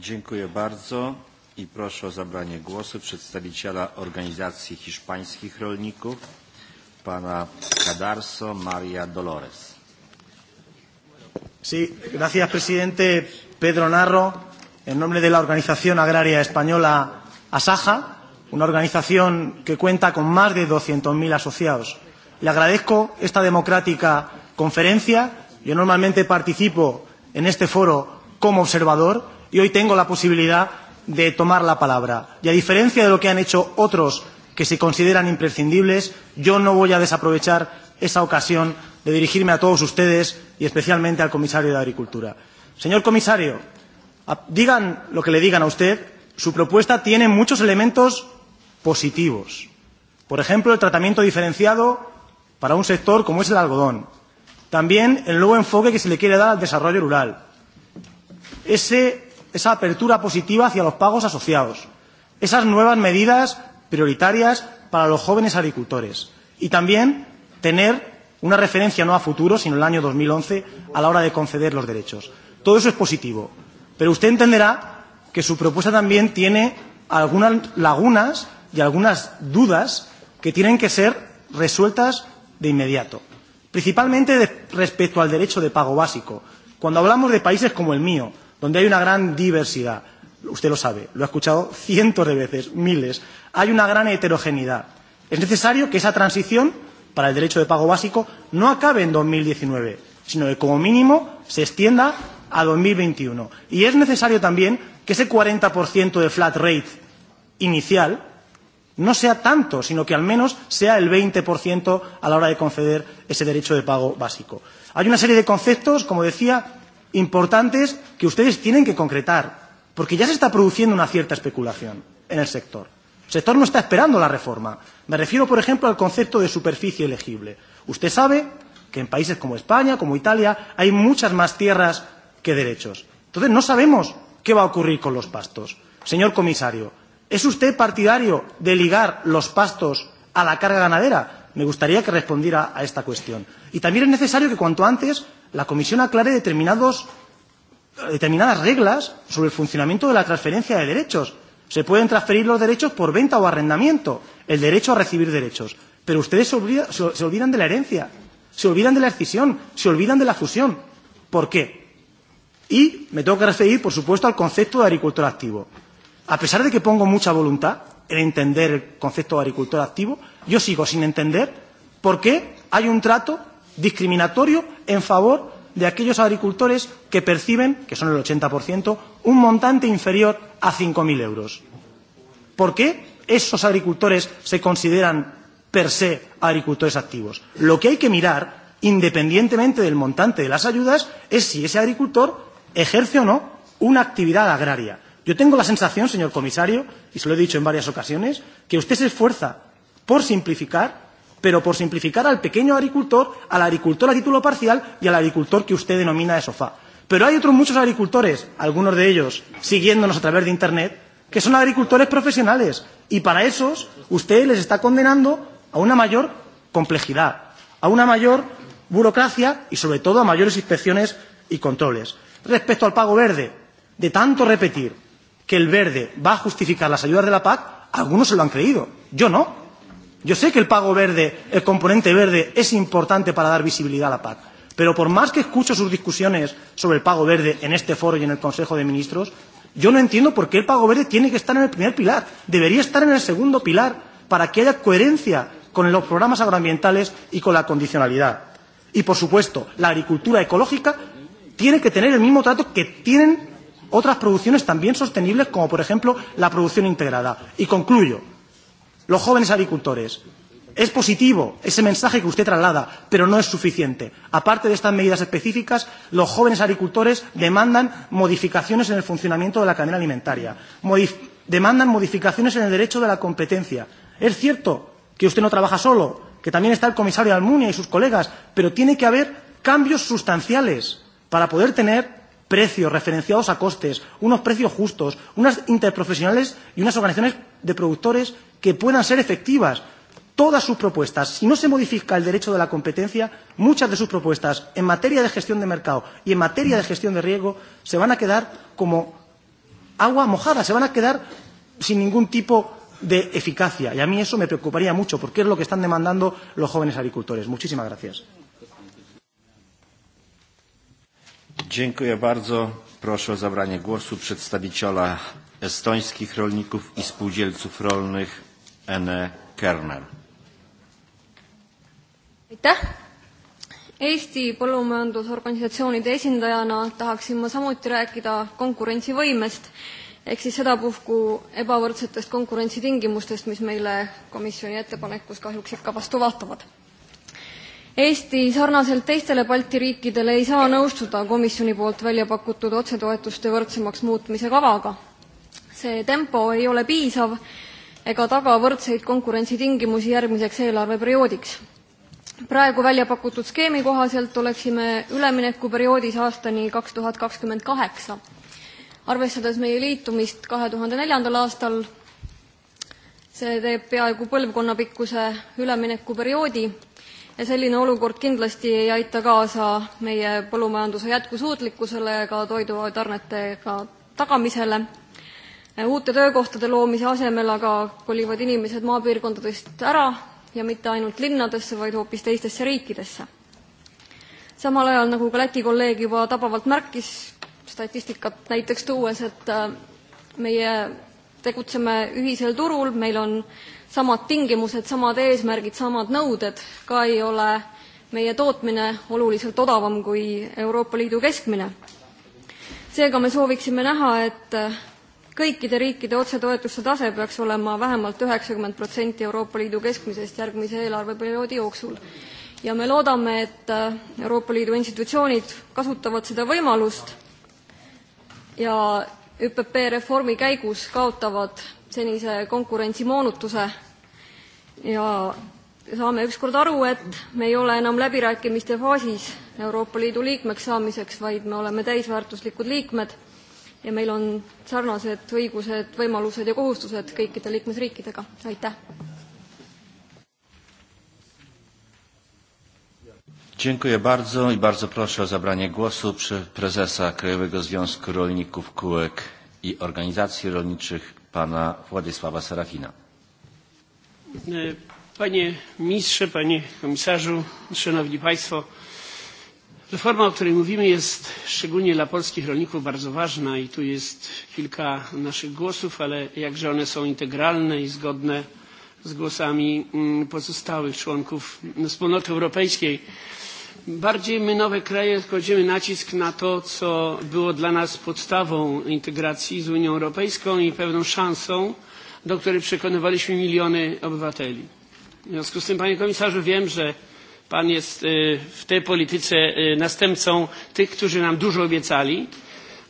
Dziękuję bardzo i proszę o zabranie głosu przedstawiciela organizacji hiszpańskich rolników, pana Cadarso Maria Dolores. Sí, gracias presidente Pedro Narro. En nombre de la Organización Agraria Española Asaja, una organización que cuenta con más de 200.000 asociados. Le agradezco esta democrática conferencia. Yo normalmente participo en este foro como observador y hoy tengo la posibilidad de tomar la palabra. Y a diferencia de lo que han hecho otros que se consideran imprescindibles, yo no voy a desaprovechar esa ocasión de dirigirme a todos ustedes y especialmente al comisario de Agricultura. Señor comisario, digan lo que le digan a usted, su propuesta tiene muchos elementos positivos. Por ejemplo, el tratamiento diferenciado para un sector como es el algodón. También el nuevo enfoque que se le quiere dar al desarrollo rural. Ese, esa apertura positiva hacia los pagos asociados. Esas nuevas medidas prioritarias para los jóvenes agricultores. Y también tener una referencia no a futuro, sino el año 2011, a la hora de conceder los derechos. Todo eso es positivo. Pero usted entenderá que su propuesta también tiene algunas lagunas y algunas dudas que tienen que ser resueltas de inmediato, principalmente de, respecto al derecho de pago básico. Cuando hablamos de países como el mío, donde hay una gran diversidad, usted lo sabe, lo ha escuchado cientos de veces, miles, hay una gran heterogeneidad. Es necesario que esa transición para el derecho de pago básico no acabe en 2019, sino que como mínimo se extienda a 2021. Y es necesario también que ese 40% de flat rate inicial no sea tanto, sino que al menos sea el 20% a la hora de conceder ese derecho de pago básico. Hay una serie de conceptos, como decía, importantes que ustedes tienen que concretar, porque ya se está produciendo una cierta especulación en el sector. El sector no está esperando la reforma. Me refiero, por ejemplo, al concepto de superficie elegible. Usted sabe que en países como España, como Italia, hay muchas más tierras que derechos. Entonces, no sabemos ¿Qué va a ocurrir con los pastos? Señor comisario, ¿es usted partidario de ligar los pastos a la carga ganadera? Me gustaría que respondiera a esta cuestión. Y también es necesario que cuanto antes la Comisión aclare determinados, determinadas reglas sobre el funcionamiento de la transferencia de derechos. Se pueden transferir los derechos por venta o arrendamiento, el derecho a recibir derechos. Pero ustedes se, olvida, se, se olvidan de la herencia, se olvidan de la excisión, se olvidan de la fusión. ¿Por qué? Y me tengo que referir, por supuesto, al concepto de agricultor activo. A pesar de que pongo mucha voluntad en entender el concepto de agricultor activo, yo sigo sin entender por qué hay un trato discriminatorio en favor de aquellos agricultores que perciben, que son el 80%, un montante inferior a 5.000 euros. ¿Por qué esos agricultores se consideran per se agricultores activos? Lo que hay que mirar, independientemente del montante de las ayudas, es si ese agricultor ejerce o no una actividad agraria. Yo tengo la sensación, señor comisario, y se lo he dicho en varias ocasiones, que usted se esfuerza por simplificar, pero por simplificar al pequeño agricultor, al agricultor a título parcial y al agricultor que usted denomina de sofá. Pero hay otros muchos agricultores, algunos de ellos siguiéndonos a través de Internet, que son agricultores profesionales y para esos usted les está condenando a una mayor complejidad, a una mayor burocracia y sobre todo a mayores inspecciones y controles respecto al pago verde. De tanto repetir que el verde va a justificar las ayudas de la PAC, algunos se lo han creído, yo no. Yo sé que el pago verde, el componente verde, es importante para dar visibilidad a la PAC, pero por más que escucho sus discusiones sobre el pago verde en este foro y en el Consejo de Ministros, yo no entiendo por qué el pago verde tiene que estar en el primer pilar, debería estar en el segundo pilar, para que haya coherencia con los programas agroambientales y con la condicionalidad. Y, por supuesto, la agricultura ecológica tiene que tener el mismo trato que tienen otras producciones también sostenibles, como por ejemplo la producción integrada. Y concluyo, los jóvenes agricultores. Es positivo ese mensaje que usted traslada, pero no es suficiente. Aparte de estas medidas específicas, los jóvenes agricultores demandan modificaciones en el funcionamiento de la cadena alimentaria, modif demandan modificaciones en el derecho de la competencia. Es cierto que usted no trabaja solo, que también está el comisario Almunia y sus colegas, pero tiene que haber cambios sustanciales para poder tener precios referenciados a costes, unos precios justos, unas interprofesionales y unas organizaciones de productores que puedan ser efectivas. Todas sus propuestas, si no se modifica el derecho de la competencia, muchas de sus propuestas en materia de gestión de mercado y en materia de gestión de riesgo se van a quedar como agua mojada, se van a quedar sin ningún tipo de eficacia. Y a mí eso me preocuparía mucho, porque es lo que están demandando los jóvenes agricultores. Muchísimas gracias. Dziękuję bardzo. Proszę o zabranie głosu przedstawiciela estońskich rolników i spółdzielców rolnych Ene Kerner. aitäh! Eesti põllumajandusorganisatsioonide esindajana tahaksin ma samuti rääkida konkurentsivõimest ehk siis puhku ebavõrdsetest konkurentsitingimustest, mis meile komisjoni ettepanekus kahjuks ikka vastu vaatavad Eesti sarnaselt teistele Balti riikidele ei saa nõustuda komisjoni poolt välja pakutud otsetoetuste võrdsemaks muutmise kavaga. see tempo ei ole piisav ega taga võrdseid konkurentsitingimusi järgmiseks eelarveperioodiks. praegu välja pakutud skeemi kohaselt oleksime üleminekuperioodis aastani 2028, arvestades meie liitumist 2004. aastal, see teeb peaaegu põlvkonna ülemineku üleminekuperioodi ja selline olukord kindlasti ei aita kaasa meie põllumajanduse jätkusuutlikkusele ega toidutarnetega tagamisele. uute töökohtade loomise asemel aga kolivad inimesed maapiirkondadest ära ja mitte ainult linnadesse, vaid hoopis teistesse riikidesse. samal ajal, nagu ka Läti kolleeg juba tabavalt märkis, statistikat näiteks tuues, et äh, meie tegutseme ühisel turul, meil on samad tingimused, samad eesmärgid, samad nõuded, ka ei ole meie tootmine oluliselt odavam kui Euroopa Liidu keskmine. seega me sooviksime näha, et kõikide riikide otsetoetuste tase peaks olema vähemalt üheksakümmend protsenti Euroopa Liidu keskmisest järgmise eelarveperioodi jooksul ja me loodame, et Euroopa Liidu institutsioonid kasutavad seda võimalust ja ÜPP reformi käigus kaotavad senise konkurentsimoonutuse ja saame ükskord aru, et me ei ole enam läbirääkimiste faasis Euroopa Liidu liikmeks saamiseks, vaid me oleme täisväärtuslikud liikmed ja meil on sarnased õigused, võimalused ja kohustused kõikide liikmesriikidega. aitäh! Dziękuję bardzo i bardzo proszę o zabranie głosu przy prezesa Krajowego Związku Rolników Kółek i Organizacji Rolniczych pana Władysława Sarafina. E, panie ministrze, panie komisarzu, szanowni państwo, reforma, o której mówimy jest szczególnie dla polskich rolników bardzo ważna i tu jest kilka naszych głosów, ale jakże one są integralne i zgodne z głosami mm, pozostałych członków wspólnoty europejskiej. Bardziej my nowe kraje kładziemy nacisk na to, co było dla nas podstawą integracji z Unią Europejską i pewną szansą, do której przekonywaliśmy miliony obywateli. W związku z tym, panie komisarzu, wiem, że pan jest w tej polityce następcą tych, którzy nam dużo obiecali,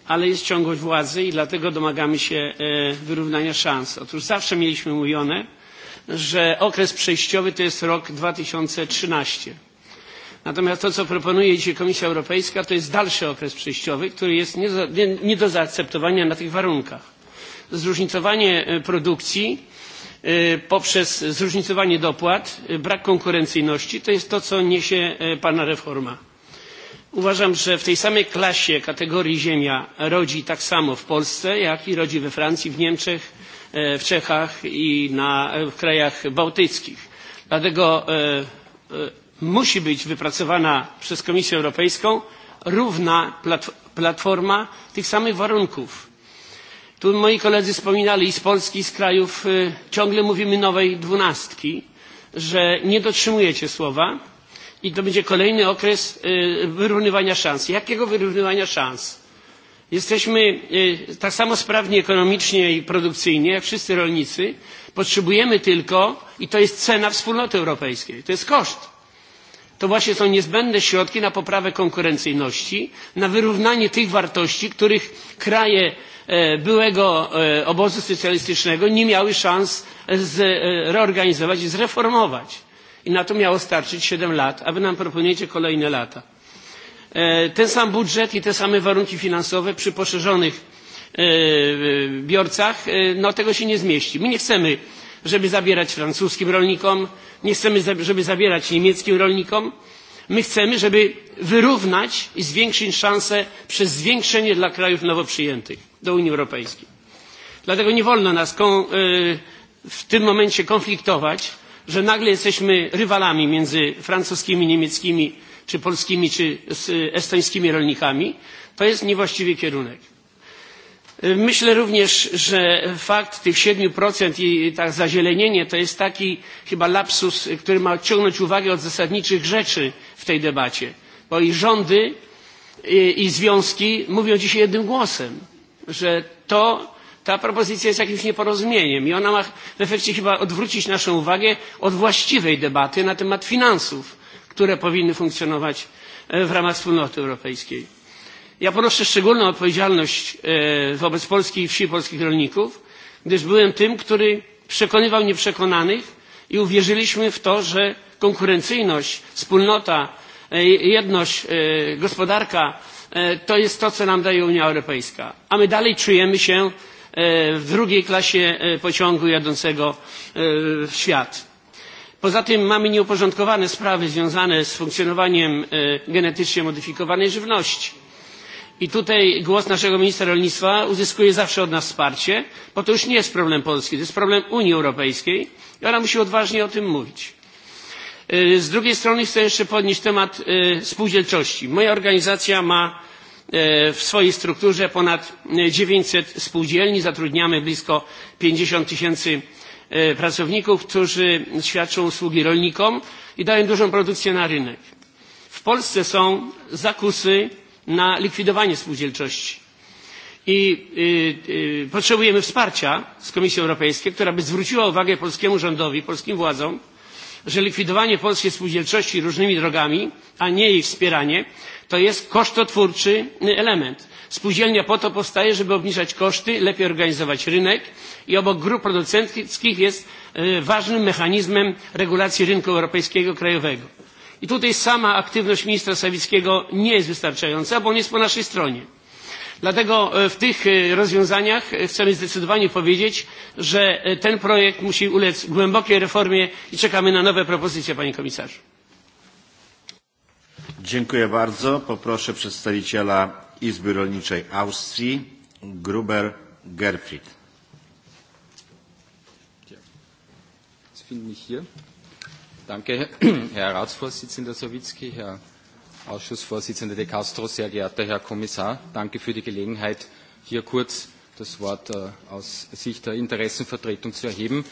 ale jest ciągłość władzy i dlatego domagamy się wyrównania szans. Otóż zawsze mieliśmy mówione, że okres przejściowy to jest rok 2013 Natomiast to, co proponuje dzisiaj Komisja Europejska, to jest dalszy okres przejściowy, który jest nie, za, nie, nie do zaakceptowania na tych warunkach. Zróżnicowanie e, produkcji e, poprzez zróżnicowanie dopłat, e, brak konkurencyjności, to jest to, co niesie pana reforma. Uważam, że w tej samej klasie kategorii ziemia rodzi tak samo w Polsce, jak i rodzi we Francji, w Niemczech, w Czechach i na, w krajach bałtyckich. Dlatego musi być wypracowana przez Komisję Europejską równa platforma tych samych warunków. Tu moi koledzy wspominali i z Polski, i z krajów y, ciągle mówimy nowej dwunastki, że nie dotrzymujecie słowa i to będzie kolejny okres y, wyrównywania szans. Jakiego wyrównywania szans? Jesteśmy y, tak samo sprawni ekonomicznie i produkcyjnie jak wszyscy rolnicy. Potrzebujemy tylko, i to jest cena wspólnoty europejskiej, to jest koszt to właśnie są niezbędne środki na poprawę konkurencyjności, na wyrównanie tych wartości, których kraje e, byłego e, obozu socjalistycznego nie miały szans e, zreorganizować i zreformować. I na to miało starczyć 7 lat, a wy nam proponujecie kolejne lata. Ten sam budżet i te same warunki finansowe przy poszerzonych biorcach, no tego się nie zmieści. My nie chcemy żeby zabierać francuskim rolnikom, nie chcemy, żeby zabierać niemieckim rolnikom. My chcemy, żeby wyrównać i zwiększyć szanse przez zwiększenie dla krajów nowo przyjętych do Unii Europejskiej. Dlatego nie wolno nas w tym momencie konfliktować, że nagle jesteśmy rywalami między francuskimi, niemieckimi, czy polskimi, czy estońskimi rolnikami. To jest niewłaściwy kierunek. Myślę również, że fakt tych 7% i tak zazielenienie to jest taki chyba lapsus, który ma odciągnąć uwagę od zasadniczych rzeczy w tej debacie. Bo i rządy i, i związki mówią dzisiaj jednym głosem, że to, ta propozycja jest jakimś nieporozumieniem i ona ma w efekcie chyba odwrócić naszą uwagę od właściwej debaty na temat finansów, które powinny funkcjonować e, w ramach wspólnoty europejskiej. Ja prostu szczególną odpowiedzialność e, wobec polskiej wsi, polskich rolników, gdyż byłem tym, który przekonywał nieprzekonanych i uwierzyliśmy w to, że konkurencyjność, wspólnota, e, jedność, e, gospodarka to jest to, co nam daje Unia Europejska. A my dalej czujemy się w drugiej klasie pociągu jadącego w świat. Poza tym mamy nieuporządkowane sprawy związane z funkcjonowaniem genetycznie modyfikowanej żywności. I tutaj głos naszego ministra rolnictwa uzyskuje zawsze od nas wsparcie, bo to już nie jest problem Polski, to jest problem Unii Europejskiej i ona musi odważnie o tym mówić. Z drugiej strony chcę jeszcze podnieść temat spółdzielczości. Moja organizacja ma w swojej strukturze ponad 900 spółdzielni, zatrudniamy blisko 50 tysięcy pracowników, którzy świadczą usługi rolnikom i dają dużą produkcję na rynek. W Polsce są zakusy na likwidowanie spółdzielczości. I y, y, potrzebujemy wsparcia z Komisji Europejskiej, która by zwróciła uwagę polskiemu rządowi, polskim władzom, że likwidowanie polskiej spółdzielczości różnymi drogami, a nie jej wspieranie, to jest kosztotwórczy element. Spółdzielnia po to powstaje, żeby obniżać koszty, lepiej organizować rynek i obok grup producenckich jest ważnym mechanizmem regulacji rynku europejskiego krajowego. I tutaj sama aktywność ministra Sawickiego nie jest wystarczająca, bo on jest po naszej stronie. Dlatego e, w tych e, rozwiązaniach e, chcemy zdecydowanie powiedzieć, że ten projekt musi ulec głębokiej reformie i czekamy na nowe propozycje, panie komisarzu. Dziękuję bardzo. Poproszę przedstawiciela Izby Rolniczej Austrii, Gruber Gerfried. Ja. Danke, Herr Ratsvorsitzender Sawicki, Herr Ausschussvorsitzender De Castro, sehr geehrter Herr Kommissar. Danke für die Gelegenheit, hier kurz das Wort äh, aus Sicht der Interessenvertretung zu erheben.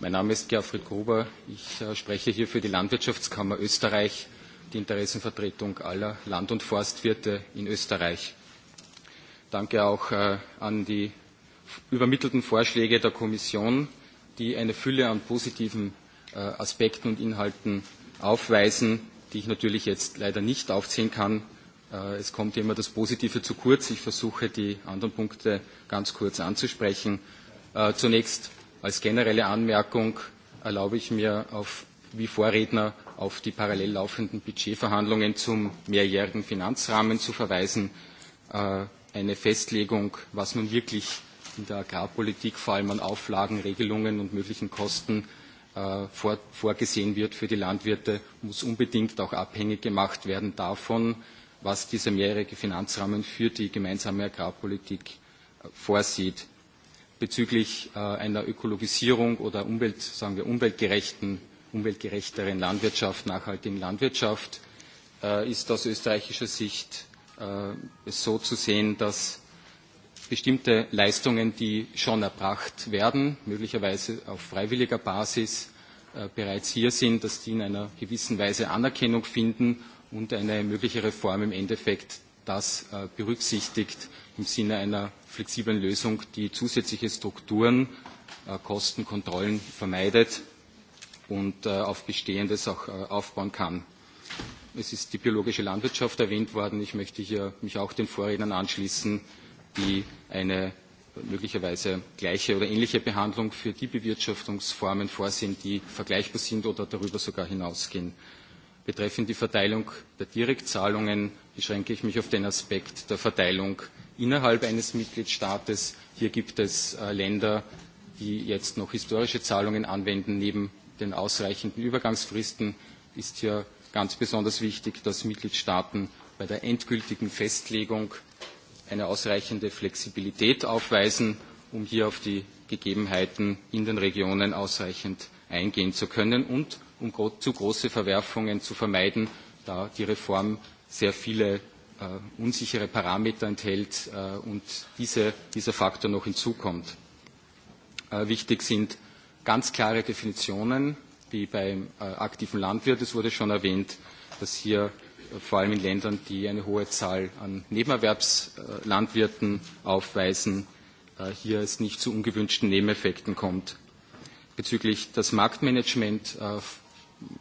Mein Name ist Gerfried Gruber. Ich äh, spreche hier für die Landwirtschaftskammer Österreich, die Interessenvertretung aller Land- und Forstwirte in Österreich. Danke auch äh, an die übermittelten Vorschläge der Kommission, die eine Fülle an positiven Äh, Aspekten und Inhalten aufweisen, die ich natürlich jetzt leider nicht aufzählen kann. Äh, es kommt immer das Positive zu kurz. Ich versuche, die anderen Punkte ganz kurz anzusprechen. Äh, zunächst als generelle Anmerkung erlaube ich mir, auf, wie Vorredner auf die parallel laufenden Budgetverhandlungen zum mehrjährigen Finanzrahmen zu verweisen. Eine Festlegung, was nun wirklich in der Agrarpolitik vor allem an Auflagen, Regelungen und möglichen Kosten Äh, vorgesehen wird für die Landwirte, muss unbedingt auch abhängig gemacht werden davon, was dieser mehrjährige Finanzrahmen für die gemeinsame Agrarpolitik äh, vorsieht. Bezüglich äh, einer Ökologisierung oder Umwelt, sagen wir, umweltgerechten, umweltgerechteren Landwirtschaft, nachhaltigen Landwirtschaft, ist aus österreichischer Sicht so zu sehen, dass bestimmte Leistungen, die schon erbracht werden, möglicherweise auf freiwilliger Basis äh, bereits hier sind, dass die in einer gewissen Weise Anerkennung finden und eine mögliche Reform im Endeffekt das äh, berücksichtigt im Sinne einer flexiblen Lösung, die zusätzliche Strukturen, äh, Kosten, Kontrollen vermeidet und auf Bestehendes auch aufbauen kann. Es ist die biologische Landwirtschaft erwähnt worden. Ich möchte hier mich auch den Vorrednern anschließen, die eine möglicherweise gleiche oder ähnliche Behandlung für die Bewirtschaftungsformen vorsehen, die vergleichbar sind oder darüber sogar hinausgehen. Betreffend die Verteilung der Direktzahlungen beschränke ich mich auf den Aspekt der Verteilung innerhalb eines Mitgliedstaates. Hier gibt es äh, Länder, die jetzt noch historische Zahlungen anwenden. Neben den ausreichenden Übergangsfristen ist hier ganz besonders wichtig, dass Mitgliedstaaten bei der endgültigen Festlegung eine ausreichende Flexibilität aufweisen, um hier auf die Gegebenheiten in den Regionen ausreichend eingehen zu können und um zu große Verwerfungen zu vermeiden, da die Reform sehr viele äh, unsichere Parameter enthält äh, und diese, dieser Faktor noch hinzukommt. Äh, wichtig sind ganz klare Definitionen, wie beim äh, aktiven Landwirt. Es wurde schon erwähnt, dass hier vor allem in Ländern, die eine hohe Zahl an Nebenerwerbslandwirten aufweisen, äh, hier es nicht zu ungewünschten Nebeneffekten kommt. Bezüglich des Marktmanagement äh,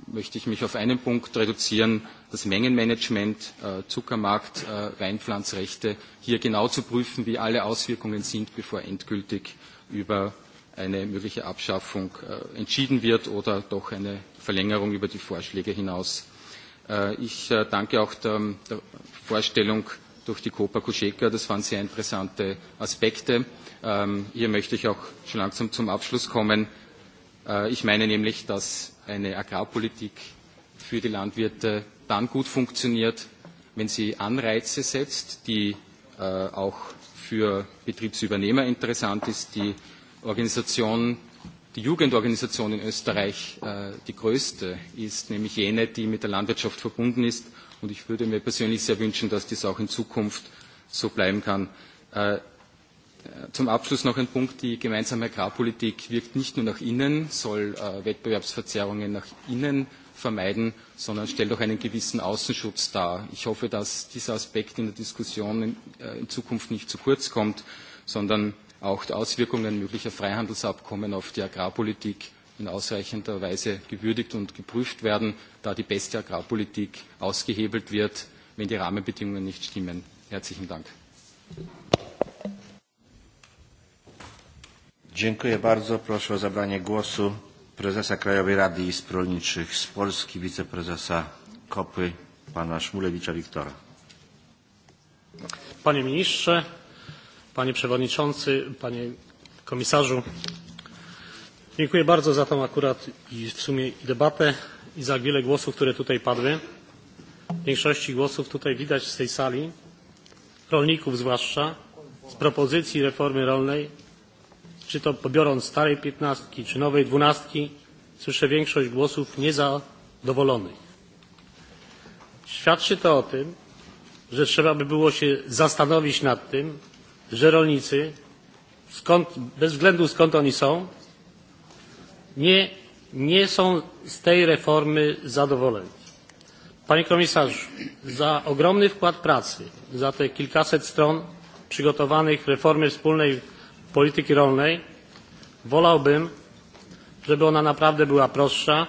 möchte ich mich auf einen Punkt reduzieren, das Mengenmanagement, äh, Zuckermarkt, Weinpflanzrechte, hier genau zu prüfen, wie alle Auswirkungen sind, bevor endgültig über eine mögliche Abschaffung entschieden wird oder doch eine Verlängerung über die Vorschläge hinaus Äh, ich äh, danke auch der, Vorstellung durch die Kopa Kuscheka, das waren sehr interessante Aspekte. Ähm, hier möchte ich auch schon langsam zum Abschluss kommen. Äh, ich meine nämlich, dass eine Agrarpolitik für die Landwirte dann gut funktioniert, wenn sie Anreize setzt, die auch für Betriebsübernehmer interessant ist, die Organisation die Jugendorganisation in Österreich äh, die größte ist, nämlich jene, die mit der Landwirtschaft verbunden ist. Und ich würde mir persönlich sehr wünschen, dass dies auch in Zukunft so bleiben kann. Äh, zum Abschluss noch ein Punkt. Die gemeinsame Agrarpolitik wirkt nicht nur nach innen, soll äh, Wettbewerbsverzerrungen nach innen vermeiden, sondern stellt auch einen gewissen Außenschutz dar. Ich hoffe, dass dieser Aspekt in der Diskussion in Zukunft nicht zu kurz kommt, sondern auch die Auswirkungen möglicher Freihandelsabkommen auf die Agrarpolitik in ausreichender Weise gewürdigt und geprüft werden, da die beste Agrarpolitik ausgehebelt wird, wenn die Rahmenbedingungen nicht stimmen. Herzlichen Dank. Dziękuję bardzo. Proszę o zabranie głosu prezesa Krajowej Rady Izb Rolniczych z Polski, wiceprezesa KOPY, pana Szmulewicza Wiktora. Panie ministrze, Panie Przewodniczący, Panie Komisarzu. Dziękuję bardzo za tą akurat i w sumie i debatę i za wiele głosów, które tutaj padły. W większości głosów tutaj widać z tej sali, rolników zwłaszcza, z propozycji reformy rolnej, czy to pobiorąc starej piętnastki, czy nowej dwunastki, słyszę większość głosów niezadowolonych. Świadczy to o tym, że trzeba by było się zastanowić nad tym, że rolnicy, skąd, bez względu skąd oni są, nie, nie są z tej reformy zadowoleni. Panie komisarzu, za ogromny wkład pracy, za te kilkaset stron przygotowanych reformy wspólnej polityki rolnej, wolałbym, żeby ona naprawdę była prostsza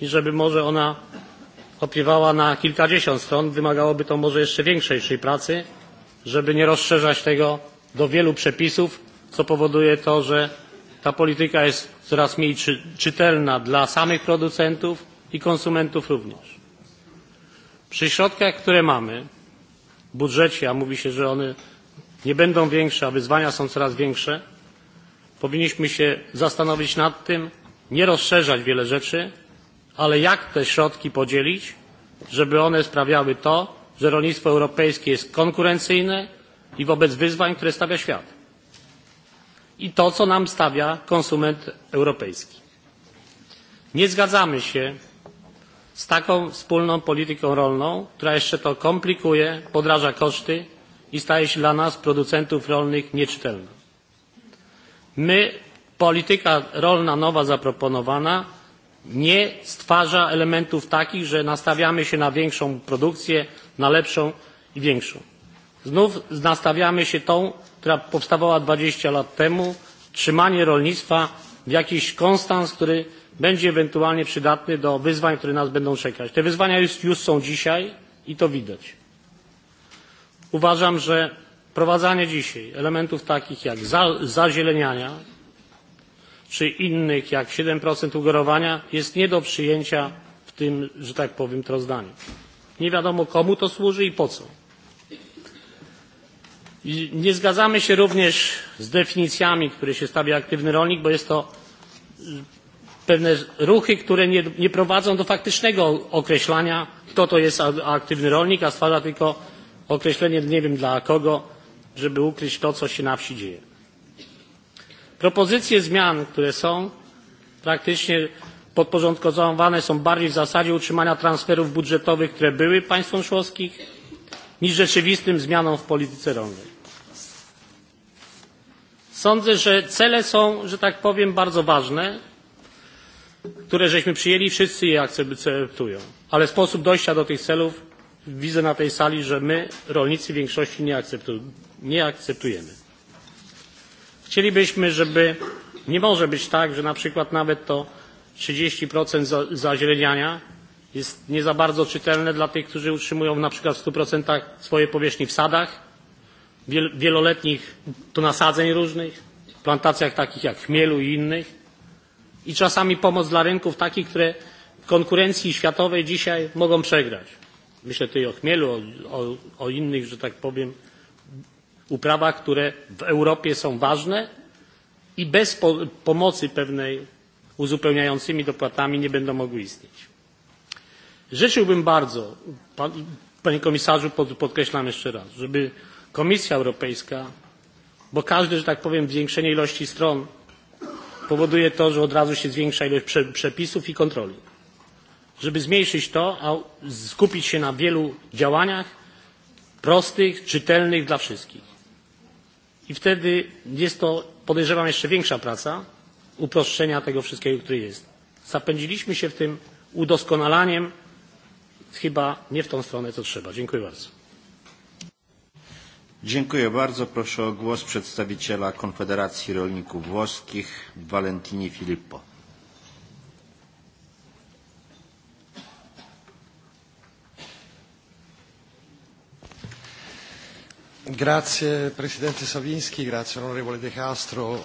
i żeby może ona opiewała na kilkadziesiąt stron, wymagałoby to może jeszcze większej pracy, żeby nie rozszerzać tego do wielu przepisów, co powoduje to, że ta polityka jest coraz mniej czy, czytelna dla samych producentów i konsumentów również. Przy środkach, które mamy w budżecie, a mówi się, że one nie będą większe, a wyzwania są coraz większe, powinniśmy się zastanowić nad tym, nie rozszerzać wiele rzeczy, ale jak te środki podzielić, żeby one sprawiały to, że rolnictwo europejskie jest konkurencyjne i wobec wyzwań, które stawia świat. I to, co nam stawia konsument europejski. Nie zgadzamy się z taką wspólną polityką rolną, która jeszcze to komplikuje, podraża koszty i staje się dla nas, producentów rolnych, nieczytelna. My, polityka rolna nowa zaproponowana, nie stwarza elementów takich, że nastawiamy się na większą produkcję, na lepszą i większą. Znów nastawiamy się tą, która powstawała 20 lat temu, trzymanie rolnictwa w jakiś konstans, który będzie ewentualnie przydatny do wyzwań, które nas będą czekać. Te wyzwania już, już są dzisiaj i to widać. Uważam, że wprowadzanie dzisiaj elementów takich jak za, zazieleniania czy innych jak 7% ugorowania jest nie do przyjęcia w tym, że tak powiem, trozdaniu. Nie wiadomo komu to służy i po co. I nie zgadzamy się również z definicjami, które się stawia aktywny rolnik, bo jest to pewne ruchy, które nie, nie prowadzą do faktycznego określania, kto to jest aktywny rolnik, a stwarza tylko określenie, nie wiem dla kogo, żeby ukryć to, co się na wsi dzieje. Propozycje zmian, które są, praktycznie podporządkowane są bardziej w zasadzie utrzymania transferów budżetowych, które były państwom członkowskich, niż rzeczywistym zmianom w polityce rolnej. Sądzę, że cele są, że tak powiem, bardzo ważne, które żeśmy przyjęli, wszyscy je akceptują. Ale sposób dojścia do tych celów widzę na tej sali, że my, rolnicy, w większości nie, akceptu nie akceptujemy. Chcielibyśmy, żeby nie może być tak, że na przykład nawet to 30% zazieleniania jest nie za bardzo czytelne dla tych, którzy utrzymują na przykład w 100% swoje powierzchni w sadach, wieloletnich tu nasadzeń różnych, plantacjach takich jak chmielu i innych i czasami pomoc dla rynków takich, które w konkurencji światowej dzisiaj mogą przegrać. Myślę tutaj o chmielu, o, o, o innych, że tak powiem, uprawach, które w Europie są ważne i bez po, pomocy pewnej uzupełniającymi dopłatami nie będą mogły istnieć. Życzyłbym bardzo, panie komisarzu, podkreślam jeszcze raz, żeby Komisja Europejska, bo każde, że tak powiem, zwiększenie ilości stron powoduje to, że od razu się zwiększa ilość przepisów i kontroli. Żeby zmniejszyć to, a skupić się na wielu działaniach prostych, czytelnych dla wszystkich. I wtedy jest to, podejrzewam, jeszcze większa praca, uproszczenia tego wszystkiego, który jest. Zapędziliśmy się w tym udoskonalaniem, chyba nie w tą stronę, co trzeba. Dziękuję bardzo. Dziękuję bardzo. Proszę o głos przedstawiciela Konfederacji Rolników Włoskich, Valentini Filippo. Grazie Presidente Savinski, grazie Onorevole De Castro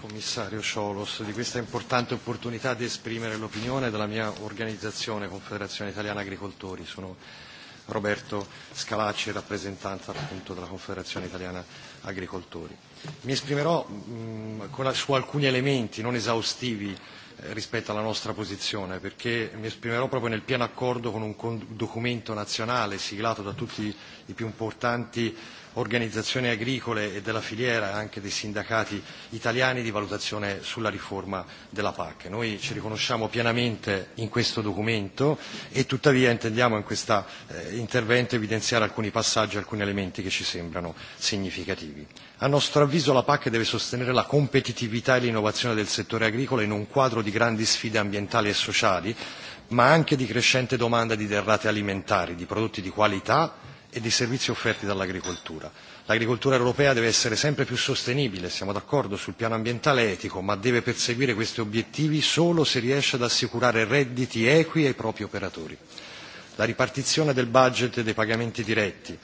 commissario Sciolos di questa importante opportunità di esprimere l'opinione della mia organizzazione Confederazione Italiana Agricoltori. Sono Roberto Scalacci, rappresentante appunto della Confederazione Italiana Agricoltori. Mi esprimerò mh, mm, con, su alcuni elementi non esaustivi eh, rispetto alla nostra posizione, perché mi esprimerò proprio nel pieno accordo con un con documento nazionale siglato da tutti i più importanti organizzazioni agricole e della filiera e anche dei sindacati italiani di valutazione sulla riforma della PAC. Noi ci riconosciamo pienamente in questo documento e tuttavia intendiamo in questo eh, intervento evidenziare alcuni passaggi, alcuni elementi che ci sembrano significativi. A nostro avviso la PAC deve sostenere la competitività e l'innovazione del settore agricolo in un quadro di grandi sfide ambientali e sociali, ma anche di crescente domanda di derrate alimentari, di prodotti di qualità e dei servizi offerti dall'agricoltura. L'agricoltura europea deve essere sempre più sostenibile, siamo d'accordo sul piano ambientale e etico, ma deve perseguire questi obiettivi solo se riesce ad assicurare redditi equi ai propri operatori. La ripartizione del budget e dei pagamenti diretti,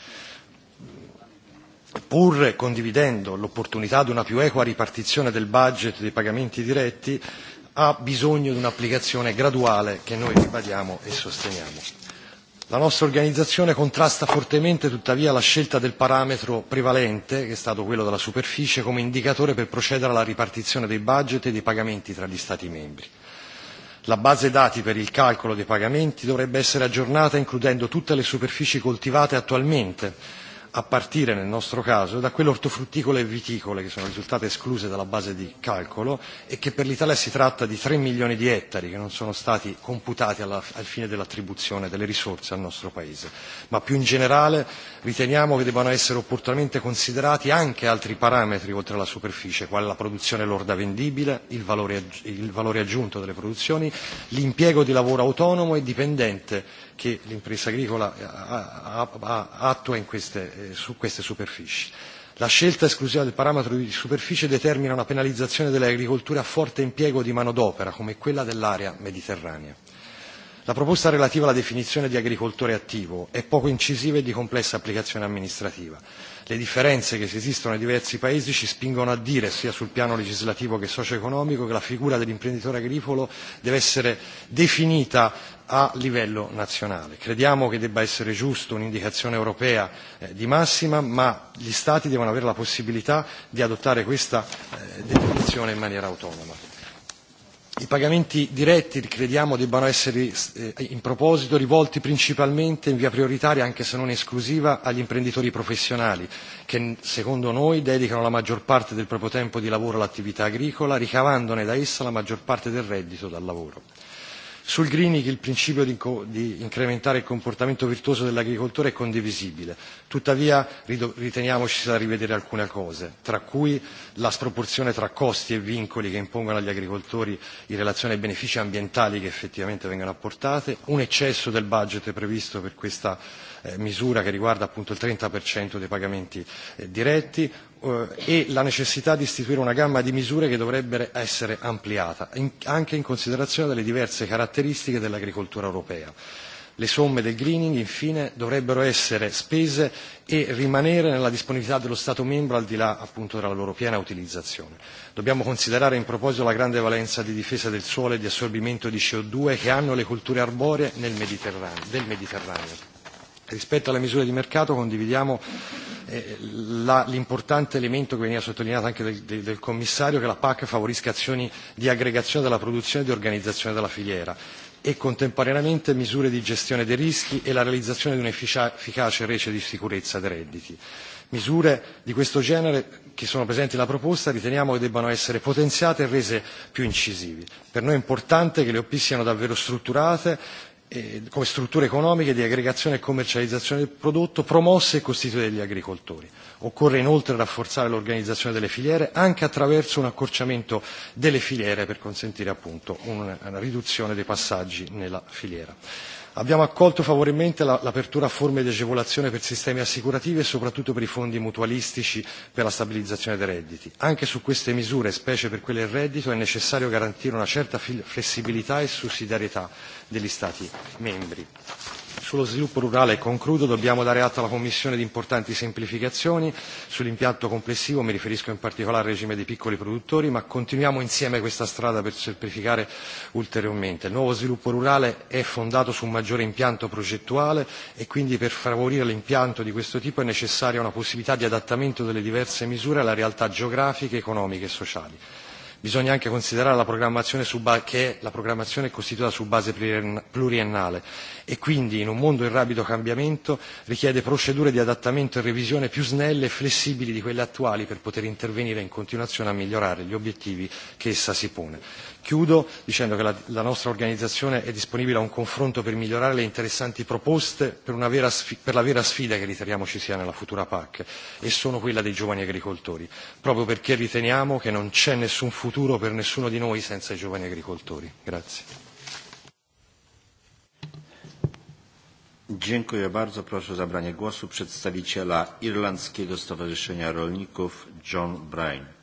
pur condividendo l'opportunità di una più equa ripartizione del budget e dei pagamenti diretti, ha bisogno di un'applicazione graduale che noi ribadiamo e sosteniamo. La nostra organizzazione contrasta fortemente tuttavia la scelta del parametro prevalente, che è stato quello della superficie, come indicatore per procedere alla ripartizione dei budget e dei pagamenti tra gli Stati membri. La base dati per il calcolo dei pagamenti dovrebbe essere aggiornata includendo tutte le superfici coltivate attualmente, a partire nel nostro caso da quelle ortofrutticole e viticole che sono risultate escluse dalla base di calcolo e che per l'Italia si tratta di 3 milioni di ettari che non sono stati computati alla, al fine dell'attribuzione delle risorse al nostro Paese. Ma più in generale riteniamo che debbano essere opportunamente considerati anche altri parametri oltre alla superficie, quale la produzione lorda vendibile, il valore, il valore aggiunto delle produzioni, l'impiego di lavoro autonomo e dipendente che l'impresa agricola eh, attua in queste, eh, su queste superfici. La scelta esclusiva del parametro di superficie determina una penalizzazione dell'agricoltura a forte impiego di manodopera, come quella dell'area mediterranea. La proposta relativa alla definizione di agricoltore attivo è poco incisiva e di complessa applicazione amministrativa. Le differenze che esistono nei diversi paesi ci spingono a dire, sia sul piano legislativo che socio-economico, che la figura dell'imprenditore agricolo deve essere definita a livello nazionale. Crediamo che debba essere giusto un'indicazione europea eh, di massima, ma gli Stati devono avere la possibilità di adottare questa eh, definizione in maniera autonoma. I pagamenti diretti crediamo debbano essere eh, in proposito rivolti principalmente in via prioritaria, anche se non esclusiva, agli imprenditori professionali che secondo noi dedicano la maggior parte del proprio tempo di lavoro all'attività agricola, ricavandone da essa la maggior parte del reddito dal lavoro. Sul greening il principio di, di incrementare il comportamento virtuoso dell'agricoltore è condivisibile, tuttavia riteniamo ci sia da rivedere alcune cose, tra cui la sproporzione tra costi e vincoli che impongono agli agricoltori in relazione ai benefici ambientali che effettivamente vengono apportati, un eccesso del budget previsto per questa eh, misura che riguarda appunto il 30% dei pagamenti eh, diretti, Eh, e la necessità di istituire una gamma di misure che dovrebbe essere ampliata, anche in considerazione delle diverse caratteristiche dell'agricoltura europea. Le somme del greening, infine, dovrebbero essere spese e rimanere nella disponibilità dello Stato membro al di là appunto della loro piena utilizzazione. Dobbiamo considerare in proposito la grande valenza di difesa del suolo e di assorbimento di CO2 che hanno le culture arboree nel Mediterraneo, del Mediterraneo. Rispetto alle misure di mercato condividiamo eh, l'importante elemento che veniva sottolineato anche del, del, del commissario che la PAC favorisca azioni di aggregazione della produzione e di organizzazione della filiera e contemporaneamente misure di gestione dei rischi e la realizzazione di un'efficace rete di sicurezza dei redditi. Misure di questo genere che sono presenti nella proposta riteniamo che debbano essere potenziate e rese più incisivi. Per noi è importante che le OP siano davvero strutturate Eh, come strutture economiche di aggregazione e commercializzazione del prodotto promosse e costituite dagli agricoltori. Occorre inoltre rafforzare l'organizzazione delle filiere anche attraverso un accorciamento delle filiere per consentire appunto una riduzione dei passaggi nella filiera. Abbiamo accolto favorevolmente l'apertura a forme di agevolazione per sistemi assicurativi e soprattutto per i fondi mutualistici per la stabilizzazione dei redditi. Anche su queste misure, specie per quelle del reddito, è necessario garantire una certa flessibilità e sussidiarietà degli Stati membri. Sullo sviluppo rurale, e concludo, dobbiamo dare atto alla Commissione di importanti semplificazioni. Sull'impianto complessivo mi riferisco in particolare al regime dei piccoli produttori, ma continuiamo insieme questa strada per semplificare ulteriormente. Il nuovo sviluppo rurale è fondato su un maggiore impianto progettuale e quindi per favorire l'impianto di questo tipo è necessaria una possibilità di adattamento delle diverse misure alla realtà geografiche, economiche e sociali bisogna anche considerare la programmazione su ba- che la programmazione è costituita su base pluriennale e quindi in un mondo in rapido cambiamento richiede procedure di adattamento e revisione più snelle e flessibili di quelle attuali per poter intervenire in continuazione a migliorare gli obiettivi che essa si pone. Chiudo dicendo che la, la nostra organizzazione è disponibile a un confronto per migliorare le interessanti proposte per, una vera per la vera sfida che riteniamo ci sia nella futura PAC e sono quella dei giovani agricoltori, proprio perché riteniamo che non c'è nessun futuro per nessuno di noi senza i giovani agricoltori. Grazie. Dziękuję bardzo. Proszę o zabranie głosu przedstawiciela Irlandzkiego Stowarzyszenia Rolników John Bryan.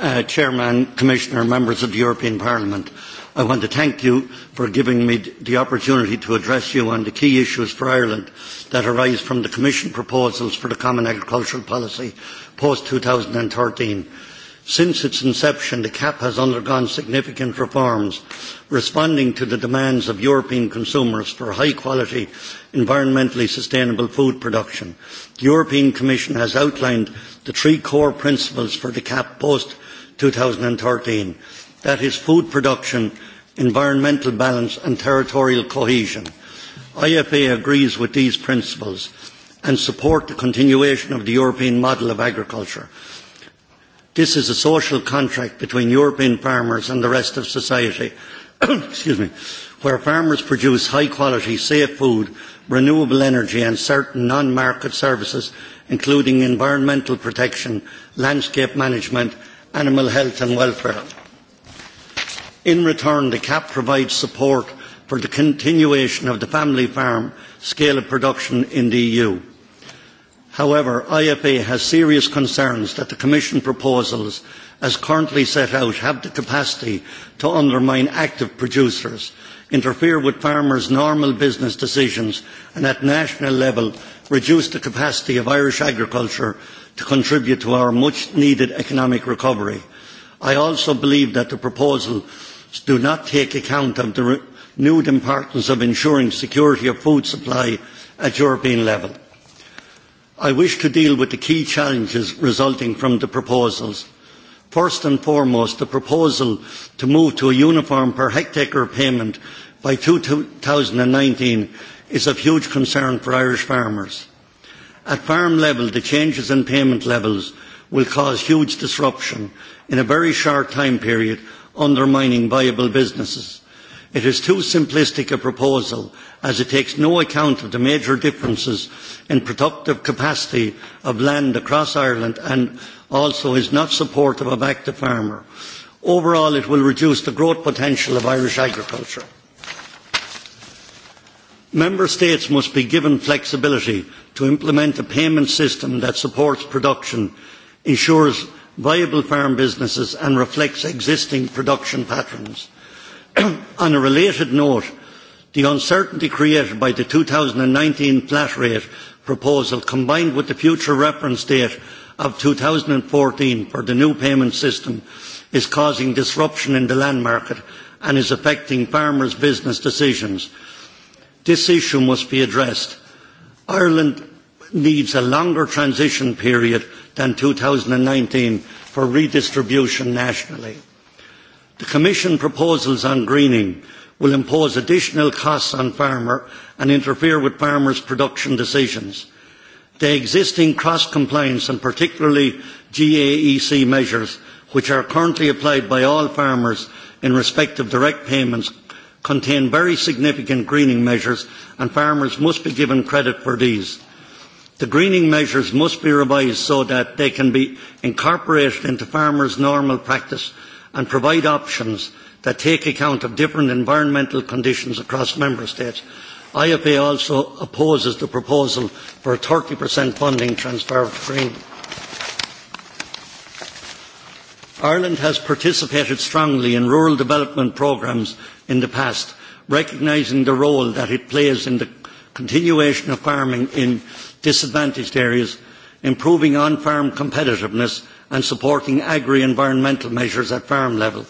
uh, Chairman, Commissioner, members of the European Parliament. I want to thank you for giving me the opportunity to address you on the key issues for Ireland that arise from the Commission proposals for the Common Agricultural Policy post 2013. Since its inception, the CAP has undergone significant reforms, responding to the demands of European consumers for high-quality, environmentally sustainable food production. The European Commission has outlined the three core principles for the CAP post-2013 2013. That is food production, environmental balance and territorial cohesion. IFA agrees with these principles and support the continuation of the European model of agriculture. This is a social contract between European farmers and the rest of society, excuse me, where farmers produce high quality, safe food, renewable energy and certain non-market services, including environmental protection, landscape management animal health and welfare. In return, the CAP provides support for the continuation of the family farm scale of production in the EU. However, IFA has serious concerns that the Commission proposals, as currently set out, have the capacity to undermine active producers, interfere with farmers' normal business decisions, and at national level reduce the capacity of Irish agriculture to contribute to our much needed economic recovery. I also believe that the proposals do not take account of the renewed importance of ensuring security of food supply at European level. I wish to deal with the key challenges resulting from the proposals. First and foremost, the proposal to move to a uniform per hectare payment by 2019 is of huge concern for Irish farmers. At farm level, the changes in payment levels will cause huge disruption in a very short time period, undermining viable businesses. It is too simplistic a proposal as it takes no account of the major differences in productive capacity of land across Ireland and also is not supportive of active farmer. Overall, it will reduce the growth potential of Irish agriculture. Member States must be given flexibility to implement a payment system that supports production, ensures viable farm businesses and reflects existing production patterns. On a related note, the uncertainty created by the nineteen flat rate proposal combined with the future reference date of fourteen for the new payment system is causing disruption in the land market and is affecting farmers' business decisions this issue must be addressed. Ireland needs a longer transition period than 2019 for redistribution nationally. The Commission proposals on greening will impose additional costs on farmers and interfere with farmers' production decisions. The existing cross-compliance and particularly GAEC measures, which are currently applied by all farmers in respect of direct payments contain very significant greening measures and farmers must be given credit for these. The greening measures must be revised so that they can be incorporated into farmers' normal practice and provide options that take account of different environmental conditions across member states. IFA also opposes the proposal for a 30% funding transfer to green. Ireland has participated strongly in rural development programmes in the past, recognising the role that it plays in the continuation of farming in disadvantaged areas, improving on-farm competitiveness and supporting agri-environmental measures at farm level.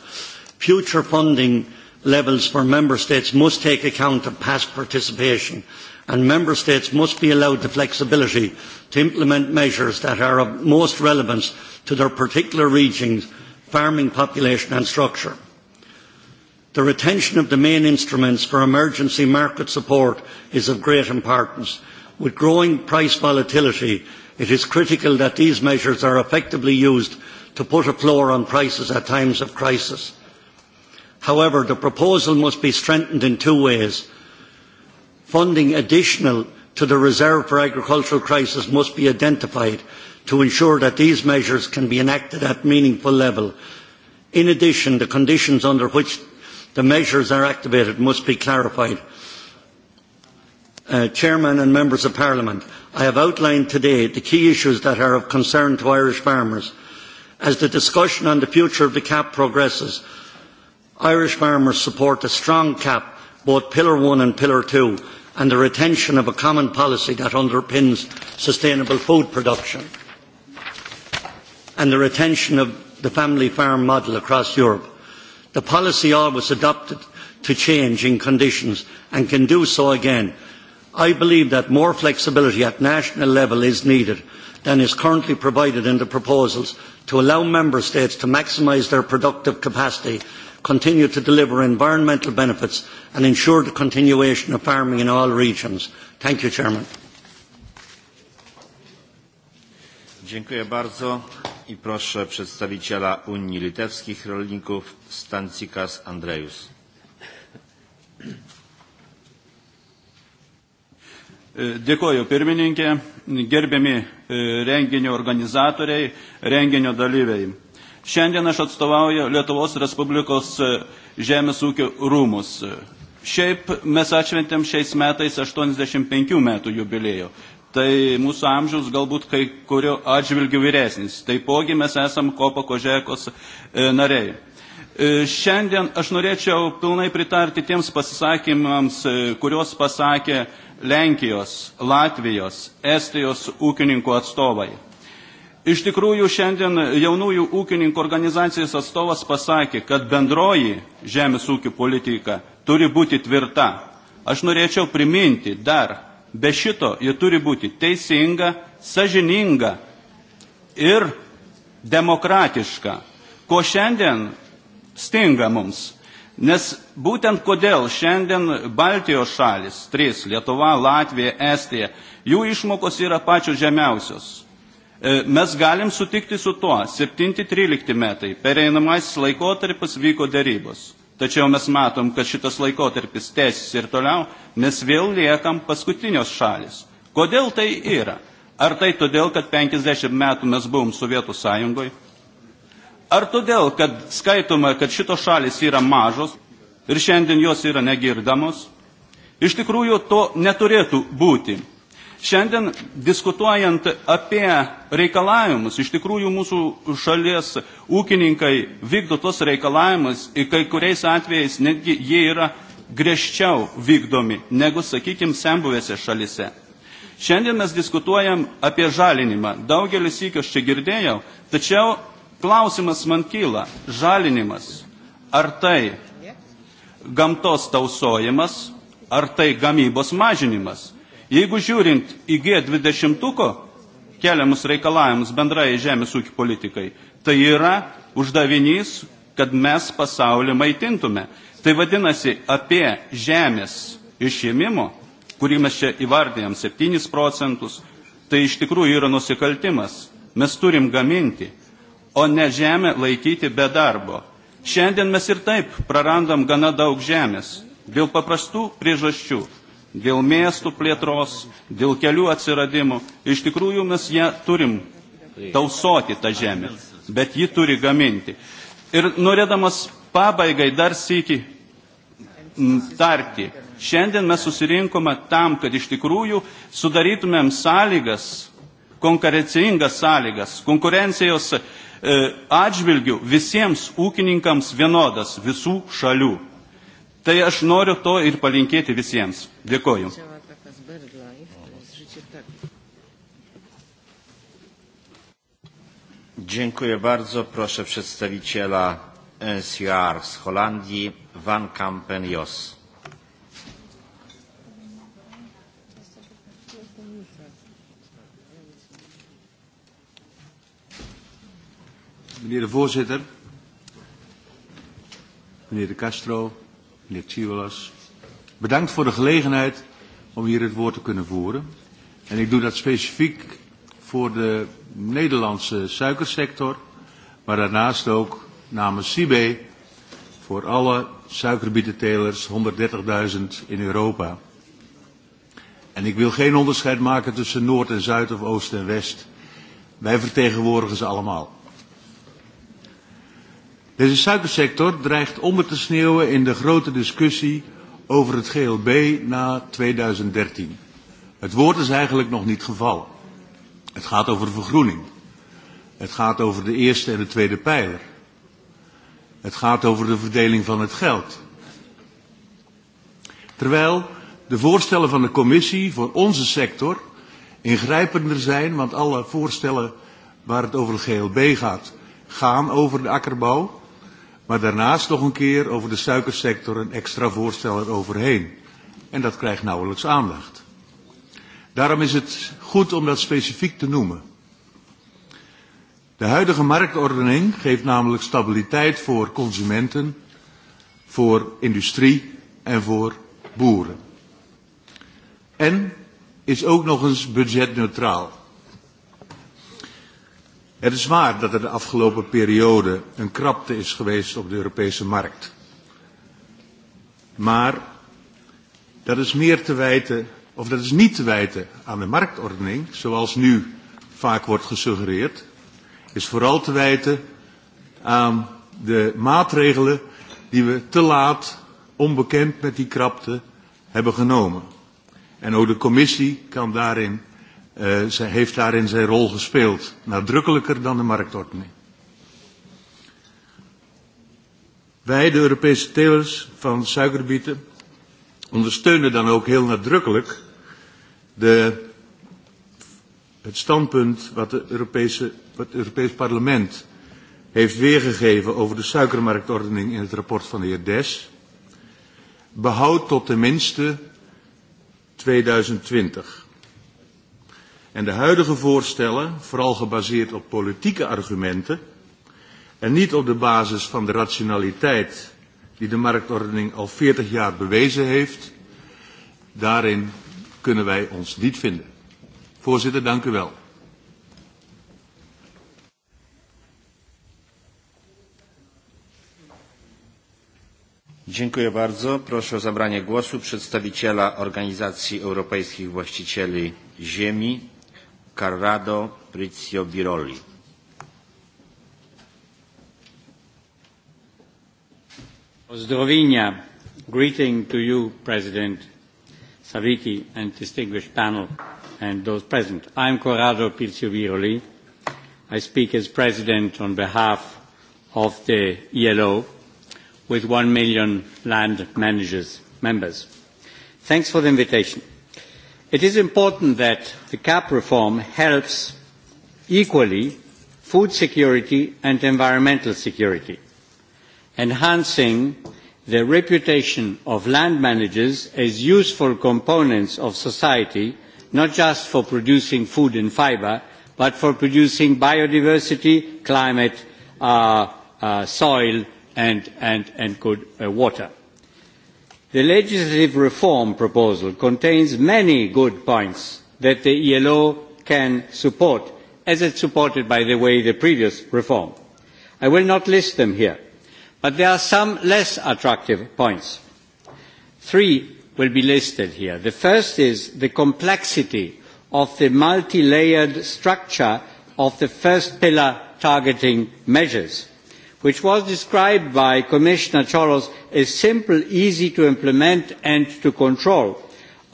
Future funding levels for Member States must take account of past participation and Member States must be allowed the flexibility to implement measures that are of most relevance to their particular regions, farming population and structure. The retention of the main instruments for emergency market support is of great importance. With growing price volatility, it is critical that these measures are effectively used to put a floor on prices at times of crisis. However, the proposal must be strengthened in two ways. Funding additional to the Reserve for Agricultural Crisis must be identified to ensure that these measures can be enacted at meaningful level. In addition, the conditions under which the measures are activated must be clarified. Uh, Chairman and Members of Parliament, I have outlined today the key issues that are of concern to Irish farmers. As the discussion on the future of the CAP progresses, Irish farmers support a strong CAP, both Pillar one and Pillar two, and the retention of a common policy that underpins sustainable food production and the retention of the family farm model across Europe. The policy always adopted to changing conditions and can do so again. I believe that more flexibility at national level is needed than is currently provided in the proposals to allow member states to maximise their productive capacity, continue to deliver environmental benefits and ensure the continuation of farming in all regions. Thank you, Chairman. Dziękuję bardzo i proszę przedstawiciela Unii Litewskich Rolników Stancikas Andrejus. Dėkoju pirmininkė, gerbiami e, renginio organizatoriai, renginio dalyviai. Šiandien aš atstovauju Lietuvos Respublikos e, Žemės ūkio rūmus. Šiaip mes atšventėm šiais metais 85 metų jubilėjo tai mūsų amžiaus galbūt kai kurio atžvilgių vyresnis. Taipogi mes esam kopo Kožekos e, nariai. E, šiandien aš norėčiau pilnai pritarti tiems pasisakymams, e, kurios pasakė Lenkijos, Latvijos, Estijos ūkininkų atstovai. Iš tikrųjų, šiandien jaunųjų ūkininkų organizacijos atstovas pasakė, kad bendroji žemės ūkio politika turi būti tvirta. Aš norėčiau priminti dar, Be šito ji turi būti teisinga, sažininga ir demokratiška, ko šiandien stinga mums. Nes būtent kodėl šiandien Baltijos šalis, trys, Lietuva, Latvija, Estija, jų išmokos yra pačios žemiausios. E, mes galim sutikti su tuo, 7-13 metai, pereinamais laikotarpis vyko darybos. Tačiau mes matom, kad šitas laikotarpis tęsis ir toliau, mes vėl liekam paskutinios šalis. Kodėl tai yra? Ar tai todėl, kad 50 metų mes buvom Sovietų sąjungoje? Ar todėl, kad skaitoma, kad šitos šalis yra mažos ir šiandien jos yra negirdamos? Iš tikrųjų, to neturėtų būti. Šiandien diskutuojant apie reikalavimus, iš tikrųjų mūsų šalies ūkininkai vykdo tos reikalavimus, kai kuriais atvejais netgi jie yra griežčiau vykdomi negu, sakykime, sembuvėse šalise. Šiandien mes diskutuojam apie žalinimą. Daugelis įkios čia girdėjau, tačiau klausimas man kyla, žalinimas, ar tai gamtos tausojimas, ar tai gamybos mažinimas. Jeigu žiūrint į G20 keliamus reikalavimus bendrai žemės ūkio politikai, tai yra uždavinys, kad mes pasaulį maitintume. Tai vadinasi, apie žemės išėmimo, kurį mes čia įvardėjom 7 procentus, tai iš tikrųjų yra nusikaltimas. Mes turim gaminti, o ne žemę laikyti be darbo. Šiandien mes ir taip prarandam gana daug žemės dėl paprastų priežasčių dėl miestų plėtros, dėl kelių atsiradimų, Iš tikrųjų mes ją turim tausoti tą žemę, bet ji turi gaminti. Ir norėdamas pabaigai dar sykį tarti, šiandien mes susirinkome tam, kad iš tikrųjų sudarytumėm sąlygas, konkurencingas sąlygas, konkurencijos e, atžvilgių visiems ūkininkams vienodas visų šalių. Tai aš noriu to ir palinkėti visiems. Dėkoju. Dziękuję bardzo. Proszę przedstawiciela NCR e, z Holandii, Van Kampen Jos. Meneer de voorzitter, meneer de Castro, meneer Tsioulas. Bedankt voor de gelegenheid om hier het woord te kunnen voeren. En ik doe dat specifiek voor de Nederlandse suikersector, maar daarnaast ook namens CIBE voor alle suikerbietentelers, 130.000 in Europa. En ik wil geen onderscheid maken tussen Noord en Zuid of Oost en West. Wij vertegenwoordigen ze allemaal. Deze suikersector dreigt om te sneeuwen in de grote discussie over het GLB na 2013. Het woord is eigenlijk nog niet gevallen. Het gaat over vergroening. Het gaat over de eerste en de tweede pijler. Het gaat over de verdeling van het geld. Terwijl de voorstellen van de commissie voor onze sector ingrijpender zijn, want alle voorstellen waar het over het GLB gaat, gaan over de akkerbouw. Maar daarnaast nog een keer over de suikersector een extra voorstel eroverheen. En dat krijgt nauwelijks aandacht. Daarom is het goed om dat specifiek te noemen. De huidige marktordening geeft namelijk stabiliteit voor consumenten, voor industrie en voor boeren. En is ook nog eens budgetneutraal. Het er is waar dat er de afgelopen periode een krapte is geweest op de Europese markt. Maar dat is meer te wijten, of dat is niet te wijten aan de marktordening, zoals nu vaak wordt gesuggereerd, is vooral te wijten aan de maatregelen die we te laat, onbekend met die krapte, hebben genomen. En ook de commissie kan daarin Eh, ze heeft daarin zijn rol gespeeld, nadrukkelijker dan de marktordening. Wij, de Europese telers van suikerbieten, ondersteunen dan ook heel nadrukkelijk de, het standpunt wat, de Europese, wat het Europees Parlement heeft weergegeven over de suikermarktordening in het rapport van de heer Des. Behoud tot tenminste 2020 en de huidige voorstellen, vooral gebaseerd op politieke argumenten en niet op de basis van de rationaliteit die de marktordening al 40 jaar bewezen heeft, daarin kunnen wij ons niet vinden. Voorzitter, dank u wel. Dziękuję bardzo. Proszę o zabranie głosu przedstawiciela Organizacji Europejskich Właścicieli Ziemi, Carrado Prizio Biroli. Ozdrovinja, greeting to you, President Saviki, and distinguished panel, and those present. I am Corrado Pizio Viroli. I speak as President on behalf of the ELO, with one million land managers members. Thanks for the invitation. It is important that the CAP reform helps equally food security and environmental security, enhancing the reputation of land managers as useful components of society, not just for producing food and fibre, but for producing biodiversity, climate, uh, uh, soil and, and, and good uh, water. The legislative reform proposal contains many good points that the ELO can support, as it supported, by the way, the previous reform. I will not list them here, but there are some less attractive points. Three will be listed here. The first is the complexity of the multi-layered structure of the first pillar targeting measures which was described by Commissioner Choros as simple, easy to implement and to control,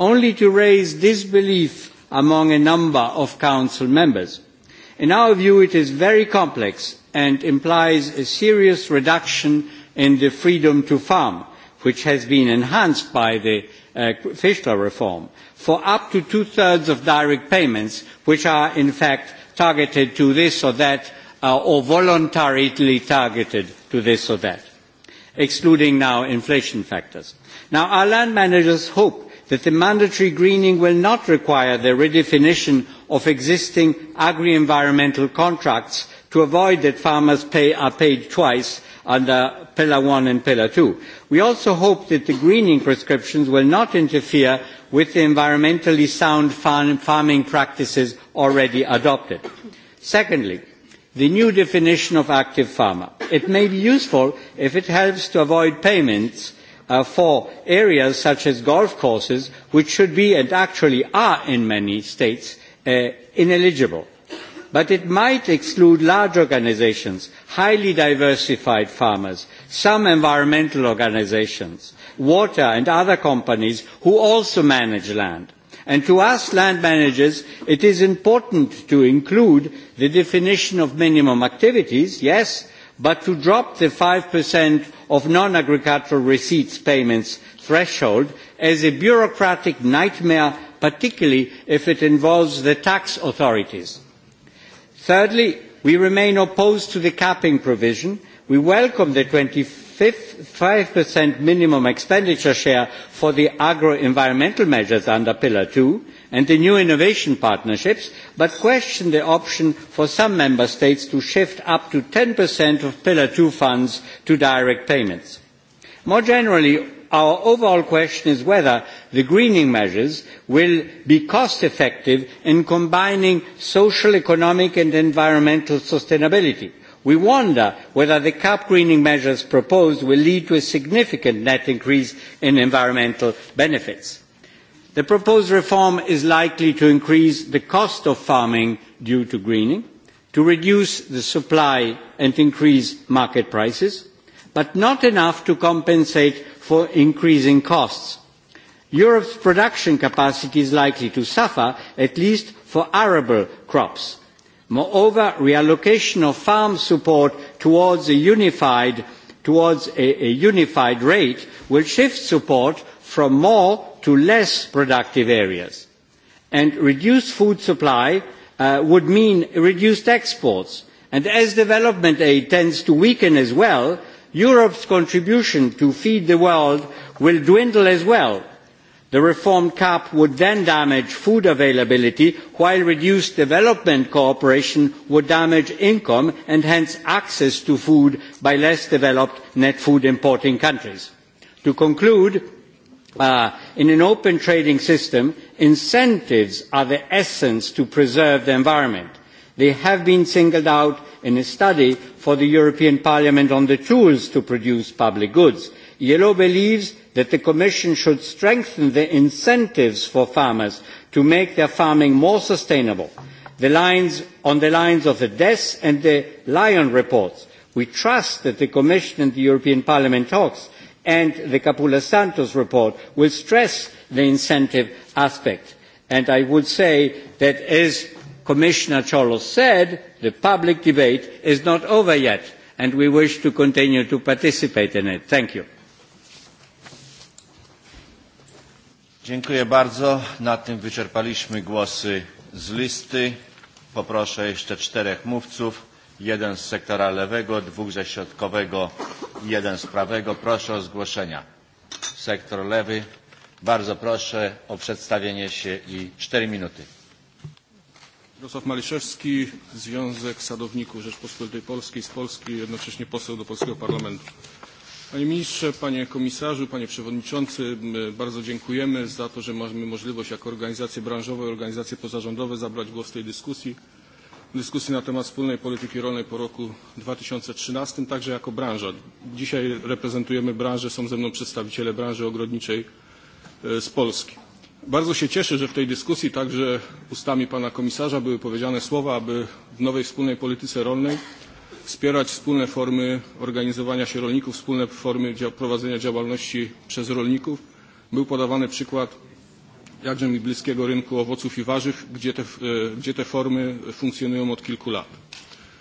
only to raise disbelief among a number of Council members. In our view, it is very complex and implies a serious reduction in the freedom to farm, which has been enhanced by the uh, Fischler reform, for up to two-thirds of direct payments, which are in fact targeted to this or that uh, or voluntarily targeted to this or that, excluding now inflation factors. Now, our land managers hope that the mandatory greening will not require the redefinition of existing agri-environmental contracts to avoid that farmers pay, are paid twice under Pillar one and Pillar two. We also hope that the greening prescriptions will not interfere with the environmentally sound farm, farming practices already adopted. Secondly, the new definition of active farmer. It may be useful if it helps to avoid payments uh, for areas such as golf courses, which should be and actually are in many states uh, ineligible. But it might exclude large organizations, highly diversified farmers, some environmental organizations, water and other companies who also manage land And to us land managers, it is important to include the definition of minimum activities, yes, but to drop the 5% of non-agricultural receipts payments threshold as a bureaucratic nightmare, particularly if it involves the tax authorities. Thirdly, we remain opposed to the capping provision. We welcome the 25 5% minimum expenditure share for the agro-environmental measures under Pillar 2 and the new innovation partnerships, but question the option for some member states to shift up to 10% of Pillar 2 funds to direct payments. More generally, our overall question is whether the greening measures will be cost effective in combining social, economic and environmental sustainability We wonder whether the cap greening measures proposed will lead to a significant net increase in environmental benefits. The proposed reform is likely to increase the cost of farming due to greening, to reduce the supply and increase market prices, but not enough to compensate for increasing costs. Europe's production capacity is likely to suffer, at least for arable crops Moreover, reallocation of farm support towards a unified, towards a, a unified rate will shift support from more to less productive areas. And reduced food supply uh, would mean reduced exports. And as development aid tends to weaken as well, Europe's contribution to feed the world will dwindle as well The reformed CAP would then damage food availability, while reduced development cooperation would damage income and hence access to food by less developed net food importing countries. To conclude, uh, in an open trading system, incentives are the essence to preserve the environment. They have been singled out in a study for the European Parliament on the tools to produce public goods. Yellow believes that the Commission should strengthen the incentives for farmers to make their farming more sustainable. The lines, on the lines of the DES and the Lyon reports, we trust that the Commission and the European Parliament talks and the Capula Santos report will stress the incentive aspect. And I would say that as Commissioner Cholos said, the public debate is not over yet and we wish to continue to participate in it. Thank you. Dziękuję bardzo. Na tym wyczerpaliśmy głosy z listy. Poproszę jeszcze czterech mówców. Jeden z sektora lewego, dwóch ze środkowego i jeden z prawego. Proszę o zgłoszenia. Sektor lewy. Bardzo proszę o przedstawienie się i cztery minuty. Jarosław Maliszewski, Związek Sadowników Rzeczpospolitej Polskiej z Polski, jednocześnie poseł do Polskiego Parlamentu. Panie Ministrze, Panie Komisarzu, Panie Przewodniczący, bardzo dziękujemy za to, że mamy możliwość jako organizacje branżowe, organizacje pozarządowe zabrać głos w tej dyskusji. Dyskusji na temat wspólnej polityki rolnej po roku 2013, także jako branża. Dzisiaj reprezentujemy branżę, są ze mną przedstawiciele branży ogrodniczej e, z Polski. Bardzo się cieszę, że w tej dyskusji także ustami pana komisarza były powiedziane słowa, aby w nowej wspólnej polityce rolnej wspierać wspólne formy organizowania się rolników, wspólne formy prowadzenia działalności przez rolników. Był podawany przykład jakże mi bliskiego rynku owoców i warzyw, gdzie te, e, gdzie te formy funkcjonują od kilku lat.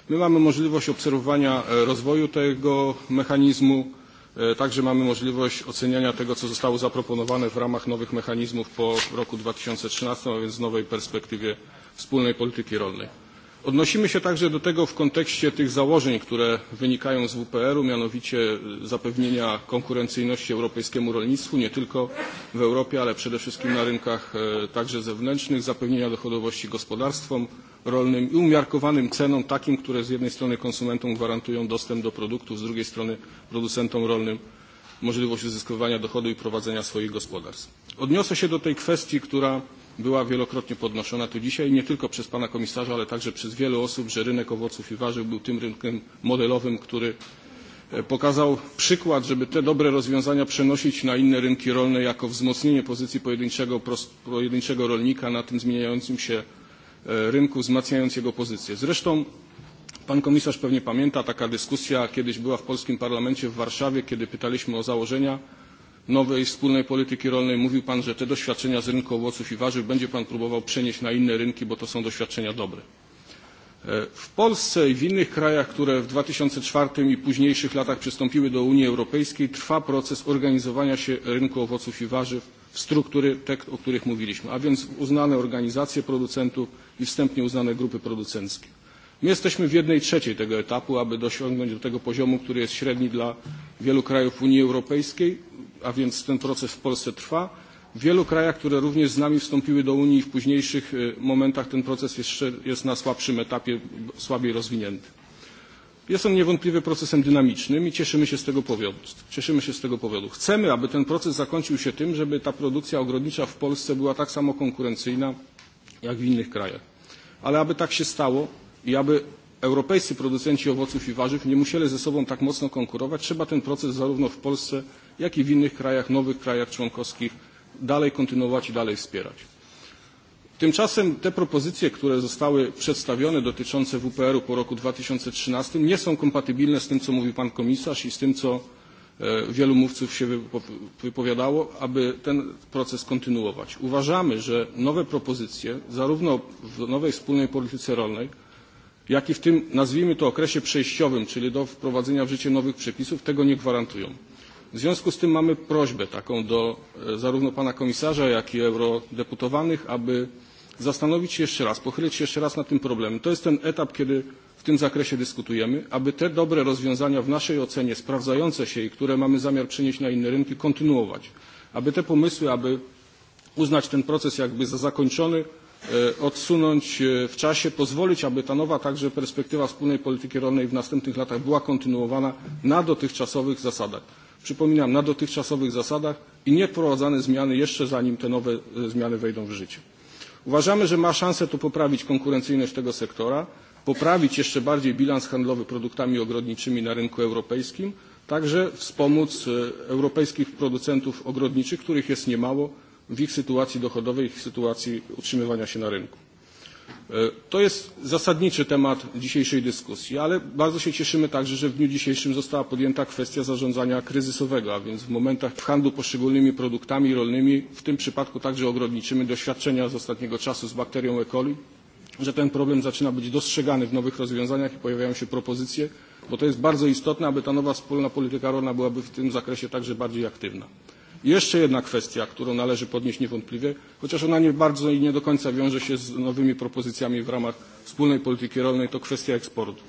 My mamy możliwość obserwowania e, rozwoju tego mechanizmu, e, także mamy możliwość oceniania tego, co zostało zaproponowane w ramach nowych mechanizmów po roku 2013, a więc nowej perspektywie wspólnej polityki rolnej. Odnosimy się także do tego w kontekście tych założeń, które wynikają z WPR-u, mianowicie zapewnienia konkurencyjności europejskiemu rolnictwu, nie tylko w Europie, ale przede wszystkim na rynkach e, także zewnętrznych, zapewnienia dochodowości gospodarstwom rolnym i umiarkowanym cenom takim, które z jednej strony konsumentom gwarantują dostęp do produktów, z drugiej strony producentom rolnym możliwość uzyskiwania dochodu i prowadzenia swoich gospodarstw. Odniosę się do tej kwestii, która była wielokrotnie podnoszona tu dzisiaj, nie tylko przez pana komisarza, ale także przez wielu osób, że rynek owoców i warzyw był tym rynkiem modelowym, który e, pokazał przykład, żeby te dobre rozwiązania przenosić na inne rynki rolne jako wzmocnienie pozycji pojedynczego, pojedynczego rolnika na tym zmieniającym się e, rynku, wzmacniając jego pozycję. Zresztą pan komisarz pewnie pamięta, taka dyskusja kiedyś była w polskim parlamencie w Warszawie, kiedy pytaliśmy o założenia nowej wspólnej polityki rolnej. Mówił Pan, że te doświadczenia z rynku owoców i warzyw będzie Pan próbował przenieść na inne rynki, bo to są doświadczenia dobre. E, w Polsce i w innych krajach, które w 2004 i późniejszych latach przystąpiły do Unii Europejskiej, trwa proces organizowania się rynku owoców i warzyw w struktury te, o których mówiliśmy, a więc uznane organizacje producentów i wstępnie uznane grupy producenckie. My jesteśmy w jednej trzeciej tego etapu, aby dosiągnąć do tego poziomu, który jest średni dla wielu krajów Unii Europejskiej a więc ten proces w Polsce trwa. W wielu krajach, które również z nami wstąpiły do Unii w późniejszych e, momentach ten proces jeszcze jest na słabszym etapie, słabiej rozwinięty. Jest on niewątpliwie procesem dynamicznym i cieszymy się z tego powodu. Cieszymy się z tego powodu. Chcemy, aby ten proces zakończył się tym, żeby ta produkcja ogrodnicza w Polsce była tak samo konkurencyjna jak w innych krajach. Ale aby tak się stało i aby europejscy producenci owoców i warzyw nie musieli ze sobą tak mocno konkurować, trzeba ten proces zarówno w Polsce, jak i w innych krajach, nowych krajach członkowskich dalej kontynuować i dalej wspierać. Tymczasem te propozycje, które zostały przedstawione dotyczące WPR-u po roku 2013 nie są kompatybilne z tym, co mówił pan komisarz i z tym, co e, wielu mówców się wypowiadało, aby ten proces kontynuować. Uważamy, że nowe propozycje, zarówno w nowej wspólnej polityce rolnej, jak i w tym, nazwijmy to, okresie przejściowym, czyli do wprowadzenia w życie nowych przepisów, tego nie gwarantują. W związku z tym mamy prośbę taką do e, zarówno pana komisarza, jak i eurodeputowanych, aby zastanowić się jeszcze raz, pochylić się jeszcze raz nad tym problemem. To jest ten etap, kiedy w tym zakresie dyskutujemy, aby te dobre rozwiązania w naszej ocenie sprawdzające się i które mamy zamiar przenieść na inne rynki kontynuować. Aby te pomysły, aby uznać ten proces jakby za zakończony, e, odsunąć e, w czasie, pozwolić, aby ta nowa także perspektywa wspólnej polityki rolnej w następnych latach była kontynuowana na dotychczasowych zasadach przypominam, na dotychczasowych zasadach i nie wprowadzane zmiany jeszcze zanim te nowe e, zmiany wejdą w życie. Uważamy, że ma szansę to poprawić konkurencyjność tego sektora, poprawić jeszcze bardziej bilans handlowy produktami ogrodniczymi na rynku europejskim, także wspomóc e, europejskich producentów ogrodniczych, których jest niemało w ich sytuacji dochodowej, w ich sytuacji utrzymywania się na rynku. E, to jest zasadniczy temat dzisiejszej dyskusji, ale bardzo się cieszymy także, że w dniu dzisiejszym została podjęta kwestia zarządzania kryzysowego, a więc w momentach handlu poszczególnymi produktami rolnymi, w tym przypadku także ogrodniczymi, doświadczenia z ostatniego czasu z bakterią E. coli, że ten problem zaczyna być dostrzegany w nowych rozwiązaniach i pojawiają się propozycje, bo to jest bardzo istotne, aby ta nowa wspólna polityka rolna byłaby w tym zakresie także bardziej aktywna. Jeszcze jedna kwestia, którą należy podnieść niewątpliwie, chociaż ona nie bardzo i nie do końca wiąże się z nowymi propozycjami w ramach wspólnej polityki rolnej, to kwestia eksportu.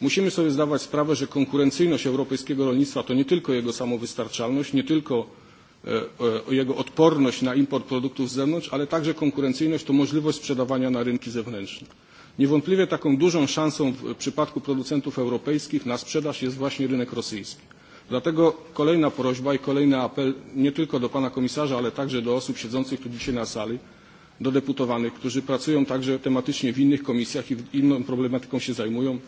Musimy sobie zdawać sprawę, że konkurencyjność europejskiego rolnictwa to nie tylko jego samowystarczalność, nie tylko e, e, jego odporność na import produktów z zewnątrz, ale także konkurencyjność to możliwość sprzedawania na rynki zewnętrzne. Niewątpliwie taką dużą szansą w przypadku producentów europejskich na sprzedaż jest właśnie rynek rosyjski. Dlatego kolejna prośba i kolejny apel nie tylko do pana komisarza, ale także do osób siedzących tu dzisiaj na sali, do deputowanych, którzy pracują także tematycznie w innych komisjach i inną problematyką się zajmują,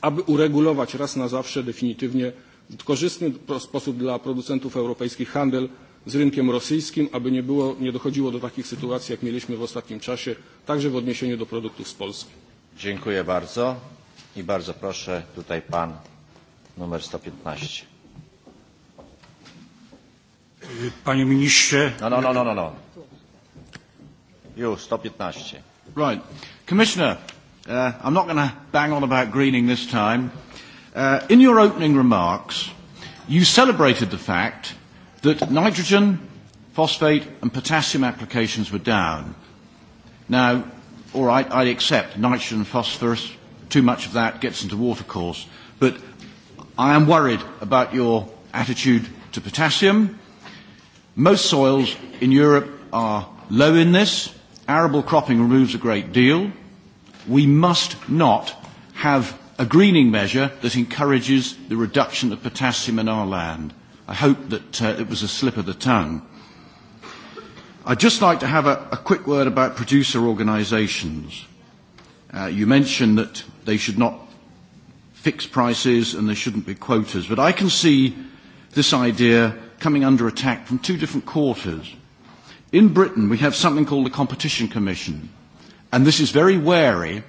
aby uregulować raz na zawsze definitywnie w korzystny sposób dla producentów europejskich handel z rynkiem rosyjskim, aby nie, było, nie dochodziło do takich sytuacji, jak mieliśmy w ostatnim czasie, także w odniesieniu do produktów z Polski. Dziękuję bardzo i bardzo proszę tutaj pan numer 115. Panie Ministrze... No, no, no, no, no. no. You, 115. Right. Commissioner, uh, I'm not going to bang on about greening this time. Uh, in your opening remarks, you celebrated the fact that nitrogen, phosphate and potassium applications were down. Now, all right, I accept nitrogen and phosphorus, too much of that gets into water course, but I am worried about your attitude to potassium Most soils in Europe are low in this. Arable cropping removes a great deal. We must not have a greening measure that encourages the reduction of potassium in our land. I hope that uh, it was a slip of the tongue. I'd just like to have a, a quick word about producer organisations. Uh, you mentioned that they should not fix prices and there shouldn't be quotas, but I can see this idea coming under attack from two different quarters. In Britain, we have something called the Competition Commission, and this is very wary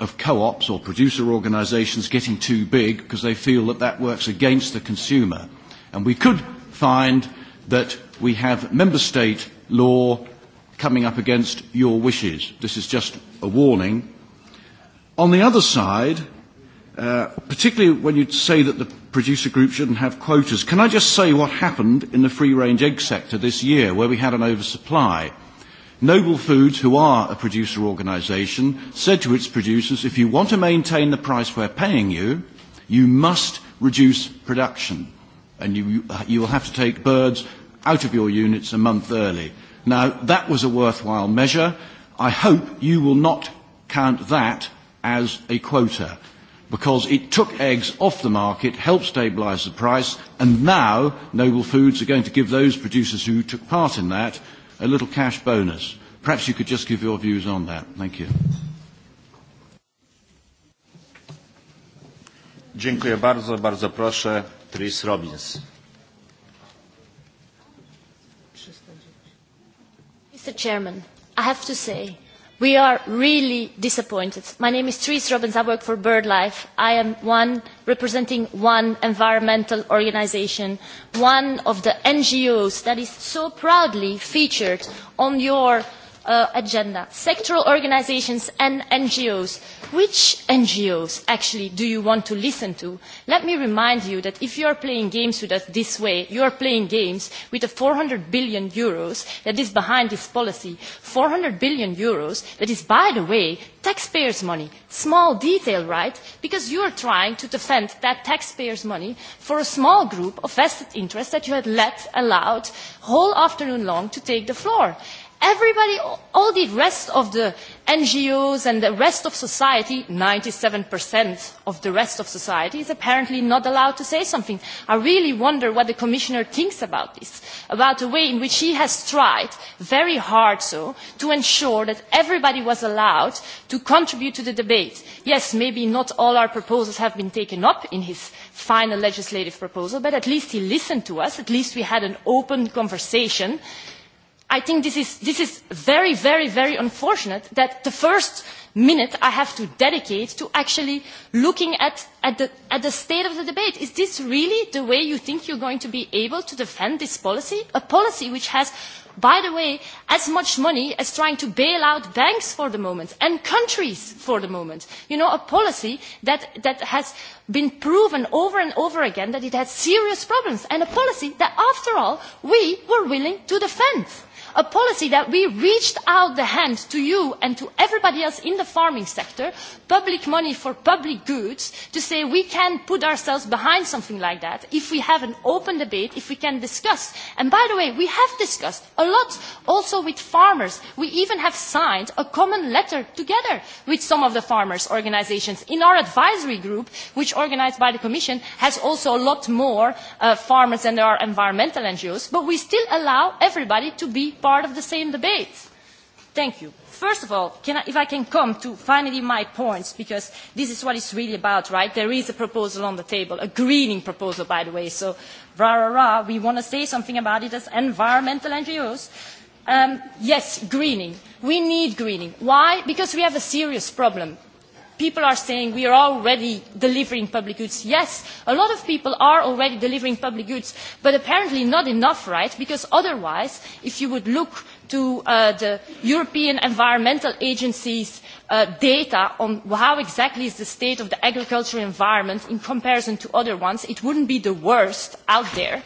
of co-ops or producer organisations getting too big because they feel that that works against the consumer. And we could find that we have member state law coming up against your wishes. This is just a warning. On the other side, Uh, particularly when you say that the producer group shouldn't have quotas. Can I just say what happened in the free-range egg sector this year, where we had an oversupply? Noble Foods, who are a producer organisation, said to its producers, if you want to maintain the price we're paying you, you must reduce production, and you, you will have to take birds out of your units a month early. Now, that was a worthwhile measure. I hope you will not count that as a quota because it took eggs off the market, helped stabilise the price, and now Noble Foods are going to give those producers who took part in that a little cash bonus. Perhaps you could just give your views on that. Thank you. Dziękuję bardzo. Bardzo proszę, Tris Robbins. Mr. Chairman, I have to say We are really disappointed. My name is Therese Robbins. I work for BirdLife. I am one representing one environmental organization, one of the NGOs that is so proudly featured on your uh, agenda, sectoral organizations and NGOs. Which NGOs actually do you want to listen to? Let me remind you that if you are playing games with us this way, you are playing games with the 400 billion euros that is behind this policy. 400 billion euros that is, by the way, taxpayers' money. Small detail, right? Because you are trying to defend that taxpayers' money for a small group of vested interests that you had let allowed whole afternoon long to take the floor. Everybody, all the rest of the NGOs and the rest of society, 97% of the rest of society is apparently not allowed to say something. I really wonder what the Commissioner thinks about this, about the way in which he has tried, very hard so, to ensure that everybody was allowed to contribute to the debate. Yes, maybe not all our proposals have been taken up in his final legislative proposal, but at least he listened to us, at least we had an open conversation I think this is, this is very, very, very unfortunate that the first minute I have to dedicate to actually looking at, at, the, at the state of the debate. Is this really the way you think you're going to be able to defend this policy? A policy which has, by the way, as much money as trying to bail out banks for the moment and countries for the moment. You know, a policy that, that has been proven over and over again that it has serious problems and a policy that, after all, we were willing to defend a policy that we reached out the hand to you and to everybody else in the farming sector, public money for public goods, to say we can put ourselves behind something like that if we have an open debate, if we can discuss. And by the way, we have discussed a lot also with farmers. We even have signed a common letter together with some of the farmers' organizations in our advisory group, which organized by the Commission has also a lot more uh, farmers than there are environmental NGOs, but we still allow everybody to be part of the same debate. Thank you. First of all, can I, if I can come to finally my points, because this is what it's really about, right? There is a proposal on the table, a greening proposal, by the way. So, rah, rah, rah, we want to say something about it as environmental NGOs. Um, yes, greening. We need greening. Why? Because we have a serious problem people are saying we are already delivering public goods. Yes, a lot of people are already delivering public goods, but apparently not enough, right? Because otherwise, if you would look to uh, the European environmental Agency's uh, data on how exactly is the state of the agricultural environment in comparison to other ones, it wouldn't be the worst out there.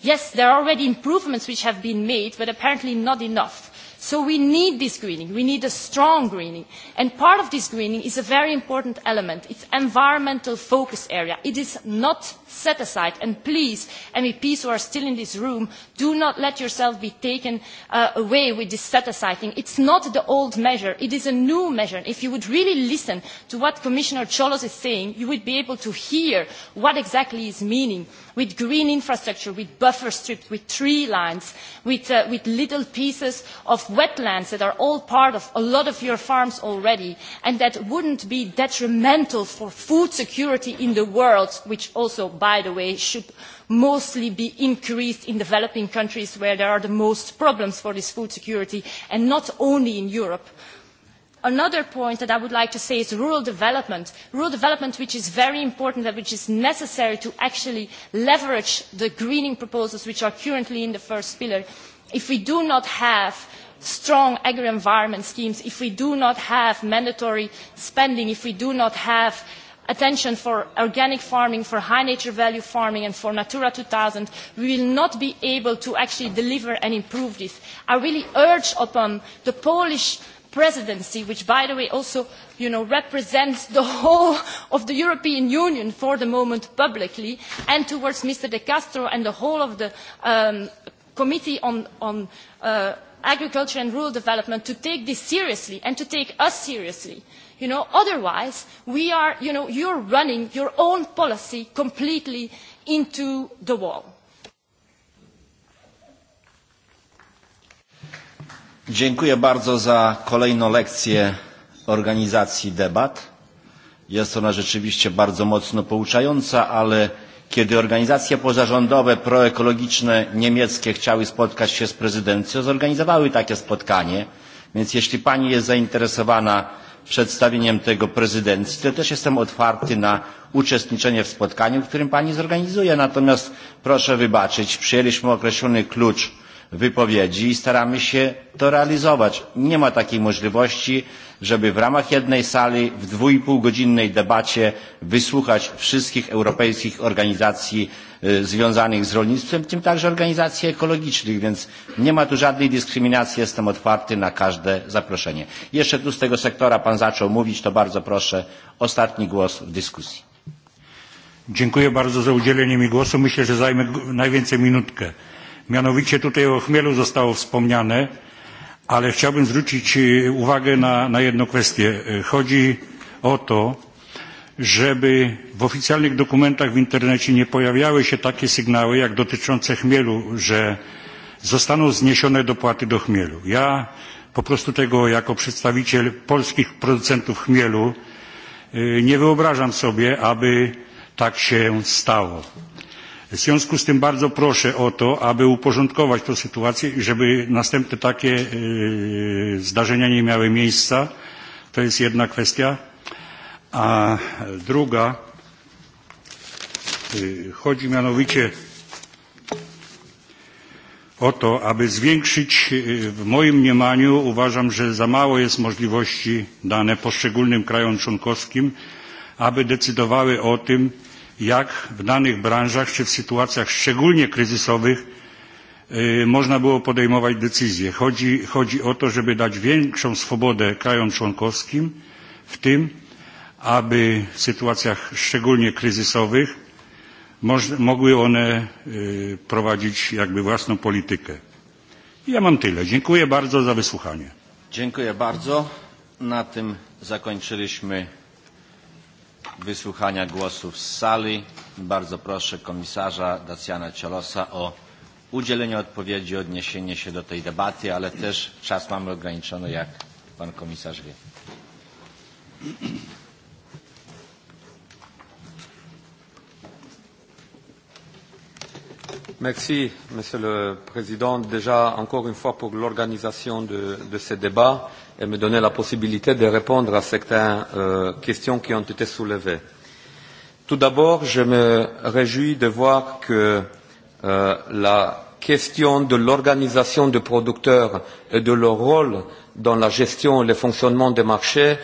Yes, there are already improvements which have been made, but apparently not enough. So we need this greening. We need a strong greening. And part of this greening is a very important element. It's environmental focus area. It is not set aside. And please, MEPs who are still in this room, do not let yourself be taken uh, away with this set aside thing. It's not the old measure. It is a new measure. If you would really listen to what Commissioner Cholos is saying, you would be able to hear what exactly is meaning with green infrastructure, with buffer strips, with tree lines, with, uh, with little pieces of wetlands that are all part of a lot of your farms already and that wouldn't be detrimental for food security in the world, which also, by the way, should mostly be increased in developing countries where there are the most problems for this food security and not only in Europe. Another point that I would like to say is rural development. Rural development which is very important and which is necessary to actually leverage the greening proposals which are currently in the first pillar. If we do not have strong agri-environment schemes, if we do not have mandatory spending, if we do not have attention for organic farming, for high nature value farming and for Natura 2000, we will not be able to actually deliver and improve this. I really urge upon the Polish presidency, which by the way also you know, represents the whole of the European Union for the moment publicly, and towards Mr. De Castro and the whole of the um, Committee on, on uh, agriculture and rural development to take this seriously and to take us seriously. You know, otherwise, we are, you know, you're running your own policy completely into the wall. Dziękuję bardzo za kolejną lekcję organizacji debat. Jest ona rzeczywiście bardzo mocno pouczająca, ale Kiedy organizacje pozarządowe, proekologiczne niemieckie chciały spotkać się z prezydencją, zorganizowały takie spotkanie. Więc jeśli pani jest zainteresowana przedstawieniem tego prezydencji, to też jestem otwarty na uczestniczenie w spotkaniu, w którym pani zorganizuje. Natomiast proszę wybaczyć, przyjęliśmy określony klucz wypowiedzi i staramy się to realizować. Nie ma takiej możliwości, żeby w ramach jednej sali w dwójpółgodzinnej debacie wysłuchać wszystkich europejskich organizacji związanych z rolnictwem, w tym także organizacji ekologicznych, więc nie ma tu żadnej dyskryminacji, jestem otwarty na każde zaproszenie. Jeszcze tu z tego sektora Pan zaczął mówić, to bardzo proszę, ostatni głos w dyskusji. Dziękuję bardzo za udzielenie mi głosu. Myślę, że zajmę najwięcej minutkę. Mianowicie tutaj o chmielu zostało wspomniane, ale chciałbym zwrócić e, uwagę na, na jedną kwestię. E, chodzi o to, żeby w oficjalnych dokumentach w internecie nie pojawiały się takie sygnały jak dotyczące chmielu, że zostaną zniesione dopłaty do chmielu. Ja po prostu tego jako przedstawiciel polskich producentów chmielu e, nie wyobrażam sobie, aby tak się stało. W związku z tym bardzo proszę o to, aby uporządkować tę sytuację i żeby następne takie zdarzenia nie miały miejsca. To jest jedna kwestia. A druga, chodzi mianowicie o to, aby zwiększyć, w moim mniemaniu uważam, że za mało jest możliwości dane poszczególnym krajom członkowskim, aby decydowały o tym, jak w danych branżach czy w sytuacjach szczególnie kryzysowych e, można było podejmować decyzje. Chodzi, chodzi o to, żeby dać większą swobodę krajom członkowskim, w tym, aby w sytuacjach szczególnie kryzysowych mogły one e, prowadzić jakby własną politykę. Ja mam tyle. Dziękuję bardzo za wysłuchanie. Dziękuję bardzo. Na tym zakończyliśmy wysłuchania głosu w sali. Bardzo proszę komisarza Daciana Ciolosa o udzielenie odpowiedzi, odniesienie się do tej debaty, ale też czas mamy ograniczony, jak pan komisarz wie. Merci, Monsieur le Président. Déjà, encore une fois, pour l'organisation de, de ces débats et me donner la possibilité de répondre à certaines euh, questions qui ont été soulevées. Tout d'abord, je me réjouis de voir que euh, la question de l'organisation des producteurs et de leur rôle dans la gestion et le fonctionnement des marchés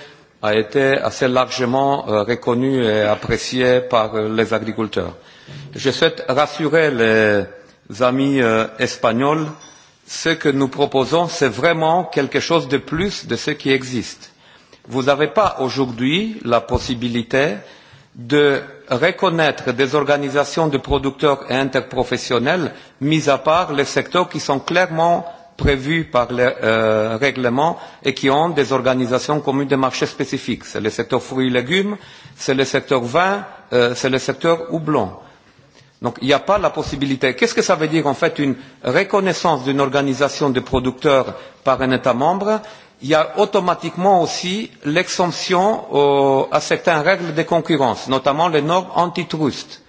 a été assez largement euh, reconnue et appréciée par euh, les agriculteurs. Je souhaite rassurer les amis euh, espagnols euh, ce que nous proposons, c'est vraiment quelque chose de plus de ce qui existe. Vous n'avez pas aujourd'hui la possibilité de reconnaître des organisations de producteurs et interprofessionnels, mis à part les secteurs qui sont clairement prévus par le euh, règlement et qui ont des organisations communes de marché spécifiques. C'est le secteur fruits et légumes, c'est le secteur vin, euh, c'est le secteur houblon. Donc il n'y a pas la possibilité. Qu'est-ce que ça veut dire en fait une reconnaissance d'une organisation de producteurs par un État membre Il y a automatiquement aussi l'exemption à certaines règles de concurrence, notamment les normes antitrust.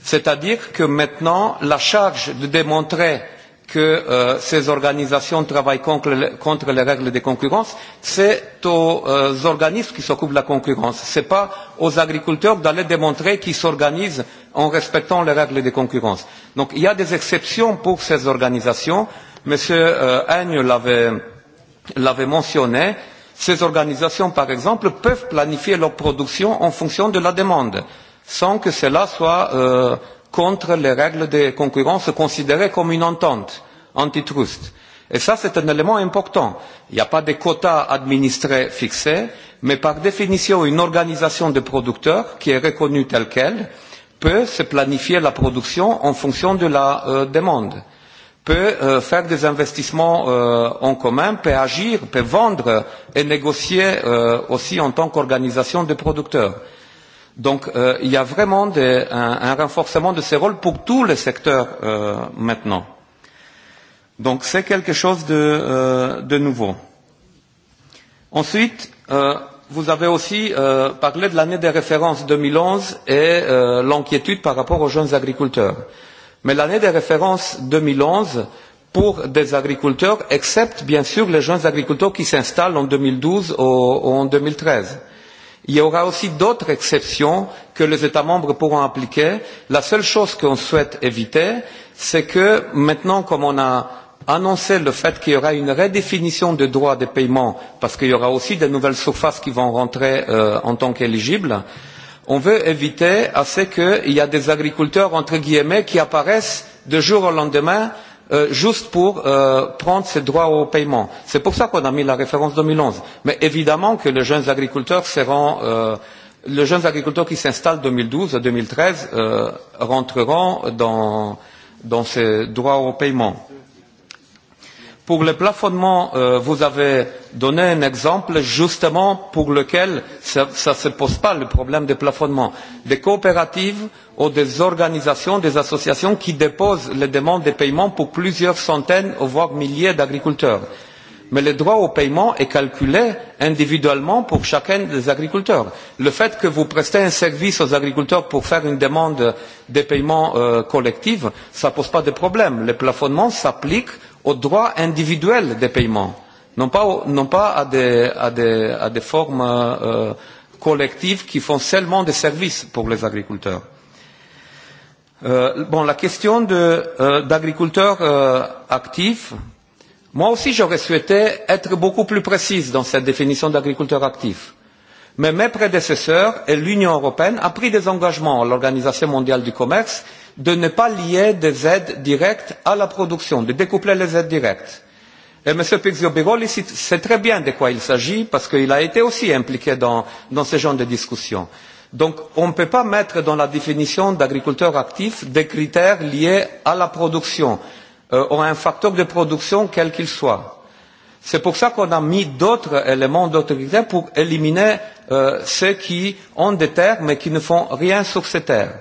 C'est-à-dire que maintenant, la charge de démontrer que euh, ces organisations travaillent contre, le, contre les règles de concurrence, c'est aux euh, organismes qui s'occupent de la concurrence. Ce n'est pas aux agriculteurs d'aller démontrer qu'ils s'organisent en respectant les règles de concurrence. Donc il y a des exceptions pour ces organisations. Monsieur euh, Agne l'avait mentionné. Ces organisations, par exemple, peuvent planifier leur production en fonction de la demande, sans que cela soit... Euh, contre les règles de concurrence considérées comme une entente antitrust. Et ça, c'est un élément important. Il n'y a pas de quotas administrés fixés, mais par définition, une organisation de producteurs qui est reconnue telle qu'elle peut se planifier la production en fonction de la euh, demande, peut euh, faire des investissements euh, en commun, peut agir, peut vendre et négocier euh, aussi en tant qu'organisation de producteurs. Donc euh, il y a vraiment des, un, un renforcement de ces rôles pour tous les secteurs euh, maintenant. Donc c'est quelque chose de, euh, de nouveau. Ensuite, euh, vous avez aussi euh, parlé de l'année des références 2011 et euh, l'inquiétude par rapport aux jeunes agriculteurs. Mais l'année des références 2011 pour des agriculteurs, excepte bien sûr les jeunes agriculteurs qui s'installent en 2012 ou, ou en 2013. Il y aura aussi d'autres exceptions que les États membres pourront appliquer. La seule chose qu'on souhaite éviter, c'est que maintenant, comme on a annoncer le fait qu'il y aura une redéfinition des droits de paiement parce qu'il y aura aussi de nouvelles surfaces qui vont rentrer euh, en tant qu'éligibles. On veut éviter à ce qu'il y ait des agriculteurs, entre guillemets, qui apparaissent de jour au lendemain Euh, juste pour euh, prendre ses droits au paiement. C'est pour ça qu'on a mis la référence 2011. Mais évidemment que les jeunes agriculteurs seront... Euh, les jeunes agriculteurs qui s'installent 2012 à 2013 euh, rentreront dans, dans ces droits au paiement. Pour le plafonnement, euh, vous avez donné un exemple justement pour lequel ça ne se pose pas le problème de plafonnement. Des coopératives ou des organisations, des associations qui déposent les demandes de paiement pour plusieurs centaines ou voire milliers d'agriculteurs. Mais le droit au paiement est calculé individuellement pour chacun des agriculteurs. Le fait que vous prestez un service aux agriculteurs pour faire une demande de paiement euh, collective, ça ne pose pas de problème. Le plafonnement s'applique aux droits individuels de paiement, non pas, non pas à, des, à, des, à des formes euh, collectives qui font seulement des services pour les agriculteurs. Euh, bon, la question euh, d'agriculteurs euh, euh, actifs, moi aussi j'aurais souhaité être beaucoup plus précise dans cette définition d'agriculteurs actifs, Mais mes prédécesseurs et l'Union européenne ont pris des engagements à l'Organisation mondiale du commerce de ne pas lier des aides directes à la production, de découpler les aides directes. Et M. Pizio Biroli sait très bien de quoi il s'agit parce qu'il a été aussi impliqué dans, dans ce genre de discussion. Donc on ne peut pas mettre dans la définition d'agriculteur actif des critères liés à la production euh, ou à un facteur de production quel qu'il soit. C'est pour ça qu'on a mis d'autres éléments, d'autres critères pour éliminer euh, ceux qui ont des terres mais qui ne font rien sur ces terres.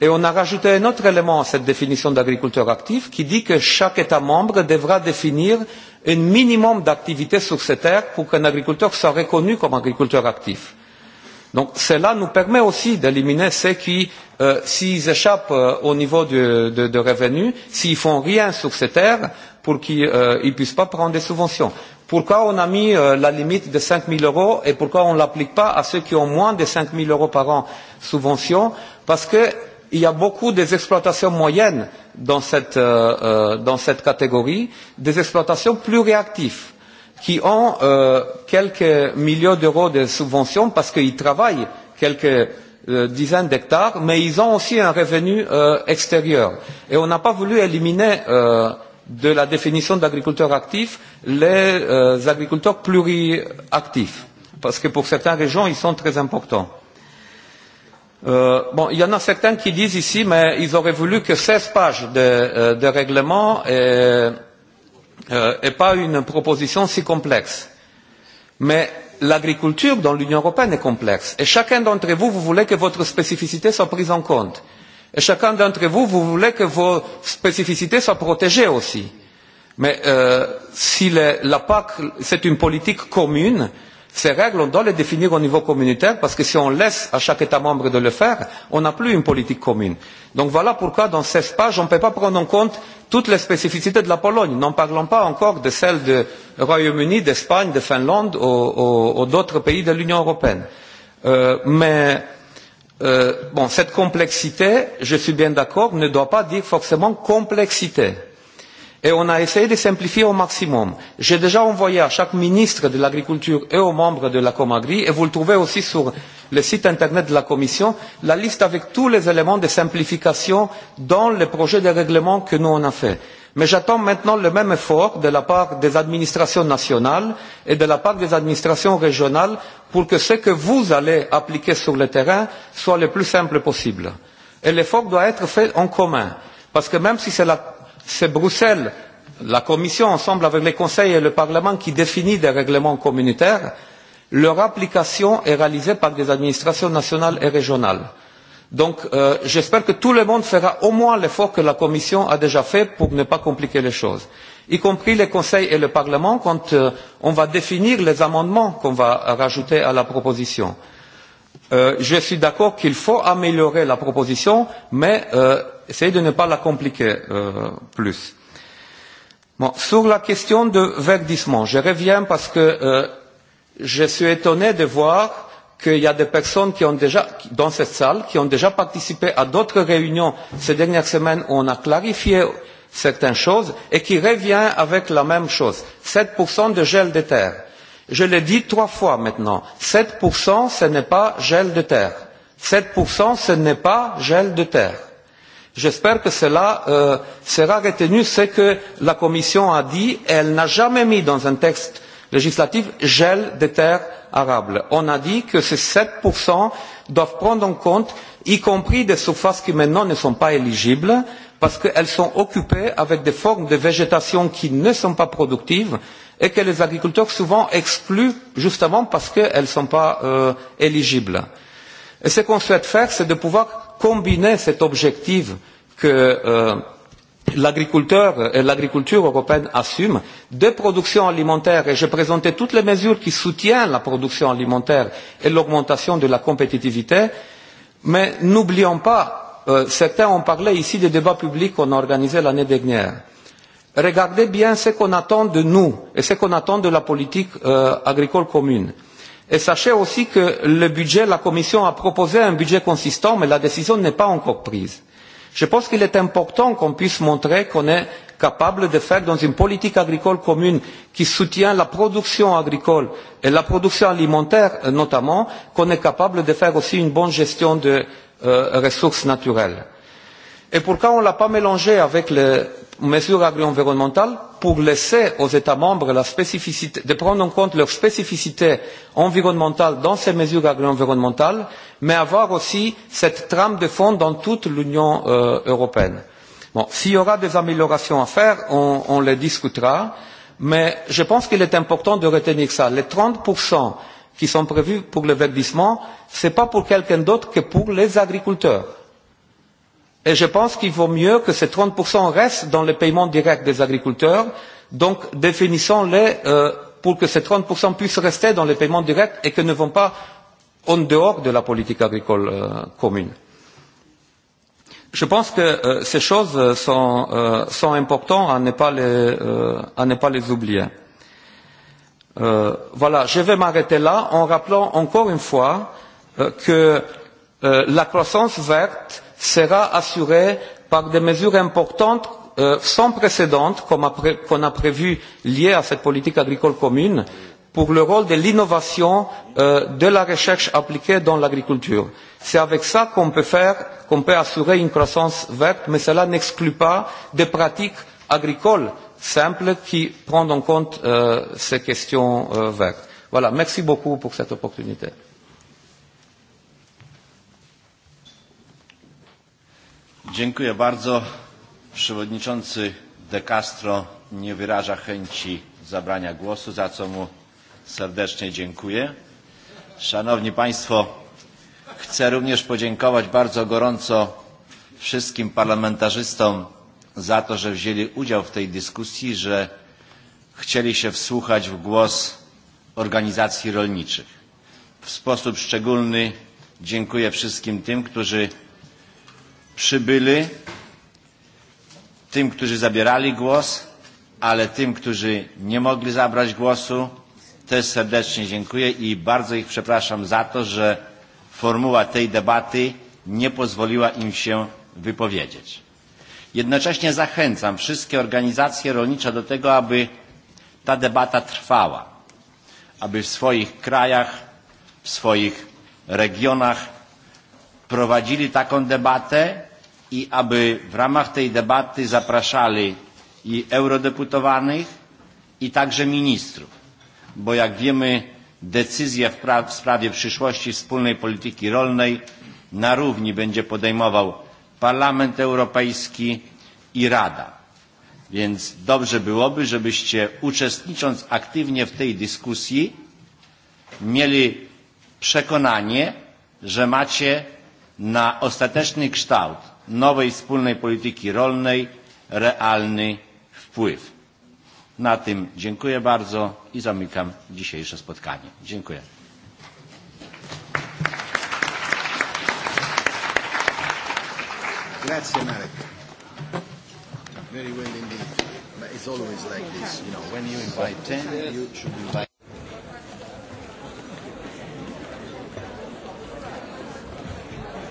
Et on a rajouté un autre élément à cette définition d'agriculteur actif qui dit que chaque État membre devra définir un minimum d'activité sur ces terres pour qu'un agriculteur soit reconnu comme agriculteur actif. Donc cela nous permet aussi d'éliminer ceux qui, euh, s'ils échappent euh, au niveau de, de, de revenus, s'ils font rien sur ces terres pour qu'ils euh, ne puissent pas prendre des subventions. Pourquoi on a mis euh, la limite de 5 000 euros et pourquoi on ne l'applique pas à ceux qui ont moins de 5 000 euros par an subvention Parce que Il y a beaucoup des exploitations moyennes dans cette, euh, euh dans cette catégorie, des exploitations plus réactives qui ont euh, quelques millions d'euros de subventions parce qu'ils travaillent quelques euh, dizaines d'hectares, mais ils ont aussi un revenu euh, extérieur. Et on n'a pas voulu éliminer euh, de la définition d'agriculteurs actifs les euh, agriculteurs pluriactifs, parce que pour certaines régions, ils sont très importants. Euh, bon, il y en a certains qui disent ici, mais ils auraient voulu que 16 pages de, euh, de règlement et, euh, et pas une proposition si complexe. Mais l'agriculture dans l'Union européenne est complexe. Et chacun d'entre vous, vous voulez que votre spécificité soit prise en compte. Et chacun d'entre vous, vous voulez que vos spécificités soient protégées aussi. Mais euh, si les, la PAC, c'est une politique commune, Ces règles, on doit les définir au niveau communautaire parce que si on laisse à chaque État membre de le faire, on n'a plus une politique commune. Donc voilà pourquoi dans 16 pages, on ne peut pas prendre en compte toutes les spécificités de la Pologne. N'en parlons pas encore de celles du Royaume-Uni, d'Espagne, de Finlande ou, ou, ou d'autres pays de l'Union européenne. Euh, mais euh, bon, cette complexité, je suis bien d'accord, ne doit pas dire forcément complexité et on a essayé de simplifier au maximum. J'ai déjà envoyé à chaque ministre de l'Agriculture et aux membres de la Comagri, et vous le trouvez aussi sur le site internet de la Commission, la liste avec tous les éléments de simplification dans le projet de règlement que nous on a fait. Mais j'attends maintenant le même effort de la part des administrations nationales et de la part des administrations régionales pour que ce que vous allez appliquer sur le terrain soit le plus simple possible. Et l'effort doit être fait en commun. Parce que même si c'est la c'est Bruxelles, la Commission ensemble avec les conseils et le Parlement qui définit des règlements communautaires. Leur application est réalisée par des administrations nationales et régionales. Donc euh, j'espère que tout le monde fera au moins l'effort que la Commission a déjà fait pour ne pas compliquer les choses, y compris les conseils et le Parlement quand euh, on va définir les amendements qu'on va rajouter à la proposition. Euh, je suis d'accord qu'il faut améliorer la proposition, mais euh, essayez de ne pas la compliquer euh, plus. Bon, sur la question de verdissement, je reviens parce que euh, je suis étonné de voir qu'il y a des personnes qui ont déjà, dans cette salle, qui ont déjà participé à d'autres réunions ces dernières semaines où on a clarifié certaines choses et qui revient avec la même chose. 7% de gel des terres. Je l'ai dit trois fois maintenant. 7%, ce n'est pas gel de terre. 7%, ce n'est pas gel de terre. J'espère que cela euh, sera retenu ce que la Commission a dit. Elle n'a jamais mis dans un texte législatif gel de terre arable. On a dit que ces 7% doivent prendre en compte, y compris des surfaces qui maintenant ne sont pas éligibles, parce qu'elles sont occupées avec des formes de végétation qui ne sont pas productives, et que les agriculteurs souvent excluent justement parce qu'elles ne sont pas euh, éligibles. Et ce qu'on souhaite faire, c'est de pouvoir combiner cet objectif que euh, l'agriculteur et euh, l'agriculture européenne assument de production alimentaire et j'ai présenté toutes les mesures qui soutiennent la production alimentaire et l'augmentation de la compétitivité, mais n'oublions pas, euh, certains ont parlé ici des débats publics qu'on a organisés l'année dernière regardez bien ce qu'on attend de nous et ce qu'on attend de la politique euh, agricole commune. Et sachez aussi que le budget, la Commission a proposé un budget consistant, mais la décision n'est pas encore prise. Je pense qu'il est important qu'on puisse montrer qu'on est capable de faire dans une politique agricole commune qui soutient la production agricole et la production alimentaire euh, notamment, qu'on est capable de faire aussi une bonne gestion des euh, ressources naturelles. Et pourquoi on ne l'a pas mélangé avec les mesures agro-environnementales pour laisser aux États membres la spécificité, de prendre en compte leur spécificité environnementale dans ces mesures agro-environnementales, mais avoir aussi cette trame de fond dans toute l'Union euh, européenne. Bon, s'il y aura des améliorations à faire, on, on les discutera, mais je pense qu'il est important de retenir ça. Les 30% qui sont prévus pour le verdissement, ce n'est pas pour quelqu'un d'autre que pour les agriculteurs Et je pense qu'il vaut mieux que ces 30% restent dans les paiements directs des agriculteurs, donc définissons-les euh, pour que ces 30% puissent rester dans les paiements directs et que ne vont pas en dehors de la politique agricole euh, commune. Je pense que euh, ces choses sont, euh, sont importantes à ne pas les, euh, à ne pas les oublier. Euh, voilà, je vais m'arrêter là en rappelant encore une fois euh, que euh, la croissance verte sera assurée par des mesures importantes euh, sans précédent qu'on a, a prévu liées à cette politique agricole commune pour le rôle de l'innovation euh, de la recherche appliquée dans l'agriculture. C'est avec ça qu'on peut faire, qu'on peut assurer une croissance verte, mais cela n'exclut pas des pratiques agricoles simples qui prennent en compte euh, ces questions euh, vertes. Voilà, merci beaucoup pour cette opportunité. Dziękuję bardzo. Przewodniczący De Castro nie wyraża chęci zabrania głosu, za co mu serdecznie dziękuję. Szanowni Państwo, chcę również podziękować bardzo gorąco wszystkim parlamentarzystom za to, że wzięli udział w tej dyskusji, że chcieli się wsłuchać w głos organizacji rolniczych. W sposób szczególny dziękuję wszystkim tym, którzy przybyli, tym, którzy zabierali głos, ale tym, którzy nie mogli zabrać głosu, też serdecznie dziękuję i bardzo ich przepraszam za to, że formuła tej debaty nie pozwoliła im się wypowiedzieć. Jednocześnie zachęcam wszystkie organizacje rolnicze do tego, aby ta debata trwała, aby w swoich krajach, w swoich regionach prowadzili taką debatę, i aby w ramach tej debaty zapraszali i eurodeputowanych, i także ministrów, bo jak wiemy decyzje w, w sprawie przyszłości wspólnej polityki rolnej na równi będzie podejmował Parlament Europejski i Rada. Więc dobrze byłoby, żebyście uczestnicząc aktywnie w tej dyskusji mieli przekonanie, że macie na ostateczny kształt nowej wspólnej polityki rolnej realny wpływ. Na tym dziękuję bardzo i zamykam dzisiejsze spotkanie. Dziękuję. Grazie Marek. Very well indeed. But it's always like this, you know, when you invite 10, you should invite